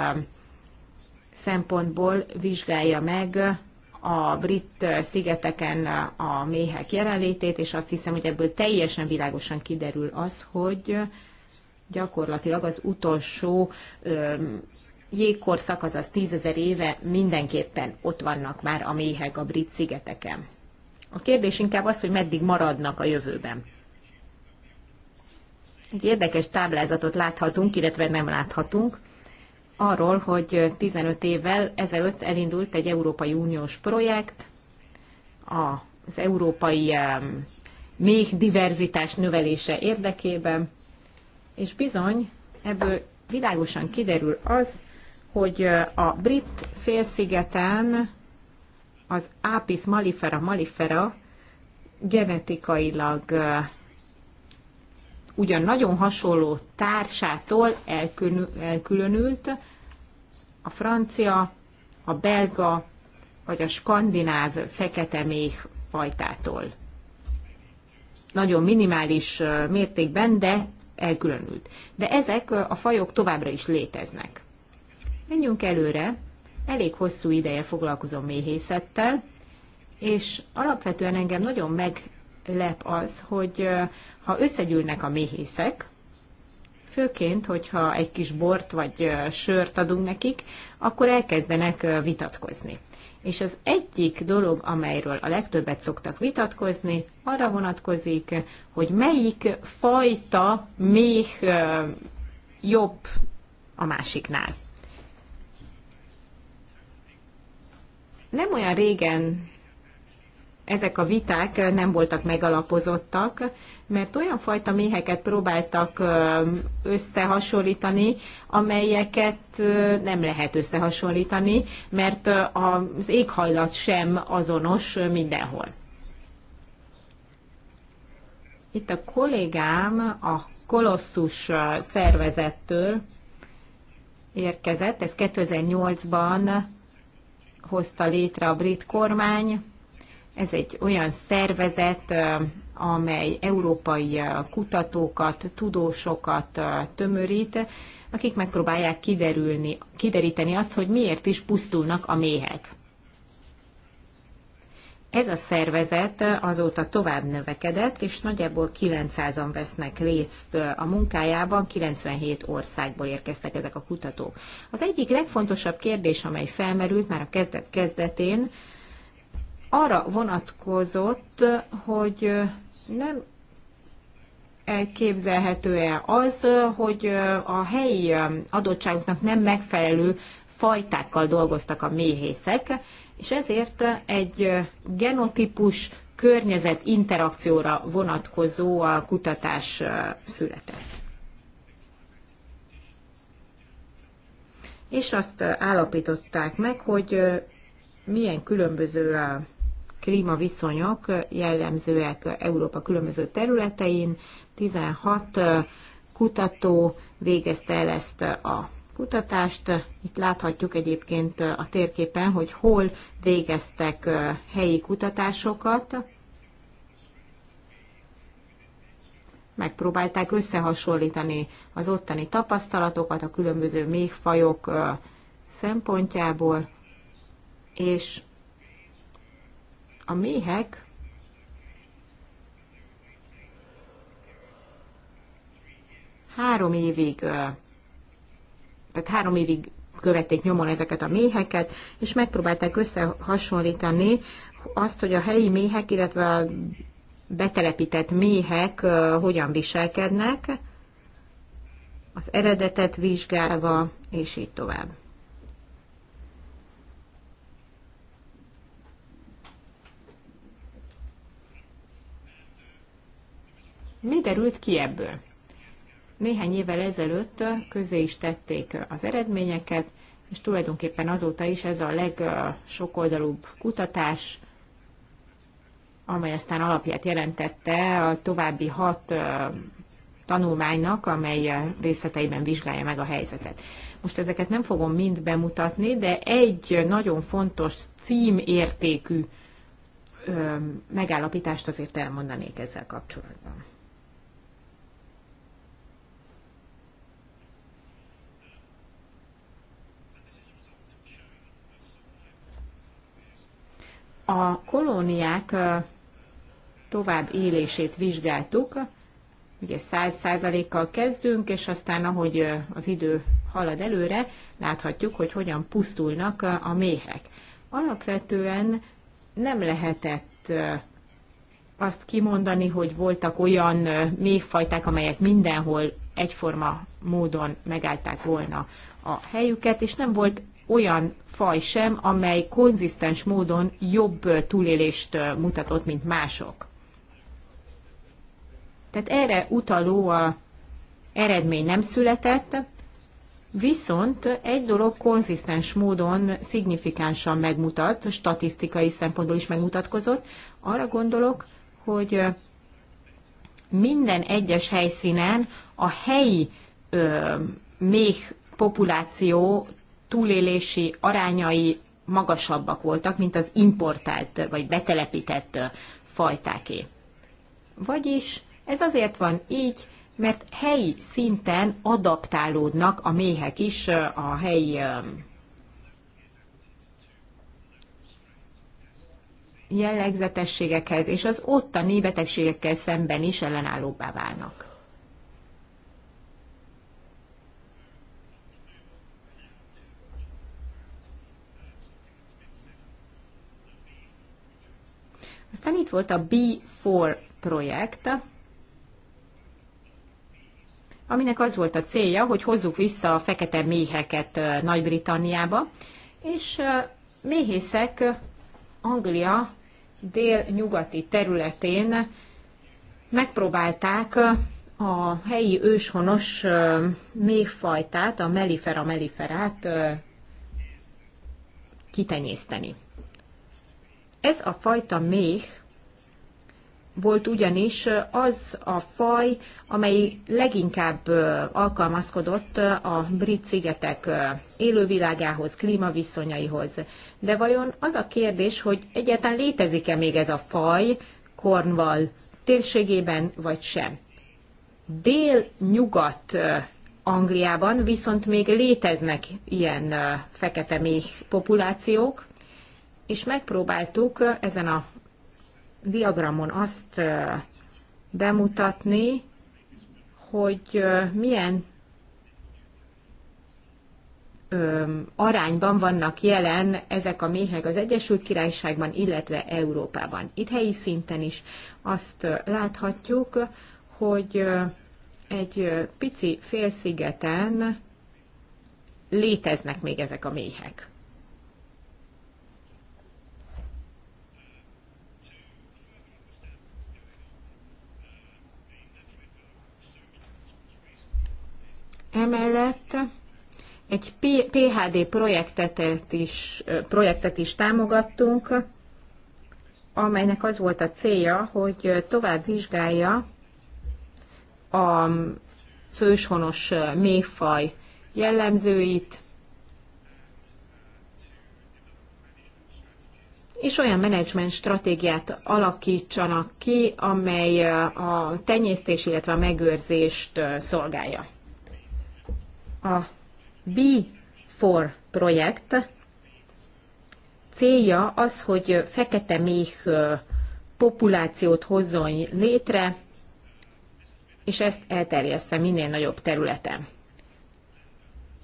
szempontból vizsgálja meg a brit szigeteken a méhek jelenlétét, és azt hiszem, hogy ebből teljesen világosan kiderül az, hogy gyakorlatilag az utolsó jégkorszak, azaz tízezer éve mindenképpen ott vannak már a méhek a brit szigeteken. A kérdés inkább az, hogy meddig maradnak a jövőben. Egy érdekes táblázatot láthatunk, illetve nem láthatunk, arról, hogy 15 évvel ezelőtt elindult egy Európai Uniós projekt, az európai még diverzitás növelése érdekében, és bizony ebből világosan kiderül az, hogy a brit félszigeten az Apis mellifera mellifera genetikailag ugyan nagyon hasonló társától elkülönült, a francia, a belga vagy a skandináv fekete méh fajtától. Nagyon minimális mértékben, de elkülönült. De ezek a fajok továbbra is léteznek. Menjünk előre, elég hosszú ideje foglalkozom méhészettel, és alapvetően engem nagyon meglep az, hogy ha összegyűlnek a méhészek, főként, hogyha egy kis bort vagy sört adunk nekik, akkor elkezdenek vitatkozni. És az egyik dolog, amelyről a legtöbbet szoktak vitatkozni, arra vonatkozik, hogy melyik fajta méh jobb a másiknál. Nem olyan régen ezek a viták nem voltak megalapozottak, mert olyan fajta méheket próbáltak összehasonlítani, amelyeket nem lehet összehasonlítani, mert az éghajlat sem azonos mindenhol. Itt a kollégám a kolosszus szervezettől érkezett, ez 2008-ban hozta létre a brit kormány, ez egy olyan szervezet, amely európai kutatókat, tudósokat tömörít, akik megpróbálják kiderülni, kideríteni azt, hogy miért is pusztulnak a méhek. Ez a szervezet azóta tovább növekedett, és nagyjából 900-an vesznek részt a munkájában, 97 országból érkeztek ezek a kutatók. Az egyik legfontosabb kérdés, amely felmerült már a kezdet-kezdetén, arra vonatkozott, hogy nem elképzelhető el az, hogy a helyi adottságoknak nem megfelelő fajtákkal dolgoztak a méhészek, és ezért egy genotípus környezet interakcióra vonatkozó a kutatás született. És azt állapították meg, hogy milyen különböző klímaviszonyok jellemzőek Európa különböző területein. 16 kutató végezte el ezt a kutatást. Itt láthatjuk egyébként a térképen, hogy hol végeztek helyi kutatásokat. Megpróbálták összehasonlítani az ottani tapasztalatokat a különböző méhfajok szempontjából, és a méhek három évig, tehát három évig követték nyomon ezeket a méheket, és megpróbálták összehasonlítani azt, hogy a helyi méhek, illetve a betelepített méhek hogyan viselkednek, az eredetet vizsgálva, és így tovább. Mi derült ki ebből? Néhány évvel ezelőtt közé is tették az eredményeket, és tulajdonképpen azóta is ez a legsokoldalúbb kutatás, amely aztán alapját jelentette a további hat tanulmánynak, amely részleteiben vizsgálja meg a helyzetet. Most ezeket nem fogom mind bemutatni, de egy nagyon fontos címértékű megállapítást azért elmondanék ezzel kapcsolatban. a kolóniák tovább élését vizsgáltuk, ugye száz százalékkal kezdünk, és aztán ahogy az idő halad előre, láthatjuk, hogy hogyan pusztulnak a méhek. Alapvetően nem lehetett azt kimondani, hogy voltak olyan méhfajták, amelyek mindenhol egyforma módon megállták volna a helyüket, és nem volt olyan faj sem, amely konzisztens módon jobb túlélést mutatott, mint mások. Tehát erre utaló a eredmény nem született, viszont egy dolog konzisztens módon szignifikánsan megmutat, statisztikai szempontból is megmutatkozott. Arra gondolok, hogy minden egyes helyszínen a helyi ö, méh populáció túlélési arányai magasabbak voltak, mint az importált vagy betelepített fajtáké. Vagyis ez azért van így, mert helyi szinten adaptálódnak a méhek is a helyi um, jellegzetességekhez, és az ottani betegségekkel szemben is ellenállóbbá válnak. Aztán itt volt a B4 projekt, aminek az volt a célja, hogy hozzuk vissza a fekete méheket Nagy-Britanniába, és méhészek Anglia dél-nyugati területén megpróbálták a helyi őshonos méhfajtát, a mellifera melliferát kitenyészteni. Ez a fajta méh volt ugyanis az a faj, amely leginkább alkalmazkodott a brit szigetek élővilágához, klímaviszonyaihoz. De vajon az a kérdés, hogy egyáltalán létezik-e még ez a faj Cornwall térségében, vagy sem? Dél-nyugat Angliában viszont még léteznek ilyen fekete méh populációk, és megpróbáltuk ezen a diagramon azt bemutatni, hogy milyen arányban vannak jelen ezek a méhek az Egyesült Királyságban, illetve Európában. Itt helyi szinten is azt láthatjuk, hogy egy pici félszigeten léteznek még ezek a méhek. Emellett egy PHD projektet is, projektet is támogattunk, amelynek az volt a célja, hogy tovább vizsgálja a őshonos méhfaj jellemzőit, és olyan menedzsment stratégiát alakítsanak ki, amely a tenyésztés, illetve a megőrzést szolgálja. A B4 projekt célja az, hogy fekete méh populációt hozzon létre, és ezt elterjeszte minél nagyobb területen.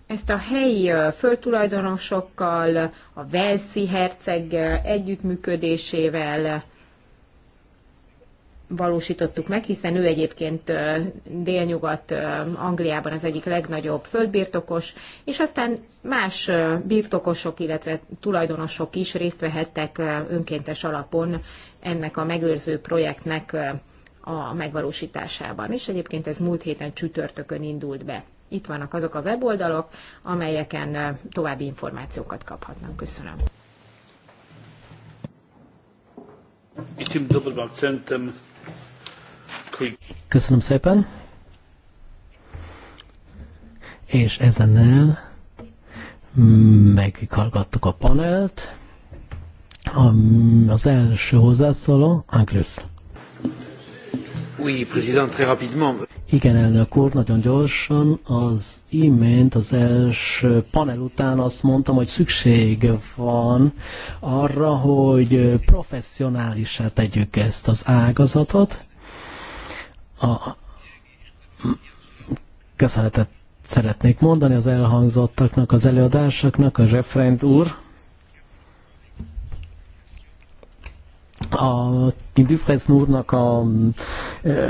Ezt a helyi föltulajdonosokkal, a Velszi herceg együttműködésével valósítottuk meg, hiszen ő egyébként délnyugat Angliában az egyik legnagyobb földbirtokos, és aztán más birtokosok, illetve tulajdonosok is részt vehettek önkéntes alapon ennek a megőrző projektnek a megvalósításában. És egyébként ez múlt héten csütörtökön indult be. Itt vannak azok a weboldalok, amelyeken további információkat kaphatnak. Köszönöm. I tym dobrym Köszönöm szépen. És ezennel meghallgattuk a panelt. az első hozzászóló, Angrisz. Igen, elnök úr, nagyon gyorsan. Az imént az első panel után azt mondtam, hogy szükség van arra, hogy professzionálisá tegyük ezt az ágazatot, a köszönetet szeretnék mondani az elhangzottaknak, az előadásoknak, a Zsefrend úr, a Dufresne úrnak a e,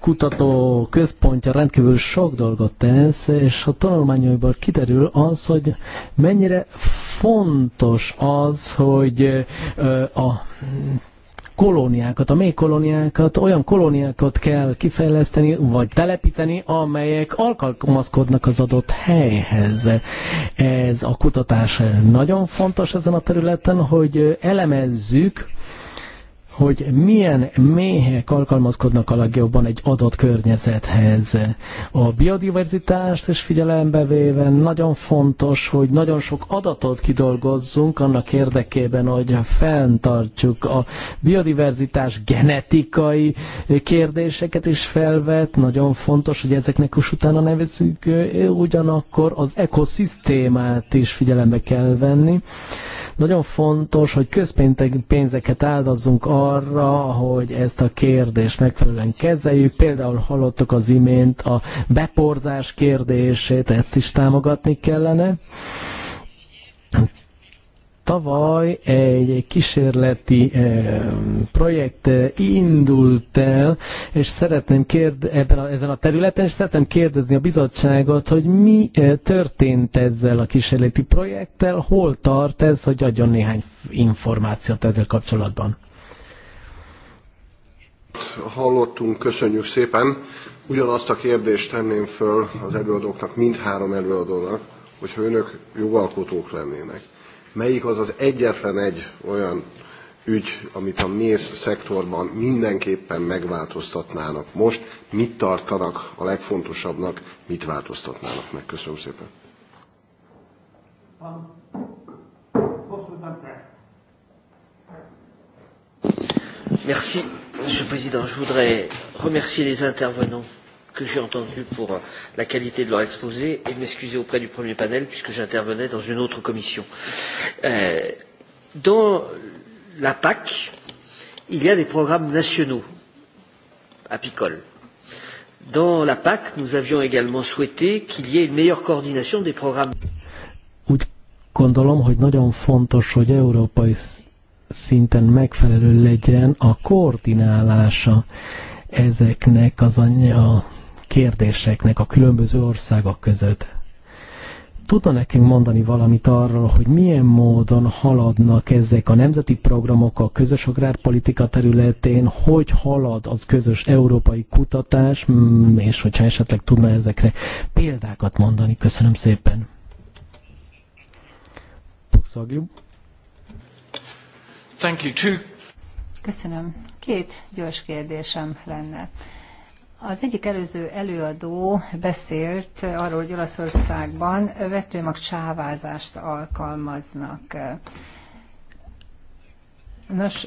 kutató központja rendkívül sok dolgot tesz, és a tanulmányaiból kiderül az, hogy mennyire fontos az, hogy e, a kolóniákat, a mély kolóniákat, olyan kolóniákat kell kifejleszteni, vagy telepíteni, amelyek alkalmazkodnak az adott helyhez. Ez a kutatás nagyon fontos ezen a területen, hogy elemezzük, hogy milyen méhek alkalmazkodnak a legjobban egy adott környezethez. A biodiverzitást is figyelembe véve nagyon fontos, hogy nagyon sok adatot kidolgozzunk annak érdekében, hogy fenntartjuk a biodiverzitás genetikai kérdéseket is felvet. Nagyon fontos, hogy ezeknek is utána nevezzük, ugyanakkor az ekoszisztémát is figyelembe kell venni. Nagyon fontos, hogy közpénzeket áldozzunk arra, hogy ezt a kérdést megfelelően kezeljük. Például hallottuk az imént a beporzás kérdését, ezt is támogatni kellene Tavaly egy kísérleti eh, projekt eh, indult el, és szeretném kérd, ebben a, ezen a területen, és szeretném kérdezni a bizottságot, hogy mi eh, történt ezzel a kísérleti projekttel, hol tart ez, hogy adjon néhány információt ezzel kapcsolatban. Hallottunk, köszönjük szépen. Ugyanazt a kérdést tenném föl az előadóknak, mindhárom előadónak, hogyha önök jogalkotók lennének melyik az az egyetlen egy olyan ügy, amit a mész szektorban mindenképpen megváltoztatnának most, mit tartanak a legfontosabbnak, mit változtatnának meg. Köszönöm szépen. Merci, Monsieur le Président. Je voudrais remercier les intervenants que j'ai entendu pour euh, la qualité de leur exposé et m'excuser auprès du premier panel puisque j'intervenais dans une autre commission. Euh, dans la PAC, il y a des programmes nationaux apicoles. Dans la PAC, nous avions également souhaité qu'il y ait une meilleure coordination des programmes. Úgy gondolom, hogy nagyon fontos, hogy európai szinten megfelelő legyen a koordinálása ezeknek az anyja, kérdéseknek a különböző országok között. Tudna nekünk mondani valamit arról, hogy milyen módon haladnak ezek a nemzeti programok a közös agrárpolitika területén, hogy halad az közös európai kutatás, mm, és hogyha esetleg tudna ezekre példákat mondani. Köszönöm szépen. Thank you. Two... Köszönöm. Két gyors kérdésem lenne. Az egyik előző előadó beszélt arról, hogy Olaszországban vetőmag csávázást alkalmaznak. Nos,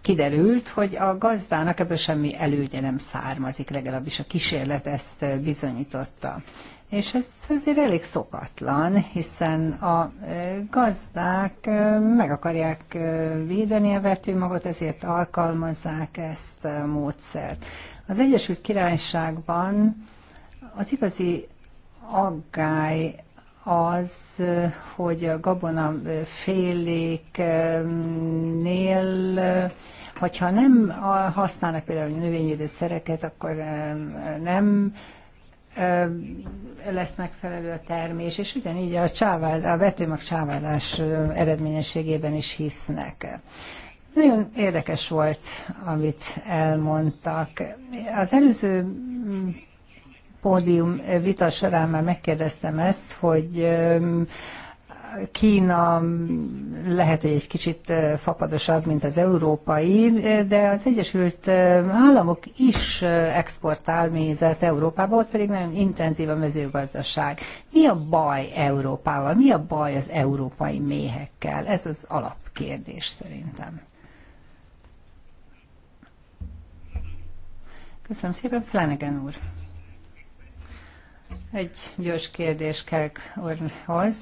kiderült, hogy a gazdának ebből semmi előnye nem származik, legalábbis a kísérlet ezt bizonyította. És ez azért elég szokatlan, hiszen a e, gazdák e, meg akarják e, védeni a vetőmagot, ezért alkalmazzák ezt a módszert. Az Egyesült Királyságban az igazi aggály az, hogy a gabona féléknél, hogyha nem használnak például szereket, akkor nem lesz megfelelő a termés, és ugyanígy a, csávál, a vetőmag csávádás eredményességében is hisznek. Nagyon érdekes volt, amit elmondtak. Az előző mm, pódium vita során már megkérdeztem ezt, hogy mm, Kína mm, lehet, hogy egy kicsit fapadosabb, mint az európai, de az Egyesült Államok is exportál mézet Európába, ott pedig nagyon intenzív a mezőgazdaság. Mi a baj Európával? Mi a baj az európai méhekkel? Ez az alapkérdés szerintem. Köszönöm szépen, Flanagan úr. Egy gyors kérdés Kerk úrhoz.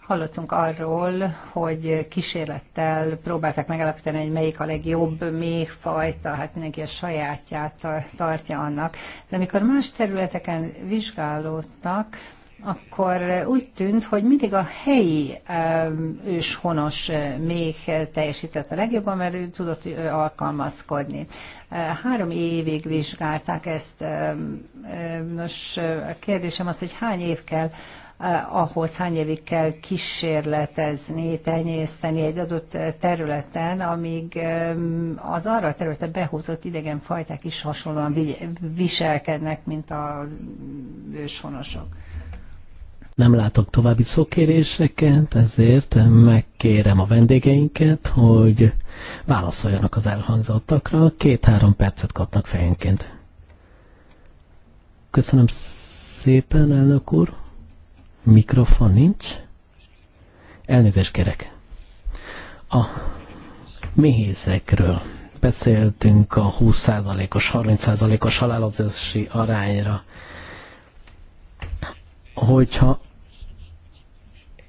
Hallottunk arról, hogy kísérlettel próbálták megállapítani, hogy melyik a legjobb méhfajta, hát mindenki a sajátját tartja annak. De amikor más területeken vizsgálódtak, akkor eh, úgy tűnt, hogy mindig a helyi eh, őshonos eh, még teljesített a legjobban, mert ő tudott alkalmazkodni. Három évig vizsgálták ezt. Nos, a kérdésem az, hogy hány év kell ahhoz hány évig kell kísérletezni, tenyészteni egy adott területen, amíg az arra a területen behozott idegenfajták is hasonlóan viselkednek, mint a mm, őshonosok. Nem látok további szókéréseket, ezért megkérem a vendégeinket, hogy válaszoljanak az elhangzottakra. Két-három percet kapnak fejenként. Köszönöm szépen, elnök úr. Mikrofon nincs. Elnézést kérek. A méhészekről beszéltünk a 20%-os, 30%-os halálozási arányra hogyha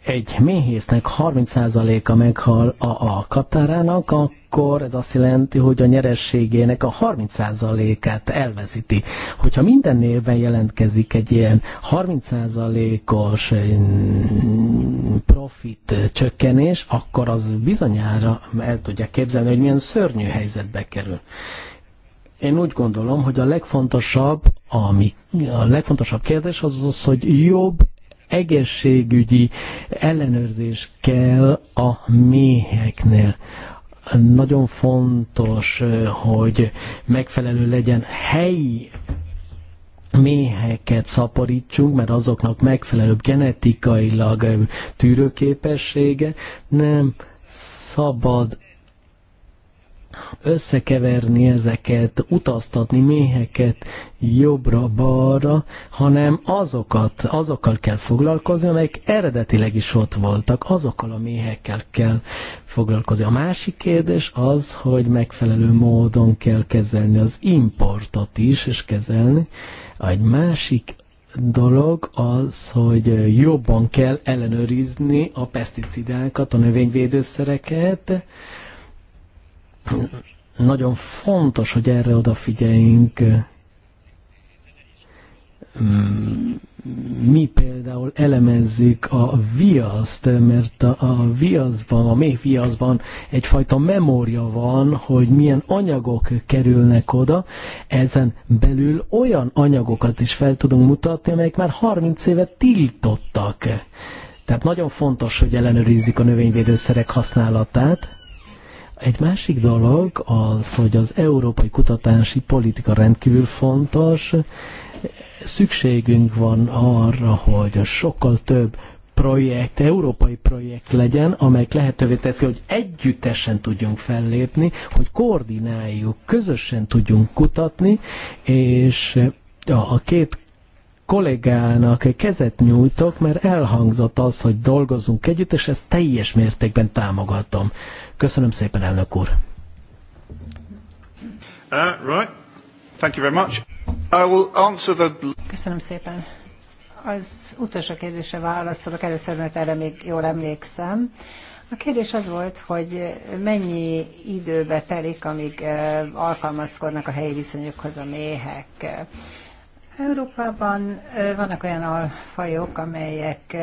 egy méhésznek 30%-a meghal a, a katárának, akkor ez azt jelenti, hogy a nyerességének a 30%-át elveszíti. Hogyha minden névben jelentkezik egy ilyen 30%-os mm, profit csökkenés, akkor az bizonyára el tudja képzelni, hogy milyen szörnyű helyzetbe kerül. Én úgy gondolom, hogy a legfontosabb, ami, a legfontosabb kérdés az az, hogy jobb egészségügyi ellenőrzés kell a méheknél nagyon fontos, hogy megfelelő legyen helyi méheket szaporítsunk, mert azoknak megfelelő genetikailag tűrőképessége nem szabad összekeverni ezeket, utaztatni méheket jobbra-balra, hanem azokat, azokkal kell foglalkozni, amelyek eredetileg is ott voltak, azokkal a méhekkel kell foglalkozni. A másik kérdés az, hogy megfelelő módon kell kezelni az importot is, és kezelni. Egy másik dolog az, hogy jobban kell ellenőrizni a peszticidákat, a növényvédőszereket, nagyon fontos, hogy erre odafigyeljünk. Mm, mi például elemezzük a viaszt, mert a, viaszban, a mély viaszban egyfajta memória van, hogy milyen anyagok kerülnek oda. Ezen belül olyan anyagokat is fel tudunk mutatni, amelyek már 30 éve tiltottak. Tehát nagyon fontos, hogy ellenőrizzük a növényvédőszerek használatát egy másik dolog az, hogy az európai kutatási politika rendkívül fontos. Szükségünk van arra, hogy sokkal több projekt, európai projekt legyen, amely lehetővé teszi, hogy együttesen tudjunk fellépni, hogy koordináljuk, közösen tudjunk kutatni, és a két kollégának kezet nyújtok, mert elhangzott az, hogy dolgozunk együtt, és ezt teljes mértékben támogatom. Köszönöm szépen, elnök úr. Uh, right. Thank you very much. I will answer the... Köszönöm szépen. Az utolsó kérdésre válaszolok először, mert erre még jól emlékszem. A kérdés az volt, hogy mennyi időbe telik, amíg eh, alkalmazkodnak a helyi viszonyokhoz a méhek. Európában vannak olyan alfajok, amelyek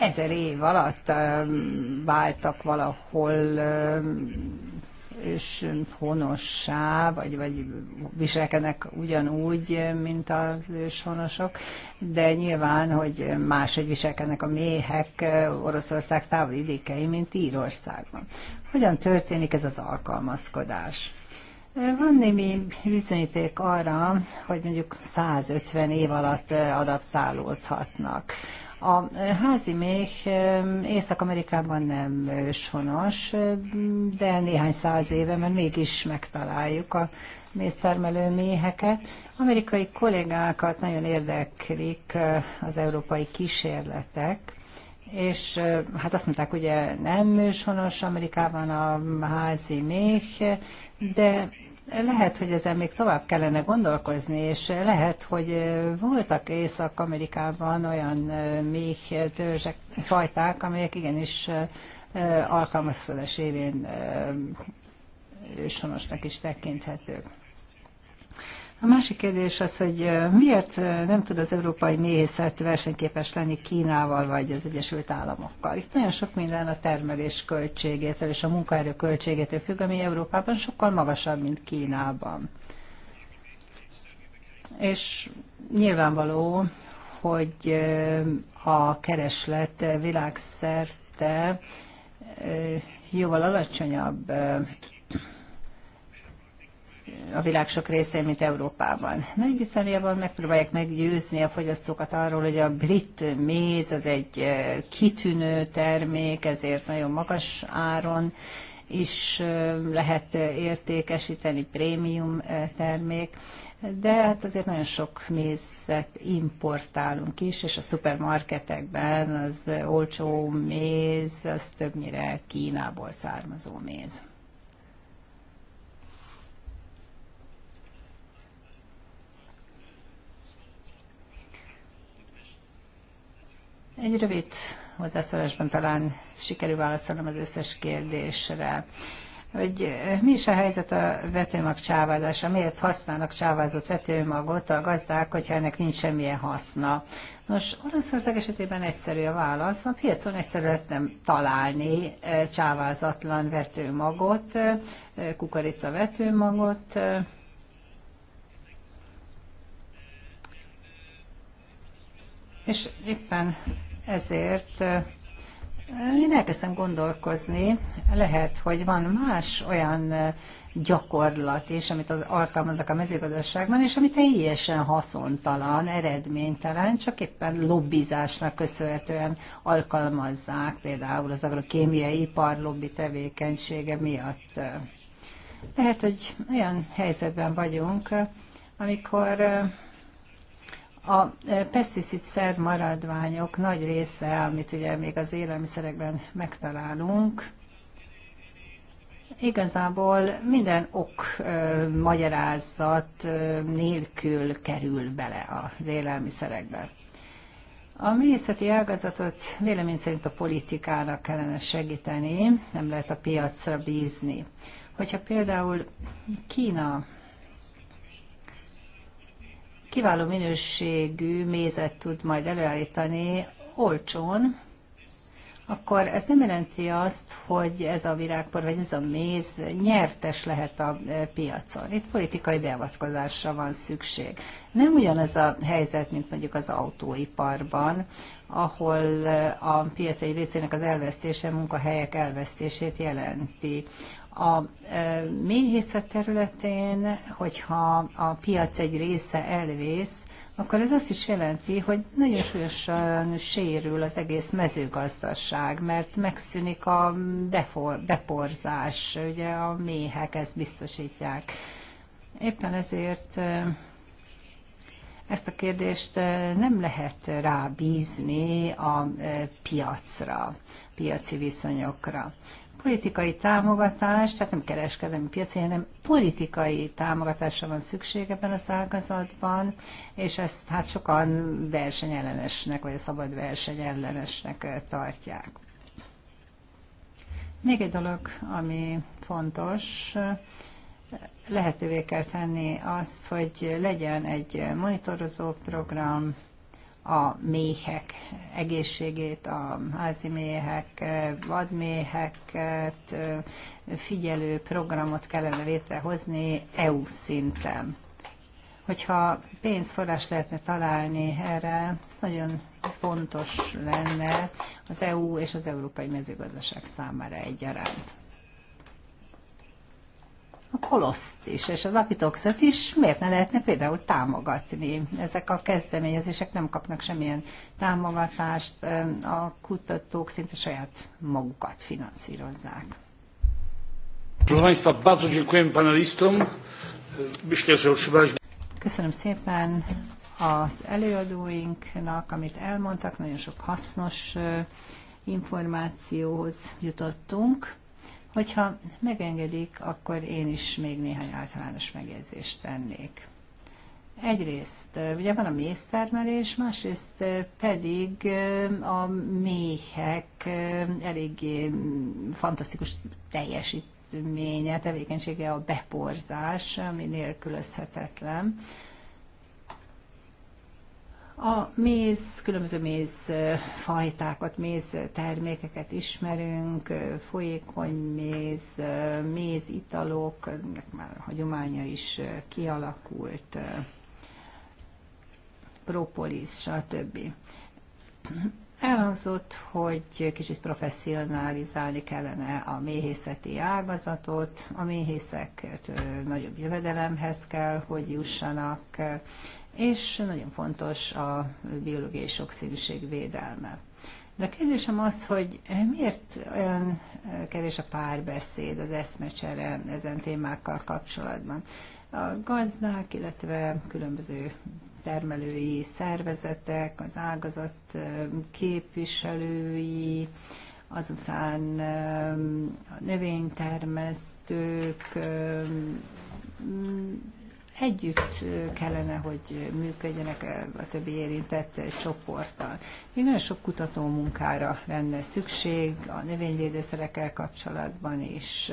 ezer év alatt váltak valahol és honossá, vagy, vagy viselkednek ugyanúgy, mint az őshonosok, de nyilván, hogy máshogy viselkednek a méhek Oroszország távoli idékei mint Írországban. Hogyan történik ez az alkalmazkodás? Van némi bizonyíték arra, hogy mondjuk 150 év alatt adaptálódhatnak. A házi méh Észak-Amerikában nem őshonos, de néhány száz éve, mert mégis megtaláljuk a méztermelő méheket. Amerikai kollégákat nagyon érdeklik az európai kísérletek, és hát azt mondták, ugye nem őshonos Amerikában a házi méh, de lehet, hogy ezen még tovább kellene gondolkozni, és lehet, hogy voltak Észak-Amerikában olyan még törzsek, fajták, amelyek igenis alkalmazkodás évén sonosnak is tekinthetők. A másik kérdés az, hogy miért nem tud az európai méhészet versenyképes lenni Kínával vagy az Egyesült Államokkal. Itt nagyon sok minden a termelés költségétől és a munkaerő költségétől függ, ami Európában sokkal magasabb, mint Kínában. És nyilvánvaló, hogy a kereslet világszerte jóval alacsonyabb, a világ sok részén, mint Európában. Nagy-Britanniában megpróbálják meggyőzni a fogyasztókat arról, hogy a brit méz az egy eh, kitűnő termék, ezért nagyon magas áron is eh, lehet eh, értékesíteni prémium termék, de hát azért nagyon sok mézet importálunk is, és a szupermarketekben az olcsó méz, az többnyire Kínából származó méz. Egy rövid hozzászólásban talán sikerül válaszolnom az összes kérdésre hogy mi is a helyzet a vetőmag csávázása, miért használnak csávázott vetőmagot a gazdák, hogyha ennek nincs semmilyen haszna. Nos, Olaszország esetében egyszerű a válasz, a piacon egyszerű lehet nem találni csávázatlan vetőmagot, kukorica vetőmagot, És éppen ezért én elkezdtem gondolkozni, lehet, hogy van más olyan gyakorlat is, amit az alkalmaznak a mezőgazdaságban, és ami teljesen haszontalan, eredménytelen, csak éppen lobbizásnak köszönhetően alkalmazzák, például az agrokémiai ipar lobby tevékenysége miatt. Lehet, hogy olyan helyzetben vagyunk, amikor a e, peszticid maradványok nagy része, amit ugye még az élelmiszerekben megtalálunk, igazából minden ok ö, e, magyarázat ö, e, nélkül kerül bele az élelmiszerekbe. A művészeti ágazatot vélemény szerint a politikának kellene segíteni, nem lehet a piacra bízni. Hogyha például Kína kiváló minőségű mézet tud majd előállítani olcsón, akkor ez nem jelenti azt, hogy ez a virágpor vagy ez a méz nyertes lehet a e, piacon. Itt politikai beavatkozásra van szükség. Nem ugyanaz a helyzet, mint mondjuk az autóiparban, ahol e, a piac egy részének az elvesztése munkahelyek elvesztését jelenti. A méhészet területén, hogyha a piac egy része elvész, akkor ez azt is jelenti, hogy nagyon súlyosan sérül az egész mezőgazdaság, mert megszűnik a defor, deporzás, ugye a méhek ezt biztosítják. Éppen ezért ezt a kérdést nem lehet rábízni a piacra, piaci viszonyokra politikai támogatás, tehát nem kereskedelmi piaci, hanem politikai támogatásra van szükség ebben a szágazatban, és ezt hát sokan versenyellenesnek, vagy a szabad versenyellenesnek eh, tartják. Még egy dolog, ami fontos, lehetővé kell tenni azt, hogy legyen egy monitorozó program, a méhek egészségét, a házi méhek, vadméheket figyelő programot kellene létrehozni EU szinten. Hogyha pénzforrás lehetne találni erre, ez nagyon fontos lenne az EU és az európai mezőgazdaság számára egyaránt a koloszt is, és az apitoxot is miért ne lehetne például támogatni? Ezek a kezdeményezések nem kapnak semmilyen támogatást, a kutatók szinte saját magukat finanszírozzák. Köszönöm szépen az előadóinknak, amit elmondtak, nagyon sok hasznos információhoz jutottunk. Hogyha megengedik, akkor én is még néhány általános megjegyzést tennék. Egyrészt eh, ugye van a méztermelés, másrészt eh, pedig eh, a méhek eléggé mm, fantasztikus teljesítménye, tevékenysége a beporzás, ami nélkülözhetetlen. A méz, különböző méz fajtákat, méz termékeket ismerünk, folyékony méz, mézitalok, ennek már hagyománya is kialakult, propolis, stb. Elhangzott, hogy kicsit professzionalizálni kellene a méhészeti ágazatot, a méhészek nagyobb jövedelemhez kell, hogy jussanak, és nagyon fontos a biológiai sokszínűség védelme. De a kérdésem az, hogy miért olyan kevés a párbeszéd, az eszmecsere ezen témákkal kapcsolatban? A gazdák, illetve különböző termelői szervezetek, az ágazat képviselői, azután a növénytermesztők együtt kellene, hogy működjenek a többi érintett csoporttal. Még nagyon sok kutató munkára lenne szükség a növényvédőszerekkel kapcsolatban is.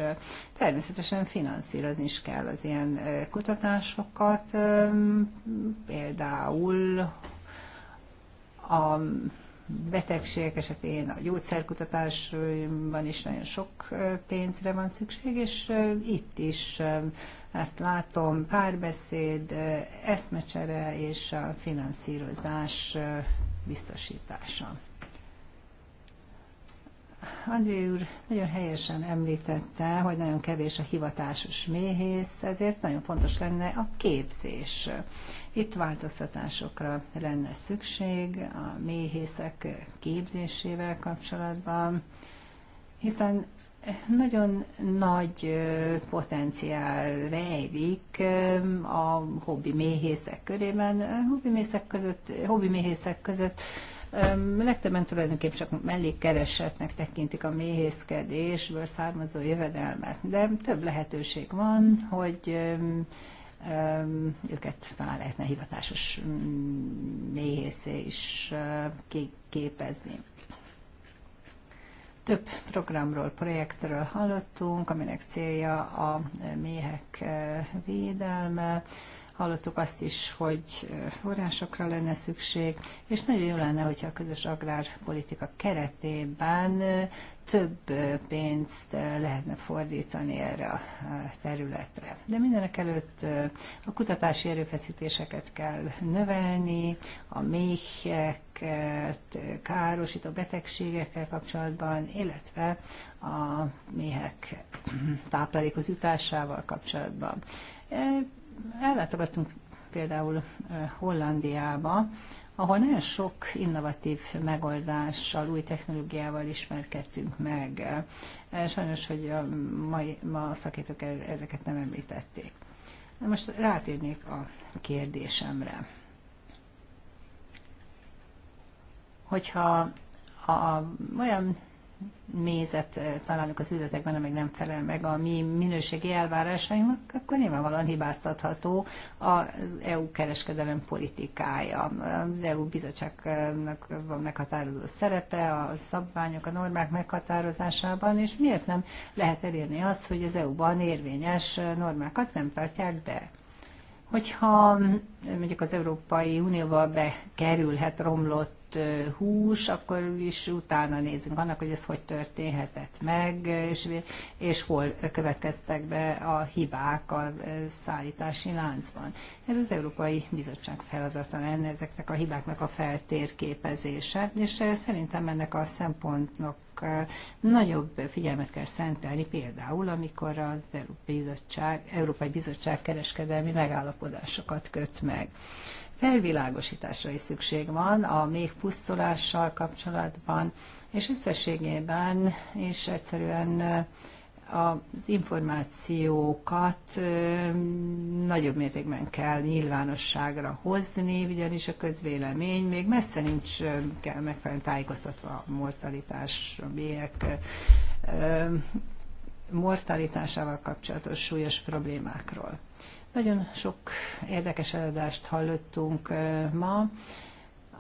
Természetesen finanszírozni is kell az ilyen kutatásokat, például a betegségek esetén a gyógyszerkutatásban is nagyon sok pénzre van szükség, és itt is ezt látom, párbeszéd, eszmecsere és a finanszírozás biztosítása. André úr nagyon helyesen említette, hogy nagyon kevés a hivatásos méhész, ezért nagyon fontos lenne a képzés. Itt változtatásokra lenne szükség a méhészek képzésével kapcsolatban, hiszen nagyon nagy potenciál rejlik a hobbi méhészek körében. Hobbi méhészek között, méhészek között legtöbben tulajdonképpen csak mellékkeresetnek tekintik a méhészkedésből származó jövedelmet, de több lehetőség van, hogy őket talán lehetne hivatásos mm, méhészé is képezni. Több programról, projektről hallottunk, aminek célja a méhek eh, védelme, Hallottuk azt is, hogy forrásokra lenne szükség, és nagyon jó lenne, hogyha a közös agrárpolitika keretében több pénzt lehetne fordítani erre a területre. De mindenek előtt a kutatási erőfeszítéseket kell növelni, a méheket, károsító betegségekkel kapcsolatban, illetve a méhek táplálékozításával kapcsolatban ellátogattunk például Hollandiába, ahol nagyon sok innovatív megoldással, új technológiával ismerkedtünk meg. Sajnos, hogy a mai, ma a szakítók e-, ezeket nem említették. Most rátérnék a kérdésemre. Hogyha a, olyan mézet eh, találunk az üzletekben, amely nem felel meg a mi minőségi elvárásainknak, akkor nyilvánvalóan hibáztatható az EU kereskedelem politikája. Az EU bizottságnak van meghatározó szerepe a szabványok, a normák meghatározásában, és miért nem lehet elérni azt, hogy az EU-ban érvényes normákat nem tartják be? hogyha mm, mondjuk az Európai Unióba bekerülhet romlott adott hús, akkor is utána nézünk annak, hogy ez hogy történhetett meg, és, és hol következtek be a hibák a szállítási láncban. Ez az Európai Bizottság feladata lenne ezeknek a hibáknak a feltérképezése, és szerintem ennek a szempontnak nagyobb figyelmet kell szentelni, például amikor az Európai Bizottság, Európai Bizottság kereskedelmi megállapodásokat köt meg felvilágosításra is szükség van a még pusztulással kapcsolatban, és összességében és egyszerűen az információkat nagyobb mértékben kell nyilvánosságra hozni, ugyanis a közvélemény még messze nincs kell megfelelően tájékoztatva a mortalitás, a bélyek mortalitásával kapcsolatos súlyos problémákról. Nagyon sok érdekes előadást hallottunk ma.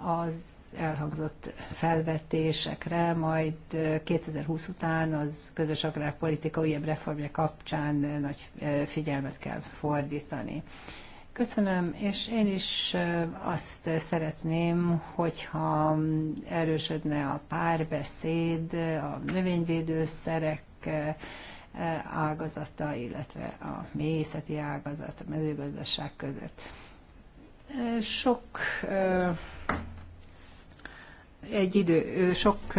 Az elhangzott felvetésekre, majd 2020 után az közös agrárpolitika újabb reformja kapcsán nagy figyelmet kell fordítani. Köszönöm, és én is azt szeretném, hogyha erősödne a párbeszéd, a növényvédőszerek, ágazata, illetve a méhészeti ágazat, a mezőgazdaság között. Sok egy idő, sok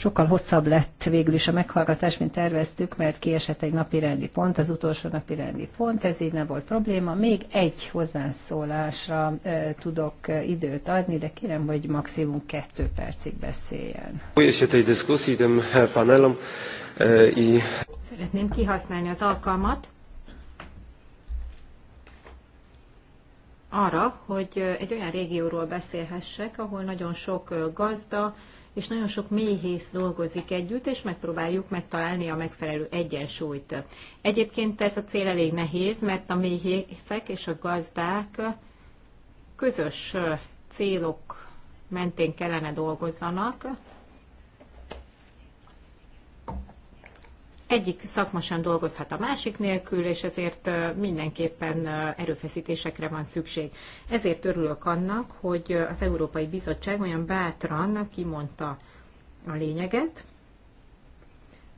Sokkal hosszabb lett végül is a meghallgatás, mint terveztük, mert kiesett egy napirendi pont, az utolsó napirendi pont, ez így nem volt probléma. Még egy hozzászólásra e, tudok időt adni, de kérem, hogy maximum kettő percig beszéljen. Eh, eh, Szeretném kihasználni az alkalmat, arra, hogy egy olyan régióról beszélhessek, ahol nagyon sok gazda, és nagyon sok méhész dolgozik együtt, és megpróbáljuk megtalálni a megfelelő egyensúlyt. Egyébként ez a cél elég nehéz, mert a méhészek és a gazdák közös célok mentén kellene dolgozzanak, egyik szakma sem dolgozhat a másik nélkül, és ezért mindenképpen erőfeszítésekre van szükség. Ezért örülök annak, hogy az Európai Bizottság olyan bátran kimondta a lényeget,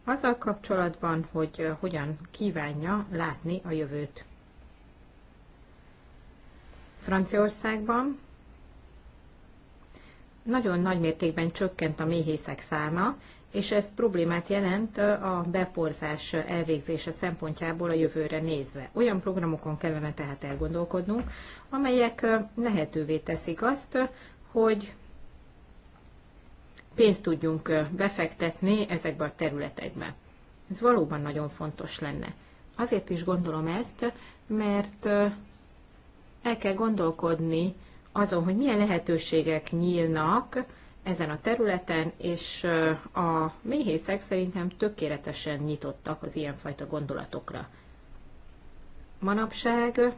azzal kapcsolatban, hogy hogyan kívánja látni a jövőt. Franciaországban nagyon nagy mértékben csökkent a méhészek száma, és ez problémát jelent a beporzás elvégzése szempontjából a jövőre nézve. Olyan programokon kellene tehát elgondolkodnunk, amelyek lehetővé teszik azt, hogy pénzt tudjunk befektetni ezekbe a területekbe. Ez valóban nagyon fontos lenne. Azért is gondolom ezt, mert el kell gondolkodni azon, hogy milyen lehetőségek nyílnak, ezen a területen, és a méhészek szerintem tökéletesen nyitottak az ilyenfajta gondolatokra. Manapság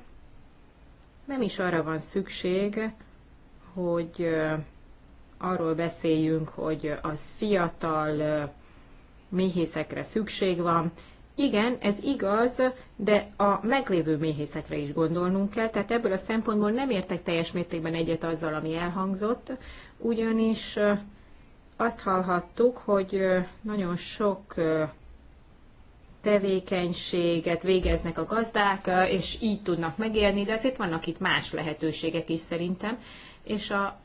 nem is arra van szükség, hogy arról beszéljünk, hogy az fiatal méhészekre szükség van, igen, ez igaz, de a meglévő méhészekre is gondolnunk kell, tehát ebből a szempontból nem értek teljes mértékben egyet azzal, ami elhangzott, ugyanis azt hallhattuk, hogy nagyon sok tevékenységet végeznek a gazdák, és így tudnak megélni, de azért vannak itt más lehetőségek is szerintem, és a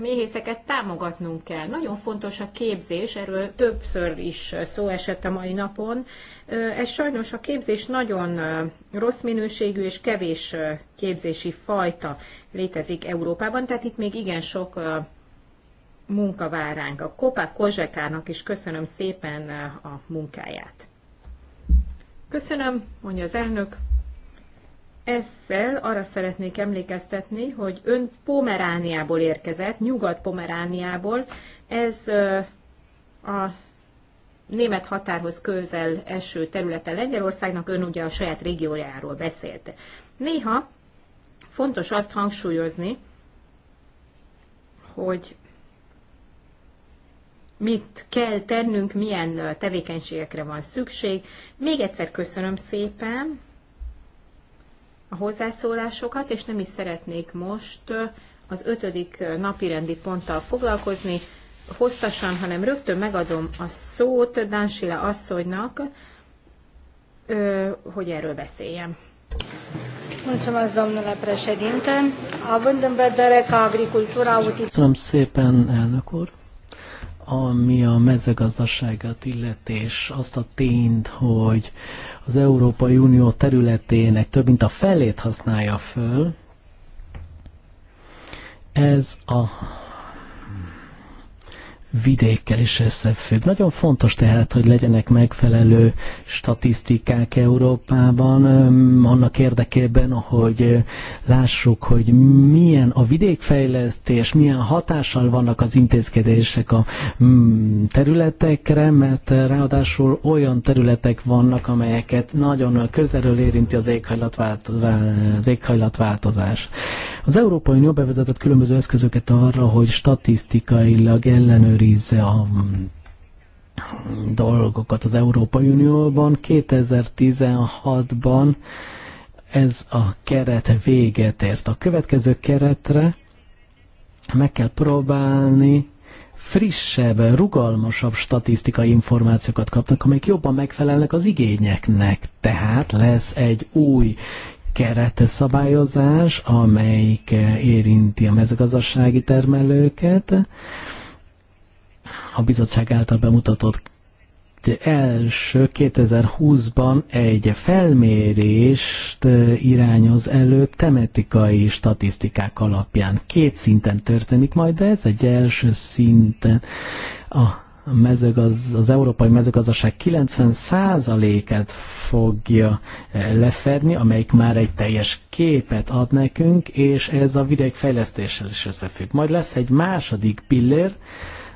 méhészeket támogatnunk kell. Nagyon fontos a képzés, erről többször is szó esett a mai napon. Ez sajnos a képzés nagyon rossz minőségű és kevés képzési fajta létezik Európában, tehát itt még igen sok munka vár ránk. A Kopák Kozsekának is köszönöm szépen a munkáját. Köszönöm, mondja az elnök ezzel arra szeretnék emlékeztetni, hogy ön Pomerániából érkezett, Nyugat-Pomerániából. Ez a német határhoz közel eső területe Lengyelországnak, ön ugye a saját régiójáról beszélt. Néha fontos azt hangsúlyozni, hogy mit kell tennünk, milyen tevékenységekre van szükség. Még egyszer köszönöm szépen a hozzászólásokat, és nem is szeretnék most az ötödik napirendi ponttal foglalkozni hosszasan, hanem rögtön megadom a szót Dánsila asszonynak, hogy erről beszéljem. Mulțumesc, domnule președinte. Având în vedere că agricultura utiliză... Köszönöm szépen, elnök úr. Ami a mezőgazdaságot illeti, és azt a tényt, hogy az Európai Unió területének több mint a felét használja föl, ez a vidékkel is összefügg. Nagyon fontos tehát, hogy legyenek megfelelő statisztikák Európában, annak érdekében, hogy lássuk, hogy milyen a vidékfejlesztés, milyen hatással vannak az intézkedések a mm, területekre, mert ráadásul olyan területek vannak, amelyeket nagyon közelről érinti az, éghajlatváltozás. az éghajlatváltozás. Az Európai Unió bevezetett különböző eszközöket arra, hogy statisztikailag ellenőr ellenőrizze a mm, dolgokat az Európai Unióban. 2016-ban ez a keret véget ért. A következő keretre meg kell próbálni frissebb, rugalmasabb statisztikai információkat kapnak, amelyek jobban megfelelnek az igényeknek. Tehát lesz egy új keretszabályozás, amelyik eh, érinti a mezőgazdasági termelőket, a bizottság által bemutatott első 2020-ban egy felmérést irányoz elő tematikai statisztikák alapján. Két szinten történik majd, ez egy első szinten a mezőgaz, az európai mezőgazdaság 90%-et fogja lefedni, amelyik már egy teljes képet ad nekünk, és ez a fejlesztéssel is összefügg. Majd lesz egy második pillér,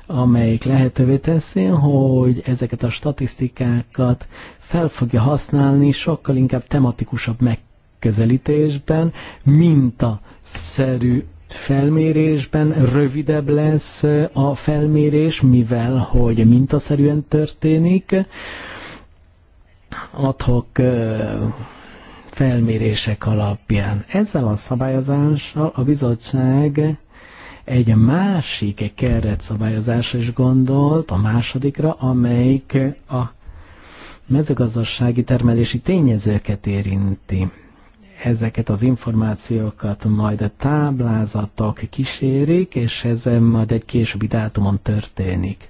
amelyik lehetővé teszi, hogy ezeket a statisztikákat fel fogja használni sokkal inkább tematikusabb megközelítésben, mint a szerű felmérésben rövidebb lesz a felmérés, mivel hogy mintaszerűen történik, adhok felmérések alapján. Ezzel a szabályozással a bizottság egy másik keretszabályozásra is gondolt, a másodikra, amelyik a mezőgazdasági termelési tényezőket érinti. Ezeket az információkat majd a táblázatok kísérik, és ez majd egy későbbi dátumon történik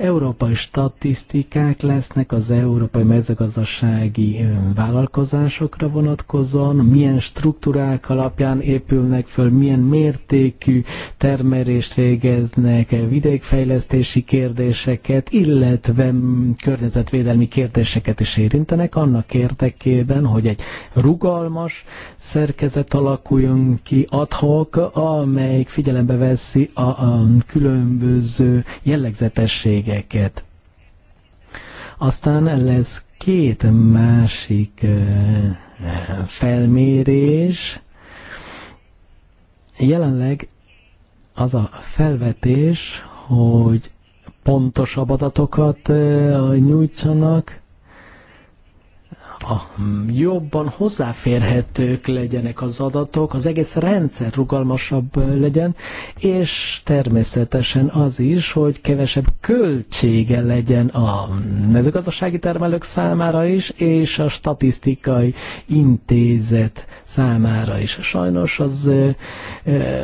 európai statisztikák lesznek az európai mezőgazdasági vállalkozásokra vonatkozóan, milyen struktúrák alapján épülnek föl, milyen mértékű termelést végeznek, e, vidékfejlesztési kérdéseket, illetve környezetvédelmi kérdéseket is érintenek, annak érdekében, hogy egy rugalmas szerkezet alakuljon ki adhok, amelyik figyelembe veszi a, a különböző jellegzetességet ügyeket. Aztán lesz két másik felmérés. Jelenleg az a felvetés, hogy pontosabb adatokat nyújtsanak, a jobban hozzáférhetők legyenek az adatok, az egész rendszer rugalmasabb legyen, és természetesen az is, hogy kevesebb költsége legyen a mezőgazdasági termelők számára is, és a statisztikai intézet számára is. Sajnos az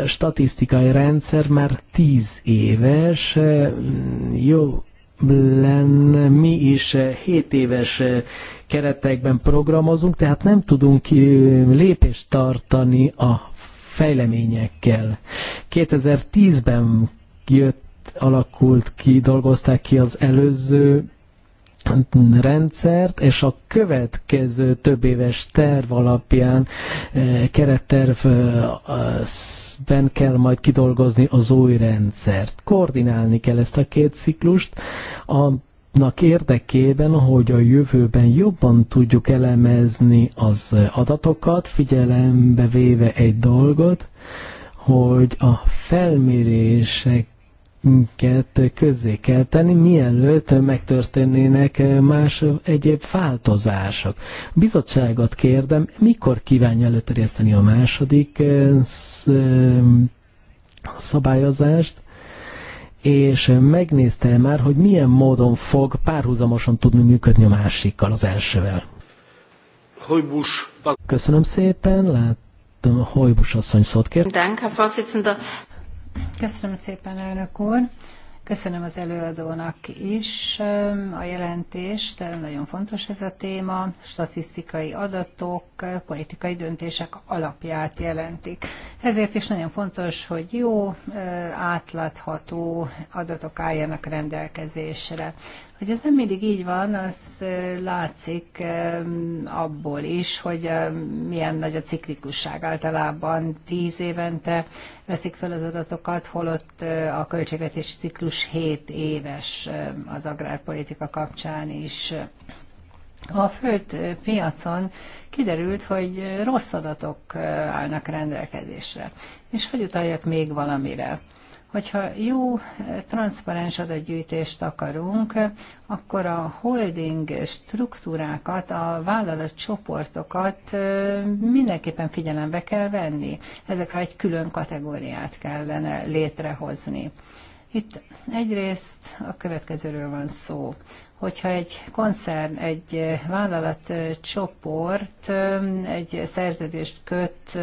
statisztikai rendszer már tíz éves, jó lenne, mi is 7 eh, éves eh, keretekben programozunk, tehát nem tudunk eh, lépést tartani a fejleményekkel. 2010-ben jött, alakult ki, dolgozták ki az előző rendszert, és a következő több éves terv alapján eh, kerettervben eh, kell majd kidolgozni az új rendszert. Koordinálni kell ezt a két ciklust, annak érdekében, hogy a jövőben jobban tudjuk elemezni az adatokat, figyelembe véve egy dolgot, hogy a felmérések minket közzé kell tenni, mielőtt megtörténnének más egyéb változások. Bizottságot kérdem, mikor kívánja előterjeszteni a második eh, eh, szabályozást, és megnézte már, hogy milyen módon fog párhuzamosan tudni működni a másikkal, az elsővel. Köszönöm szépen, a Hojbus asszony szót kér. Köszönöm szépen, elnök úr. Köszönöm az előadónak is um, a jelentést, nagyon fontos ez a téma, statisztikai adatok, politikai döntések alapját jelentik. Ezért is nagyon fontos, hogy jó, uh, átlátható adatok álljanak rendelkezésre. Hogy ez nem mindig így van, az látszik abból is, hogy milyen nagy a ciklikusság. Általában tíz évente veszik fel az adatokat, holott a költségvetési ciklus 7 éves az agrárpolitika kapcsán is. A föld piacon kiderült, hogy rossz adatok állnak rendelkezésre. És hogy utaljak még valamire? Hogyha jó, transzparens adatgyűjtést akarunk, akkor a holding struktúrákat, a vállalatcsoportokat mindenképpen figyelembe kell venni. Ezek egy külön kategóriát kellene létrehozni. Itt egyrészt a következőről van szó hogyha egy koncern, egy vállalatcsoport egy szerződést köt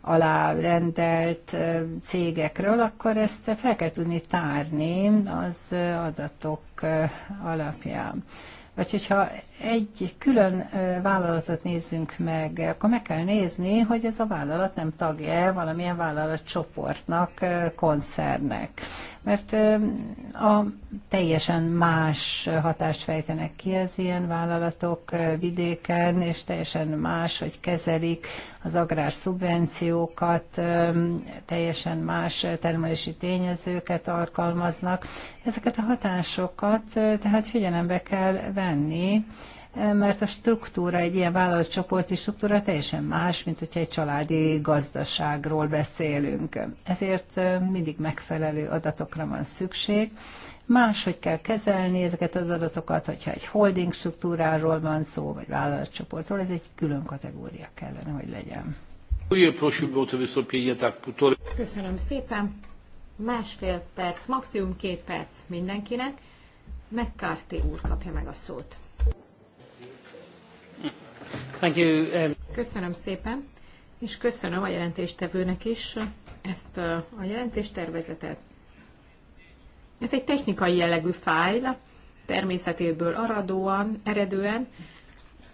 alárendelt cégekről, akkor ezt fel kell tudni tárni az adatok alapján. Vagy hogyha egy külön vállalatot nézzünk meg, akkor meg kell nézni, hogy ez a vállalat nem tagja valamilyen vállalatcsoportnak, koncernek. Mert a teljesen más hatást fejtenek ki az ilyen vállalatok vidéken, és teljesen más, hogy kezelik az agrár szubvenciókat, teljesen más termelési tényezőket alkalmaznak. Ezeket a hatásokat tehát figyelembe kell venni, mert a struktúra, egy ilyen vállalatcsoporti struktúra teljesen más, mint hogyha egy családi gazdaságról beszélünk. Ezért mindig megfelelő adatokra van szükség, máshogy kell kezelni ezeket az adatokat, hogyha egy holding struktúráról van szó, vagy vállalatcsoportról, ez egy külön kategória kellene, hogy legyen. Köszönöm szépen. Másfél perc, maximum két perc mindenkinek. McCarthy úr kapja meg a szót. Um, köszönöm szépen, és köszönöm a jelentéstevőnek is ezt a jelentéstervezetet. Ez egy technikai jellegű fájl, természetéből aradóan, eredően,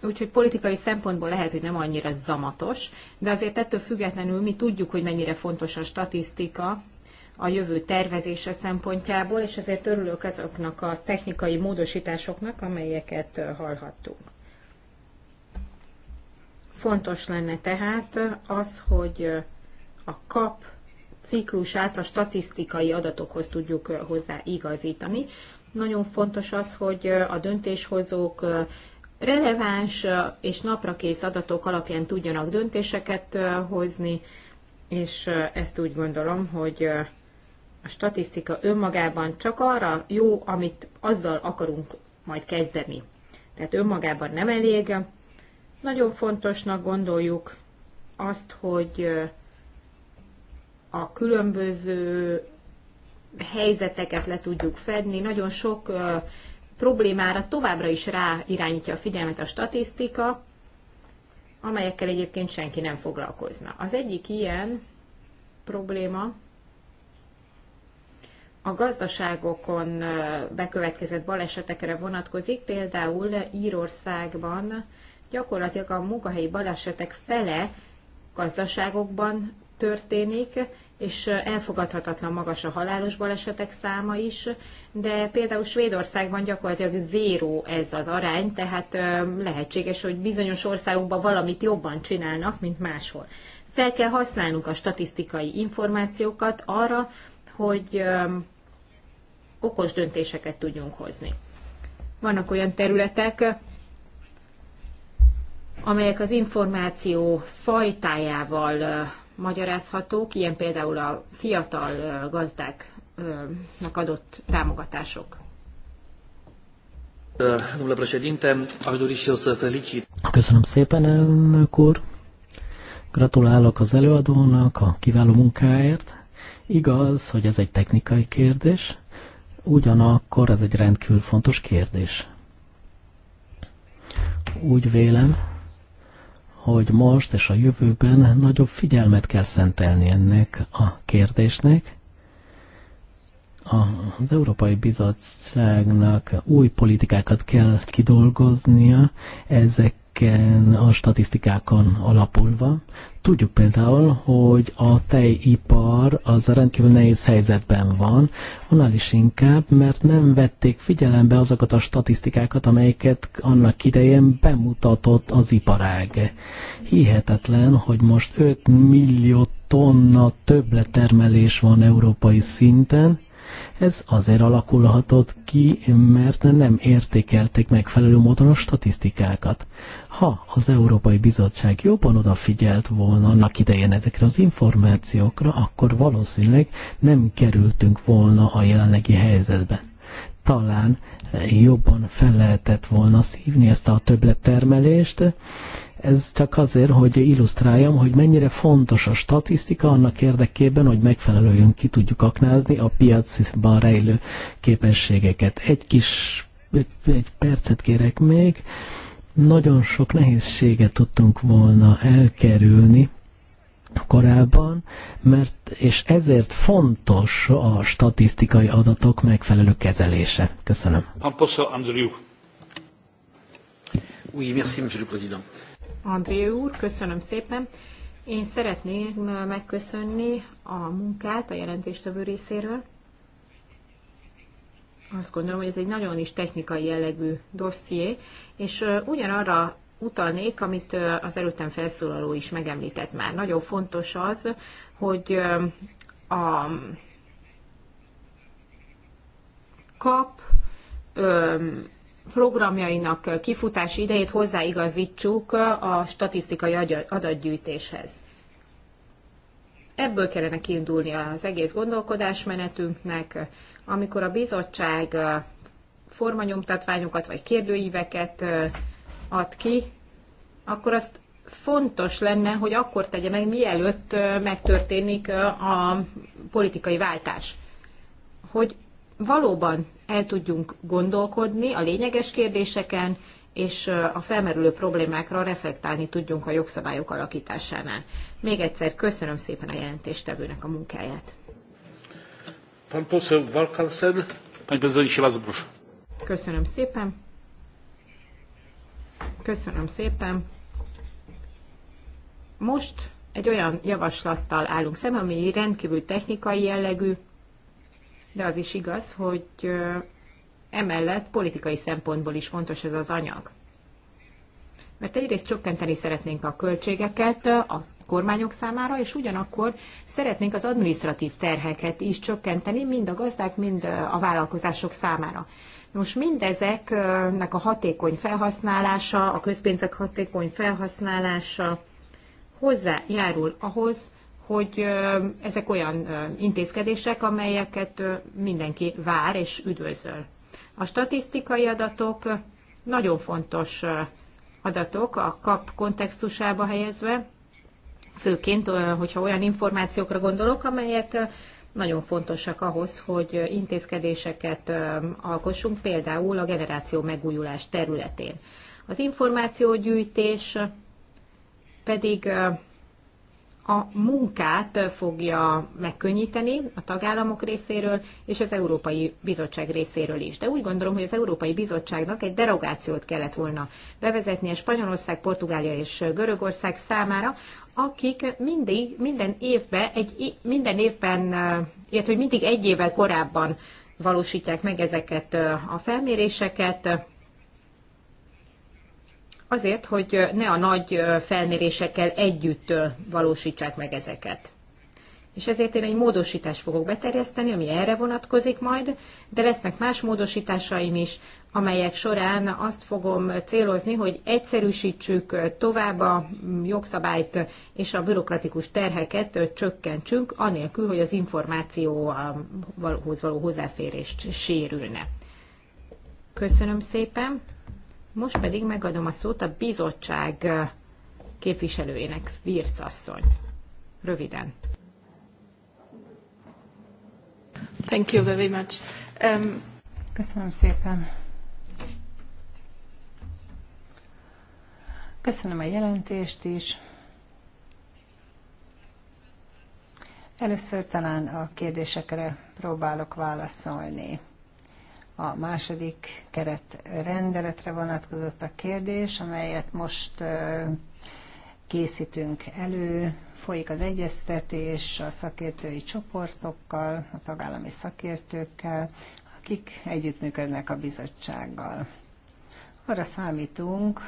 úgyhogy politikai szempontból lehet, hogy nem annyira zamatos, de azért ettől függetlenül mi tudjuk, hogy mennyire fontos a statisztika a jövő tervezése szempontjából, és ezért örülök azoknak a technikai módosításoknak, amelyeket hallhattunk. Fontos lenne tehát az, hogy a kap ciklusát a statisztikai adatokhoz tudjuk hozzá igazítani. Nagyon fontos az, hogy a döntéshozók releváns és naprakész adatok alapján tudjanak döntéseket hozni, és ezt úgy gondolom, hogy a statisztika önmagában csak arra jó, amit azzal akarunk majd kezdeni. Tehát önmagában nem elég, nagyon fontosnak gondoljuk azt, hogy a különböző helyzeteket le tudjuk fedni. Nagyon sok problémára továbbra is ráirányítja a figyelmet a statisztika, amelyekkel egyébként senki nem foglalkozna. Az egyik ilyen probléma a gazdaságokon bekövetkezett balesetekre vonatkozik, például Írországban gyakorlatilag a munkahelyi balesetek fele gazdaságokban történik, és elfogadhatatlan magas a halálos balesetek száma is, de például Svédországban gyakorlatilag zéró ez az arány, tehát lehetséges, hogy bizonyos országokban valamit jobban csinálnak, mint máshol. Fel kell használnunk a statisztikai információkat arra, hogy okos döntéseket tudjunk hozni. Vannak olyan területek, amelyek az információ fajtájával magyarázhatók, ilyen például a fiatal gazdáknak adott támogatások. Köszönöm szépen, elnök úr. Gratulálok az előadónak a kiváló munkáért. Igaz, hogy ez egy technikai kérdés, ugyanakkor ez egy rendkívül fontos kérdés. Úgy vélem, hogy most és a jövőben nagyobb figyelmet kell szentelni ennek a kérdésnek. Az Európai Bizottságnak új politikákat kell kidolgoznia, ezek ezeken a statisztikákon alapulva. Tudjuk például, hogy a tejipar az rendkívül nehéz helyzetben van, annál is inkább, mert nem vették figyelembe azokat a statisztikákat, amelyeket annak idején bemutatott az iparág. Hihetetlen, hogy most 5 millió tonna többlettermelés van európai szinten, ez azért alakulhatott ki, mert nem értékelték megfelelő módon a statisztikákat. Ha az Európai Bizottság jobban odafigyelt volna annak idején ezekre az információkra, akkor valószínűleg nem kerültünk volna a jelenlegi helyzetbe talán jobban fel lehetett volna szívni ezt a többlettermelést. Ez csak azért, hogy illusztráljam, hogy mennyire fontos a statisztika annak érdekében, hogy megfelelően ki tudjuk aknázni a piacban rejlő képességeket. Egy kis egy percet kérek még. Nagyon sok nehézséget tudtunk volna elkerülni, korábban, mert, és ezért fontos a statisztikai adatok megfelelő kezelése. Köszönöm. Andrew. Oui, merci, monsieur le président. André úr, köszönöm szépen. Én szeretnék megköszönni a munkát a jelentéstövő részéről. Azt gondolom, hogy ez egy nagyon is technikai jellegű dosszié, és ugyanarra utalnék, amit az előttem felszólaló is megemlített már. Nagyon fontos az, hogy a kap programjainak kifutási idejét hozzáigazítsuk a statisztikai adatgyűjtéshez. Ebből kellene kiindulni az egész gondolkodásmenetünknek, amikor a bizottság formanyomtatványokat vagy kérdőíveket ad ki, akkor azt fontos lenne, hogy akkor tegye meg, mielőtt megtörténik a politikai váltás. Hogy valóban el tudjunk gondolkodni a lényeges kérdéseken, és a felmerülő problémákra reflektálni tudjunk a jogszabályok alakításánál. Még egyszer köszönöm szépen a jelentéstevőnek a munkáját. Köszönöm szépen. Köszönöm szépen. Most egy olyan javaslattal állunk szemben, ami rendkívül technikai jellegű, de az is igaz, hogy emellett politikai szempontból is fontos ez az anyag. Mert egyrészt csökkenteni szeretnénk a költségeket a kormányok számára, és ugyanakkor szeretnénk az administratív terheket is csökkenteni, mind a gazdák, mind a vállalkozások számára. Most mindezeknek a hatékony felhasználása, a közpénzek hatékony felhasználása hozzájárul ahhoz, hogy ezek olyan intézkedések, amelyeket mindenki vár és üdvözöl. A statisztikai adatok nagyon fontos adatok a kap kontextusába helyezve, főként, hogyha olyan információkra gondolok, amelyek nagyon fontosak ahhoz, hogy intézkedéseket alkossunk, például a generáció megújulás területén. Az információgyűjtés pedig a munkát fogja megkönnyíteni a tagállamok részéről és az Európai Bizottság részéről is. De úgy gondolom, hogy az Európai Bizottságnak egy derogációt kellett volna bevezetni a Spanyolország, Portugália és Görögország számára, akik mindig, minden évben, egy, minden évben, illetve mindig egy évvel korábban valósítják meg ezeket a felméréseket, azért, hogy ne a nagy felmérésekkel együtt valósítsák meg ezeket. És ezért én egy módosítást fogok beterjeszteni, ami erre vonatkozik majd, de lesznek más módosításaim is, amelyek során azt fogom célozni, hogy egyszerűsítsük tovább a jogszabályt és a bürokratikus terheket csökkentsünk, anélkül, hogy az információhoz való hozzáférést sérülne. Köszönöm szépen. Most pedig megadom a szót a bizottság képviselőjének, Virc asszony. Röviden. Thank you very much. Um... Köszönöm szépen. Köszönöm a jelentést is. Először talán a kérdésekre próbálok válaszolni. A második keret rendeletre vonatkozott a kérdés, amelyet most készítünk elő, folyik az egyeztetés a szakértői csoportokkal, a tagállami szakértőkkel, akik együttműködnek a bizottsággal. Arra számítunk,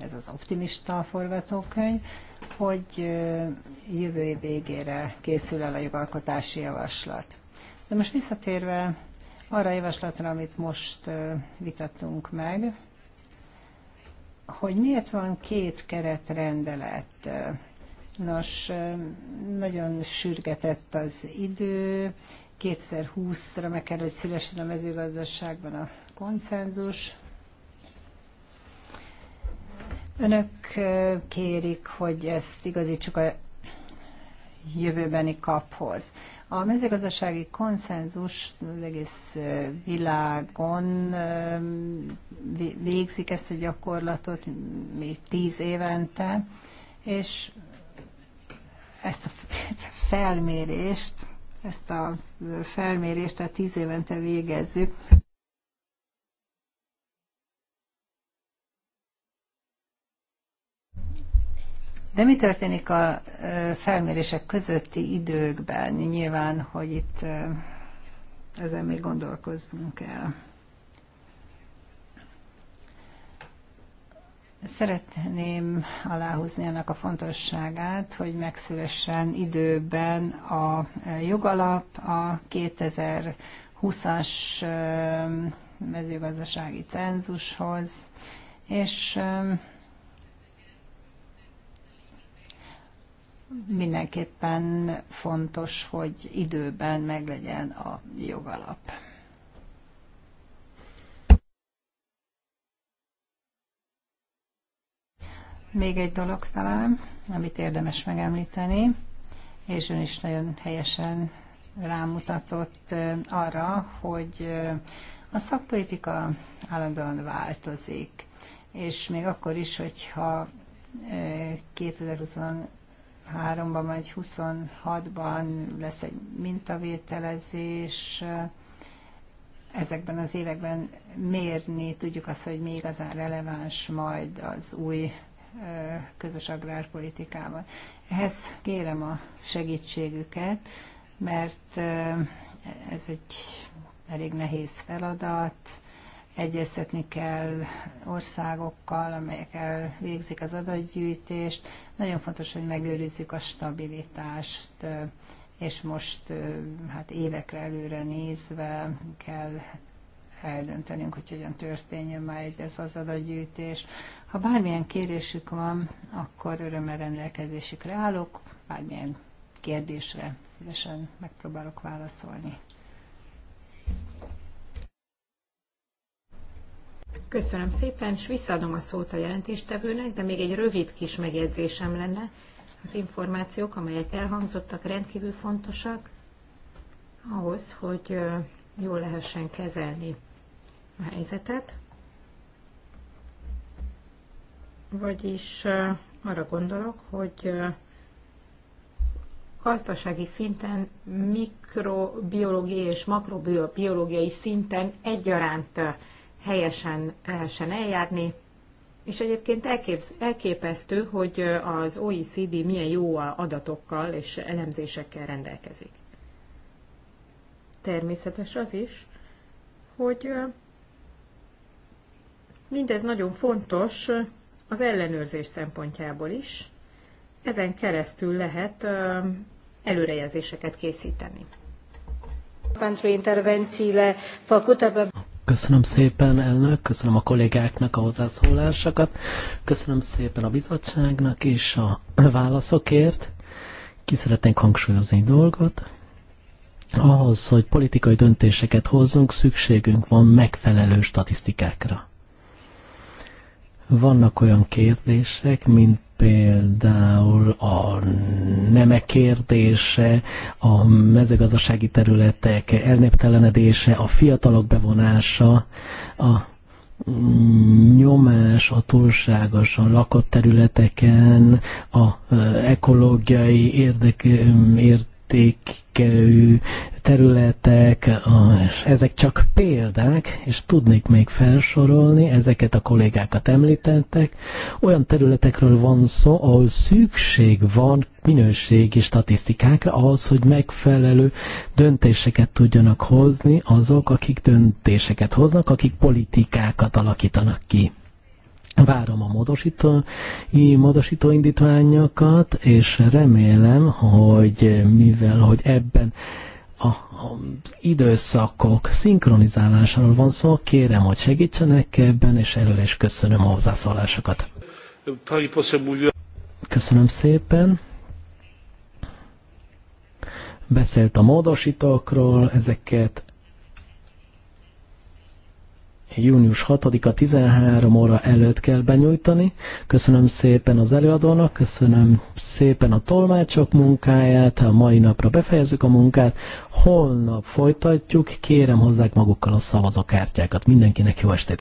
ez az optimista forgatókönyv, hogy jövő év végére készül el a jogalkotási javaslat. De most visszatérve arra a javaslatra, amit most vitattunk meg, hogy miért van két keretrendelet. Nos, nagyon sürgetett az idő, 2020-ra meg kell, hogy szülessen a mezőgazdaságban a konszenzus, Önök kérik, hogy ezt igazítsuk a jövőbeni kaphoz. A mezőgazdasági konszenzus egész világon végzik ezt a gyakorlatot még tíz évente, és ezt a felmérést, ezt a felmérést, a tíz évente végezzük. De mi történik a felmérések közötti időkben? Nyilván, hogy itt ezen még gondolkozzunk el. Szeretném aláhúzni annak a fontosságát, hogy megszülessen időben a jogalap, a 2020-as mezőgazdasági cenzushoz, és mindenképpen fontos, hogy időben meglegyen a jogalap. Még egy dolog talán, amit érdemes megemlíteni, és ön is nagyon helyesen rámutatott arra, hogy a szakpolitika állandóan változik, és még akkor is, hogyha 23-ban vagy 26-ban lesz egy mintavételezés, ezekben az években mérni tudjuk azt, hogy mi igazán releváns majd az új közös agrárpolitikában. Ehhez kérem a segítségüket, mert ez egy elég nehéz feladat, egyeztetni kell országokkal, amelyekkel végzik az adatgyűjtést. Nagyon fontos, hogy megőrizzük a stabilitást, és most hát évekre előre nézve kell eldöntenünk, hogy hogyan történjön majd ez az adatgyűjtés. Ha bármilyen kérésük van, akkor örömmel rendelkezésükre állok, bármilyen kérdésre szívesen megpróbálok válaszolni. Köszönöm szépen, és visszaadom a szót a jelentéstevőnek, de még egy rövid kis megjegyzésem lenne. Az információk, amelyek elhangzottak, rendkívül fontosak ahhoz, hogy jól lehessen kezelni a helyzetet. Vagyis arra gondolok, hogy gazdasági szinten, mikrobiológiai és makrobiológiai szinten egyaránt helyesen lehessen eljárni. És egyébként elképesztő, hogy az OECD milyen jó adatokkal és elemzésekkel rendelkezik. Természetes az is, hogy mindez nagyon fontos az ellenőrzés szempontjából is. Ezen keresztül lehet előrejelzéseket készíteni. Köszönöm szépen, elnök, köszönöm a kollégáknak a hozzászólásokat, köszönöm szépen a bizottságnak és a válaszokért. Ki szeretnénk hangsúlyozni dolgot. Ahhoz, hogy politikai döntéseket hozzunk, szükségünk van megfelelő statisztikákra. Vannak olyan kérdések, mint például a nemek kérdése, a mezőgazdasági területek elnéptelenedése, a fiatalok bevonása, a mm, nyomás a túlságosan lakott területeken, a ökológiai érdek, ért, értékkelő területek, és ezek csak példák, és tudnék még felsorolni, ezeket a kollégákat említettek. Olyan területekről van szó, ahol szükség van minőségi statisztikákra ahhoz, hogy megfelelő döntéseket tudjanak hozni azok, akik döntéseket hoznak, akik politikákat alakítanak ki. Várom a módosító, módosító indítványokat, és remélem, hogy mivel, hogy ebben a, az időszakok szinkronizálásáról van szó, kérem, hogy segítsenek ebben, és előre is köszönöm a hozzászólásokat. Köszönöm szépen. Beszélt a módosítókról, ezeket június 6-a 13 óra előtt kell benyújtani. Köszönöm szépen az előadónak, köszönöm szépen a tolmácsok munkáját, a mai napra befejezzük a munkát, holnap folytatjuk, kérem hozzák magukkal a szavazókártyákat. Mindenkinek jó estét!